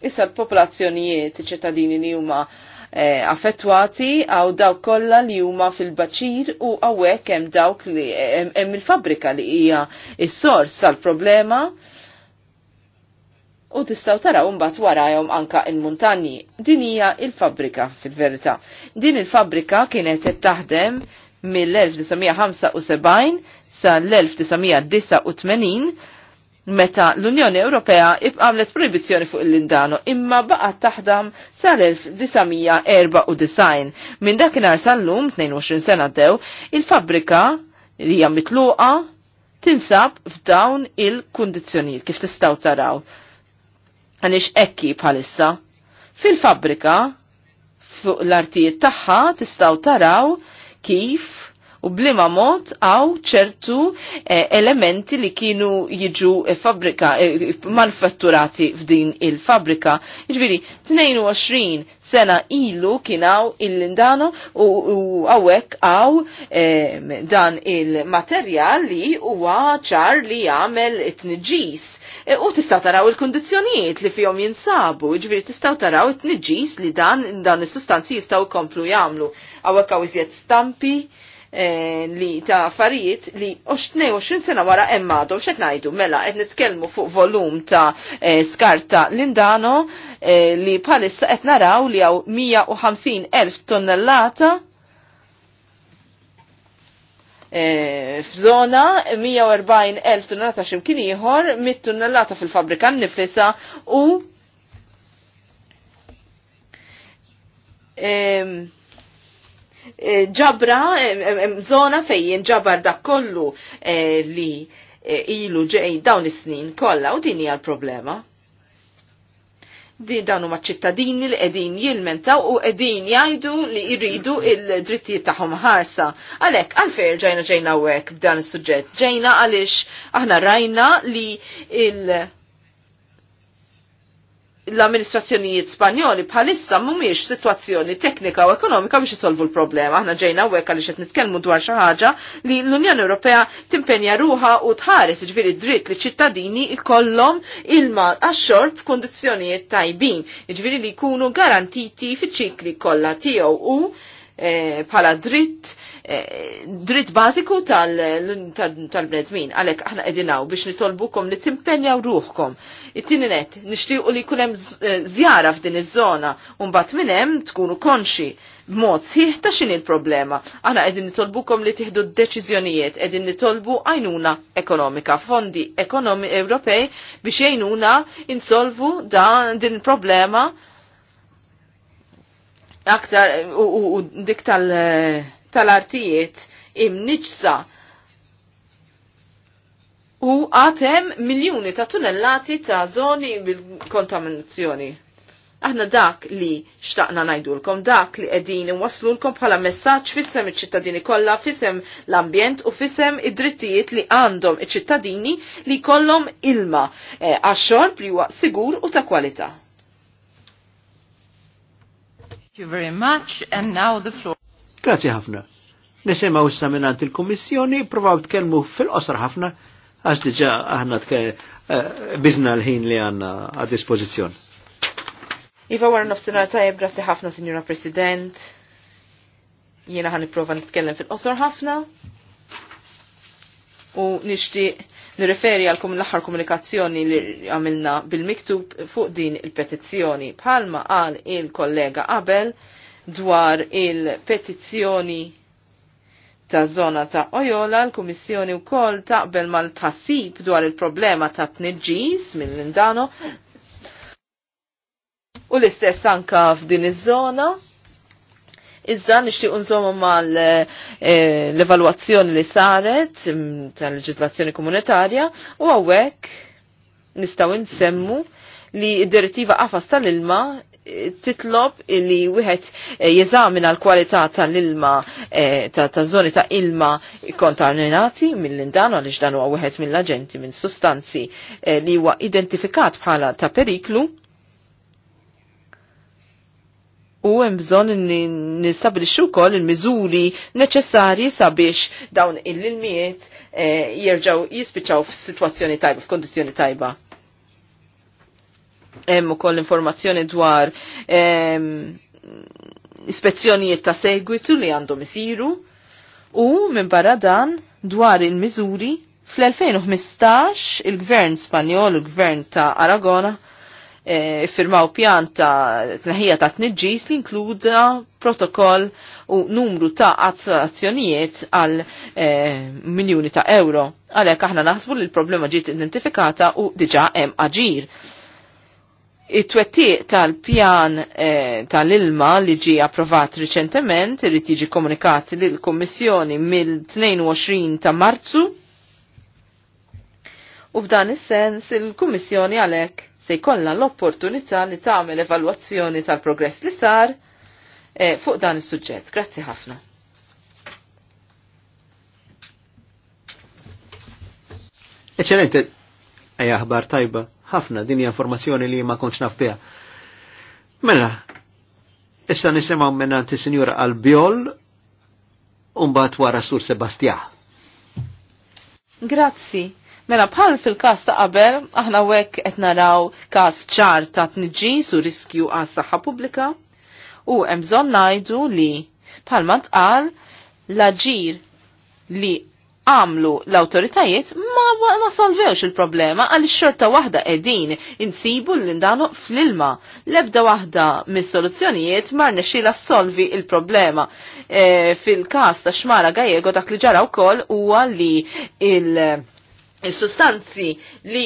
Issa l-popolazzjonijiet ċittadini li huma e, affettwati għaw daw kollha li huma fil-baċir u għawek hemm dawk li hemm il-fabrika li hija s-sors tal-problema u tistaw taraw mbagħad warahom anka il-muntanji. Din hija il-fabrika fil-verità. Din il-fabrika kienet qed taħdem mill-1975 sa l-1989 meta l-Unjoni Ewropea ibqamlet proibizjoni fuq il-lindano imma baqgħet taħdam sal-1994. Minn dakinhar sal-lum 22 sena dew, il-fabbrika li hija mitluqa tinsab f'dawn il-kundizzjonijiet kif tistgħu taraw. Għaliex ekki bħalissa. Fil-fabbrika fuq l-artijiet tagħha tistgħu taraw kif u blima mod għaw ċertu eh, elementi li kienu jiġu eh, fabrika, eh, manfatturati f'din il-fabrika. Ġviri, 22 sena ilu kienaw il-lindano u għawek għaw eh, dan il-materjal li huwa ċar li jagħmel it-nġis. Eh, u tista' taraw il-kondizjonijiet li fihom jinsabu, ġviri tistgħu taraw it-nġis li dan dan is-sustanzi jistgħu jkomplu jagħmlu. Għawek għaw iżjed stampi, Eh, li ta' affarijiet li 22 sena wara emmadu, xet najdu, mela, qed nitkellmu fuq volum ta' eh, skarta lindano eh, li palissa qed naraw li għaw 150.000 tonnellata f'żona 140 elf tonnellata ximkien ieħor, 100 tonnellata fil-fabrika nifisa u Eh, ġabra, eh, eh, zona fejn ġabar dak kollu li ilu ġej dawn is-snin kollha u din hija l-problema. Din dawn huma ċittadini li qegħdin jilmentaw u qegħdin jgħidu li jridu il-drittijiet tagħhom ħarsa. Għalhekk għalfejn ġejna ġejna hekk b'dan is-suġġett. Ġejna għaliex aħna rajna li il- l-amministrazzjonijiet Spanjoli bħalissa mhumiex sitwazzjoni teknika u ekonomika biex isolvu l-problema. Aħna ġejna hawnhekk għaliex qed nitkellmu dwar xi ħaġa li l-Unjoni Ewropea timpenja ruħa u tħares ġifieri dritt li ċittadini jkollhom ilma għax-xorb f'kundizzjonijiet tajbin, jiġifieri li jkunu garantiti fiċ-ċikli kollha tiegħu u eh, bħala dritt eh, dritt bażiku tal-bnedmin. Għalhekk aħna hawn biex nitolbukom li timpenjaw ruħkom It-tieni net, nixtiequ li jkun hemm żjara eh, f'din iż-żona u mbagħad minn hemm tkunu konxi b'mod sħiħ ta' x'inhi l-problema. Aħna qegħdin nitolbukom li tieħdu d-deċiżjonijiet, qegħdin nitolbu għajnuna ekonomika, fondi ekonomi Ewropej biex jgħinuna insolvu dan din il-problema aktar u, u, u dik eh, tal-artijiet tal imniċsa u għatem miljoni ta' tunnellati ta' zoni bil-kontaminazzjoni. Aħna dak li xtaqna najdulkom, dak li edin l-kom bħala messaċ fissem iċ-ċittadini kollha, fissem l-ambjent u fissem id-drittijiet li għandhom iċ-ċittadini li kollom ilma eh, għax li huwa sigur u ta' kwalità. Grazie ħafna. u s-saminant il-Kummissjoni, provaw tkellmu fil qosra ħafna għax diġa aħna eh, bizna l-ħin li għanna għad dispozizjon. Iva għar nofsina tajb, grazzi ħafna, Signora President. Jiena ħan niprofa nitkellem fil-qosor ħafna. U nishtiq nirreferi għalkom l axar komunikazzjoni li għamilna bil-miktub fuq din il-petizzjoni. Bħalma għal il-kollega Abel dwar il-petizzjoni ta' zona ta' Ojola, l-Kummissjoni u kol taqbel mal-tasib dwar il-problema ta' tniġġis mill indano u l-istess anka f'din iż-żona. Iżda nixtieq nżommu mal eh, l-evalwazzjoni li saret mm, tal-leġislazzjoni komunitarja u hawnhekk nistgħu nsemmu li d-direttiva qafas tal-ilma titlob li wieħed eh, jeżamina l-kwalità tal-ilma eh, ta' żoni ta' ilma kontaminati mill-indan għaliex dan huwa wieħed mill-aġenti minn sustanzi eh, li huwa identifikat bħala ta' periklu u hemm bżonn nistabilixxu wkoll il-miżuri neċessarji sabiex dawn il-ilmijiet jerġgħu jispiċċaw f'sitwazzjoni tajba, f'kondizzjoni tajba hemm ukoll informazzjoni dwar ehm, ispezzjonijiet ta' segwitu li għandhom isiru u minn barra dan dwar il-miżuri fl-2015 il-gvern Spanjol u l-gvern ta' Aragona e, firmaw pjan ta' tnaħija ta' tniġġis li inkluda protokoll u numru ta' azzjonijiet għal e, miljoni ta' euro. Għalhekk aħna naħsbu li l-problema ġiet identifikata u diġa' hemm aġir It-twettiq tal-pjan eh, tal-ilma li ġi approvat riċentement irid jiġi komunikat lill kummissjoni mill-22 ta' Marzu. U f'dan is-sens il-Kummissjoni għalhekk se jkollha l-opportunità li tagħmel evalwazzjoni tal-progress li sar eh, fuq dan is-suġġett. Grazzi ħafna. Eċċellenti, għajja ħbar tajba ħafna din informazzjoni li ma kontx naf Mela, issa nisimgħu minnant is-Sinjura Albiol u mbagħad wara Sur Sebastia. Grazzi. Mela bħal fil-kas ta' qabel, aħna wek qed naraw kas ċar ta' tniġġis su riskju għas saħħa pubblika u hemm bżonn ngħidu li bħalma tqal l-aġir li għamlu l-autoritajiet ma, ma solvewx il-problema għal xorta waħda edin insibu l indano fl-ilma. Lebda waħda mis soluzzjonijiet mar nexila solvi il-problema. E, Fil-kas ta' xmara gajego dak li ġara wkoll huwa li il- il-sustanzi li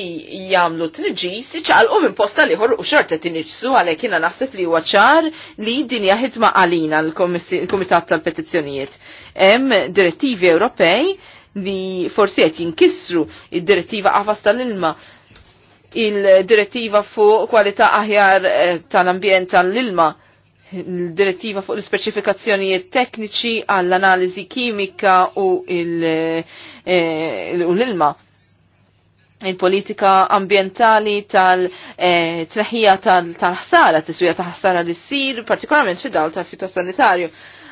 jamlu t siċal u minn posta liħor u xorta t-nġsu għalek jina naħseb li waċar li dinja ħidma għalina l-Komitat tal-Petizzjonijiet. Em direttivi Ewropej li forsi qed jinkissru id-direttiva qafas tal-ilma il-direttiva fuq kwalità aħjar eh, tal-ambjent tal-ilma, il-direttiva fuq l ispeċifikazzjonijiet tekniċi għall-analiżi kimika u eh, l-ilma il-politika ambientali tal-tneħija eh, tal-ħsara, t-tiswija ta' ħsara li s-sir, partikolarment fid dawl tal fitosanitarju.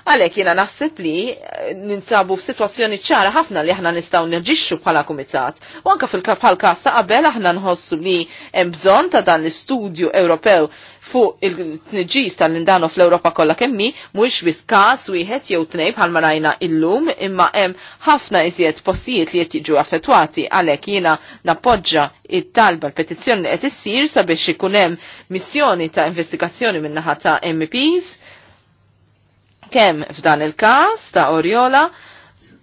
Għalek jena naħseb li eh, ninsabu f-situazzjoni ċara ħafna li aħna nistaw nirġixxu bħala kumitat. U anka fil-kapħal kassa qabel aħna nħossu li hemm bżonn ta' dan l-istudju Ewropew fuq il-tniġis tal-indano fl-Europa kollha kemmi mhux biss każ wieħed jew tnejn bħal marajna illum imma hemm ħafna iżjed postijiet li qed jiġu affettwati għalhekk jiena nappoġġa it-talba l-petizzjoni li qed issir sabiex ikun hemm missjoni ta' investigazzjoni min-naħa ta' MEPs kemm f'dan il-każ ta' Oriola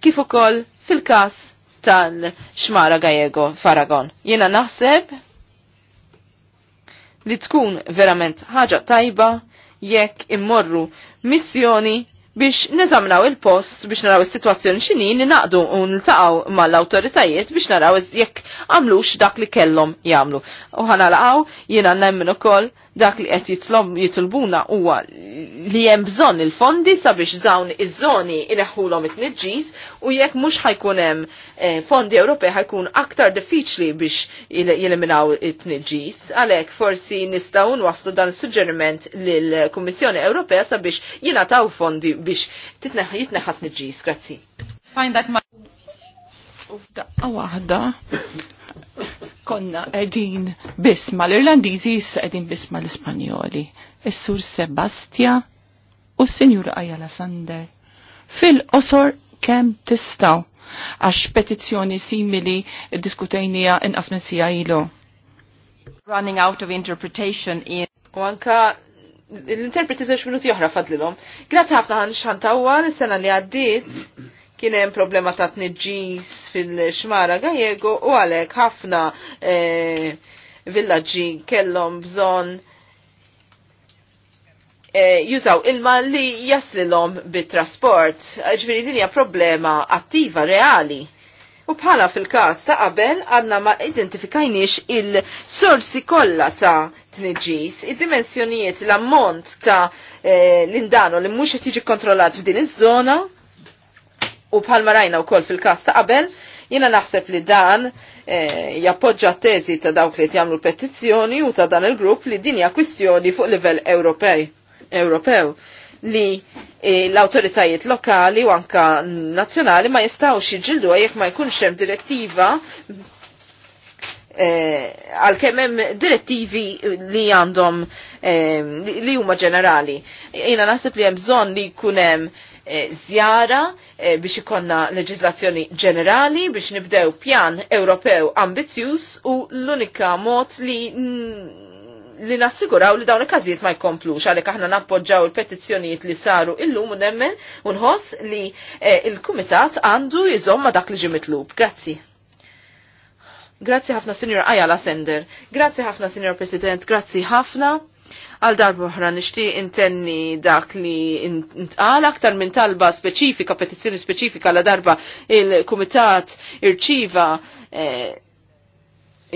kif ukoll fil-każ tal-Xmara Gallego Faragon. Jiena naħseb li tkun verament ħaġa tajba jekk immorru missjoni biex neżamnaw il-post biex naraw is-sitwazzjoni xini li naqdu u niltaqgħu mal-awtoritajiet biex naraw jekk għamlux dak li kellhom jagħmlu. U ħanalaqgħu jiena nemmen ukoll dak li qed jitlob jitlbuna huwa li hemm bżonn il-fondi sabiex dawn iż-żoni ineħħulhom it-tniġġis u jekk mhux ħajkun hemm eh, fondi Ewropej ħajkun aktar diffiċli biex jeliminaw it-tniġġis. Għalhekk forsi nistgħu nwasslu dan is-suġġeriment lill-Kummissjoni Ewropea sabiex jingħataw fondi biex jitneħħa t-tniġġis. Grazzi. Find that konna edin biss mal-Irlandiżi, issa edin biss mal-Ispanjoli. Is-Sur Sebastia u s senjur Ajala Sander. Fil-qosor kem tistaw għax petizzjoni simili diskutejnija inqas minn sija ilu. Running out of interpretation in. U anka l-interpreti zewġ minuti oħra fadlilhom. Grazzi ħafna ħan xantawa l-sena li għaddiet kien hemm problema ta' tniġġis fil-xmara Gajego u għalhekk ħafna e, villaġġi kellhom bżonn e, jużaw ilma li jaslilom bit-trasport, ġviri dinja problema attiva, reali. U bħala fil-kas ta' qabel għadna ma identifikajniex il-sorsi kollha ta' tniġis, id-dimensjonijiet, l-ammont ta' e, l-indano li mhux qed jiġi kontrollat f'din iż-żona, u bħalma rajna wkoll fil-każ ta' qabel, jiena naħseb li dan eh, jappoġġa jappoġġa teżi ta' dawk li jagħmlu petizzjoni u ta' dan il-grupp li din hija kwistjoni fuq livell Ewropej Ewropew li e, l-autoritajiet lokali u anka nazzjonali ma jistawx jiġildu jekk ma jkunx hemm direttiva eh, għal-kemm hemm direttivi li għandhom e, li huma ġenerali. Jiena naħseb li hemm bżonn li jkun hemm Eh, zjara eh, biex ikonna leġislazzjoni ġenerali biex nibdew pjan Ewropew ambizjus u l-unika mod li li nassiguraw li dawn il-każijiet ma jkomplux għalhekk aħna nappoġġaw il-petizzjonijiet li saru illum u nemmen u nħoss li eh, il-kumitat għandu jżomm ma dak li ġi mitlub. Grazzi. Grazzi ħafna Sinjor Ajala Sender. Grazzi ħafna Sinjor President, grazzi ħafna. Għal darba oħra nixtieq intenni dak li intqal aktar minn talba speċifika, petizzjoni speċifika la darba il-Kumitat irċiva eh,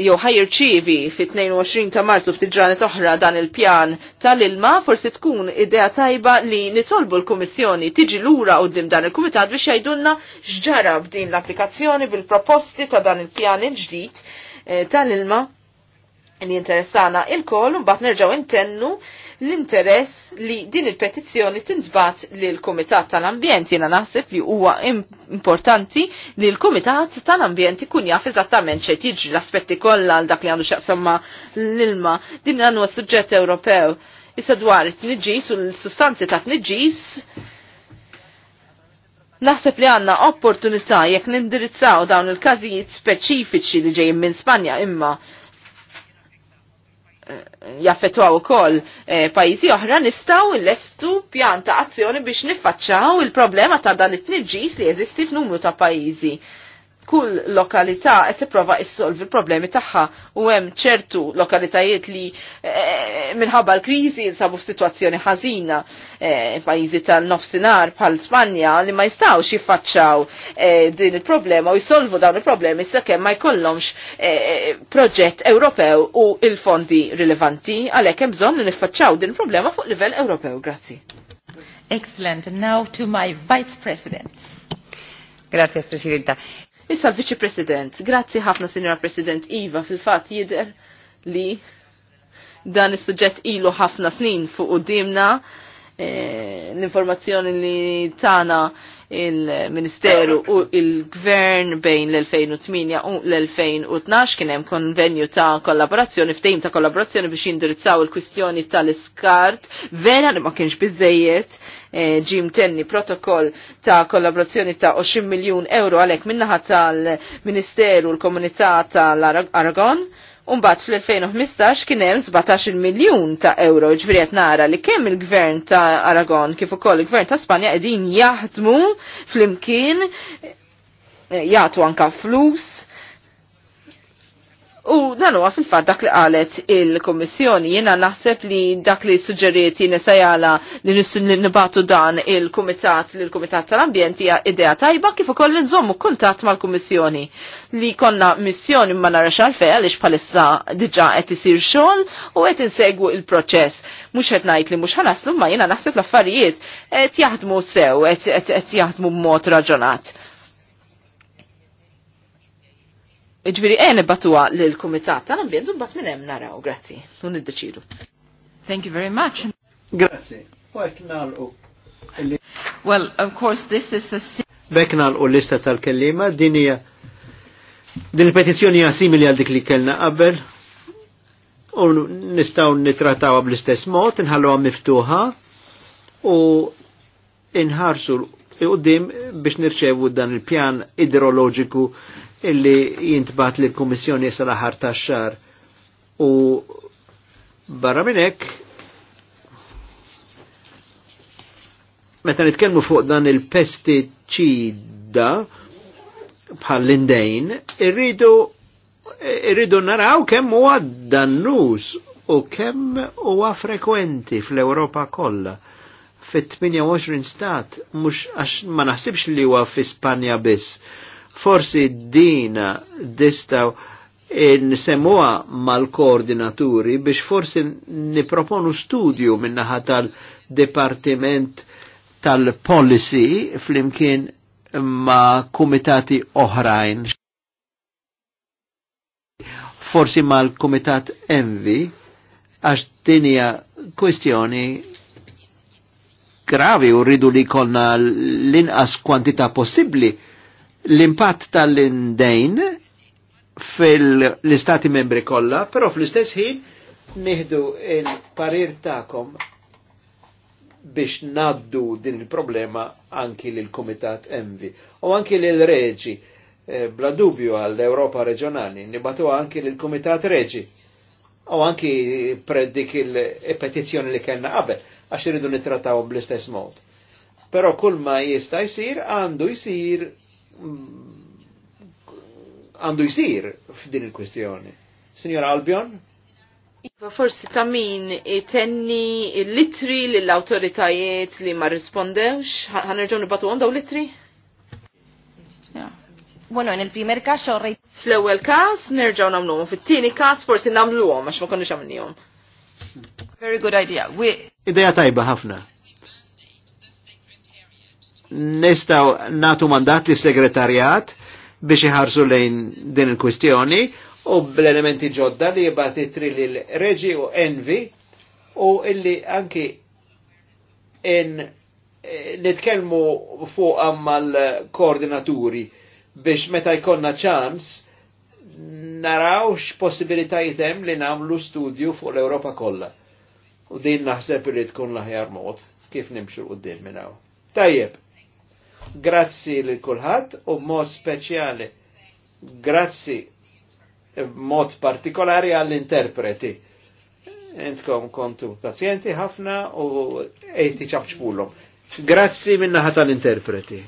jew irċivi fit-22 ta' Marzu ġranet oħra dan il-pjan tal-ilma forsi tkun idea tajba li nitolbu l-Kummissjoni tiġi lura qudiem dan il-Kumitat biex jgħidulna x'ġara b'din l-applikazzjoni bil-proposti ta' dan il-pjan il-ġdid eh, tal-ilma li interessana il-kol, mbagħad nerġgħu intennu l-interess li din il-petizzjoni tinsbat li l-Kumitat tal-Ambjent jiena naħseb li huwa importanti li l-Kumitat tal-Ambjent ikun jaf eżattament xejn jiġri l-aspetti kollha għal dak li għandu x'aqsamma l-ilma. Din għandu suġġett Ewropew. Issa dwar it tniġis u l-sustanzi ta' tniġis. Naħseb li għanna opportunità jekk nindirizzaw dawn il-każijiet speċifiċi li ġejjin minn Spanja imma jaffetwaw ukoll e, pajjiżi oħra nistgħu l pjan ta' azzjoni biex niffaċċaw il-problema ta' dan it-tniġġis li jeżisti f'numru ta' pajjiżi kull lokalità qed tipprova issolvi l-problemi tagħha u hemm ċertu lokalitajiet li eh, minħabba l-kriżi jinsabu f'sitwazzjoni ħażina eh, pajjiżi tal-nofsinhar bħal Spanja li ma jistgħux jiffaċċaw eh, din il-problema u jsolvu dawn il-problemi sakemm ma jkollhomx proġett Ewropew u il-fondi rilevanti għalhekk hemm bżonn li niffaċċaw din il-problema fuq livell Ewropew. Grazzi. Excellent. And now to my Vice President. Grazie, Presidenta. Issa l-Viċi President, grazzi ħafna Sinjora President Iva fil-fatt jidher li dan is-suġġett ilu ħafna snin fuq qudiemna e, eh, l-informazzjoni li tana il-Ministeru u il-Gvern bejn l-2008 u l-2012 kien hemm konvenju ta' kollaborazzjoni, ftejm ta' kollaborazzjoni biex jindirizzaw il-kwistjoni tal-iskart vera li ma kienx biżejjed ġim eh, tenni protokoll ta' kollaborazzjoni ta' 20 miljun euro għalhekk minnaħa tal-Ministeru l-Komunità tal-Aragon Umbat fl-2015 kien hemm 17 miljun ta' euro, ġifieri qed nara li kemm il-Gvern ta' Aragon kif ukoll il-Gvern ta' Spanja qegħdin jaħdmu flimkien eh, jagħtu anka flus U dan huwa fil-fatt dak li qalet il-Kummissjoni. Jiena naħseb li dak li suġġerieti nisajala li nibatu dan il-Kumitat l kumitat tal-Ambjent hija idea tajba kif ukoll nżommu kuntatt mal-Kummissjoni li konna missjoni ma narax għalfej għaliex bħalissa diġà qed isir xogħol u qed insegwu il-proċess. Mhux qed ngħid li mhux ħanaslu ma jiena naħseb l-affarijiet qed jaħdmu sew, qed jaħdmu b'mod raġonat Ġviri, e eh, batuwa l-Kumitat tal-Ambjent, bat minn hemm naraw, grazzi, un id Thank you very much. Grazzi, u għek Well, of course, this is a... Bek nal-u l-lista tal-kellima, din hija din il-petizzjoni hija simili għal dik li kellna qabel, u nistaw nitratawa bl-istess mod, għam miftuħa u inħarsu l-qoddim biex nirċevu dan il-pjan idroloġiku illi jintbat li l-Kummissjoni jisa laħar ta' xar u barra minnek meta nitkellmu fuq dan il-pestiċida bħal l-indejn irridu irridu naraw kemm huwa dannus u kemm huwa frekwenti fl-Ewropa kollha fit-28 stat mhux għax ma naħsibx li huwa fi Spanja biss Forsi dina distaw nsemmuha mal-koordinaturi biex forsi niproponu studju minnaħa tal-Departiment tal-Policy flimkien ma' kumitati oħrajn. Forsi mal-Kumitat Envi, għax dinja kwestjoni gravi u ridu li konna l-inqas kwantità possibbli l-impatt tal-indejn fil-istati membri kollha, però fl-istess ħin nieħdu il-parir tagħkom biex naddu din il-problema anki l komitat Envi u anki l Reġi eh, bla dubju għall-Europa reġjonali nibatu anki l komitat Reġi u anki preddik il-petizzjoni li kellna qabel għax irridu nittrattaw bl-istess mod. Però kull ma jista' jsir għandu jsir Mm, għandu jisir f'din il-kwestjoni. Signora Albion? Iva, forsi ta' min tenni l litri l-autoritajiet li ma' rispondewx, ħanerġu nibatu għom daw litri? Bueno, in il-primer kas xorri. Fl-ewel kas, nerġaw namluħom. Fit-tini kas, forsi għom, għax ma xamni għom. Very good idea. We... Ideja tajba ħafna nistaw natu mandat li segretarjat biex iħarsu lejn din il-kwistjoni u bl-elementi ġodda li jibat itri li l-reġi u envi u illi anki in eh, nitkelmu fuq mal koordinaturi biex meta jkonna ċans naraw x-possibilitajiet hemm li namlu studju fuq l-Europa kollha. U din naħseb li tkun l-aħjar mod kif nimxu qudiem minn hawn. Tajjeb. Grazzi li kulħadd u mod speċjali. Grazzi mod partikolari għall-interpreti. Entkom kontu pazjenti ħafna u ejti ċabċpullom. Grazzi minna ħata l-interpreti.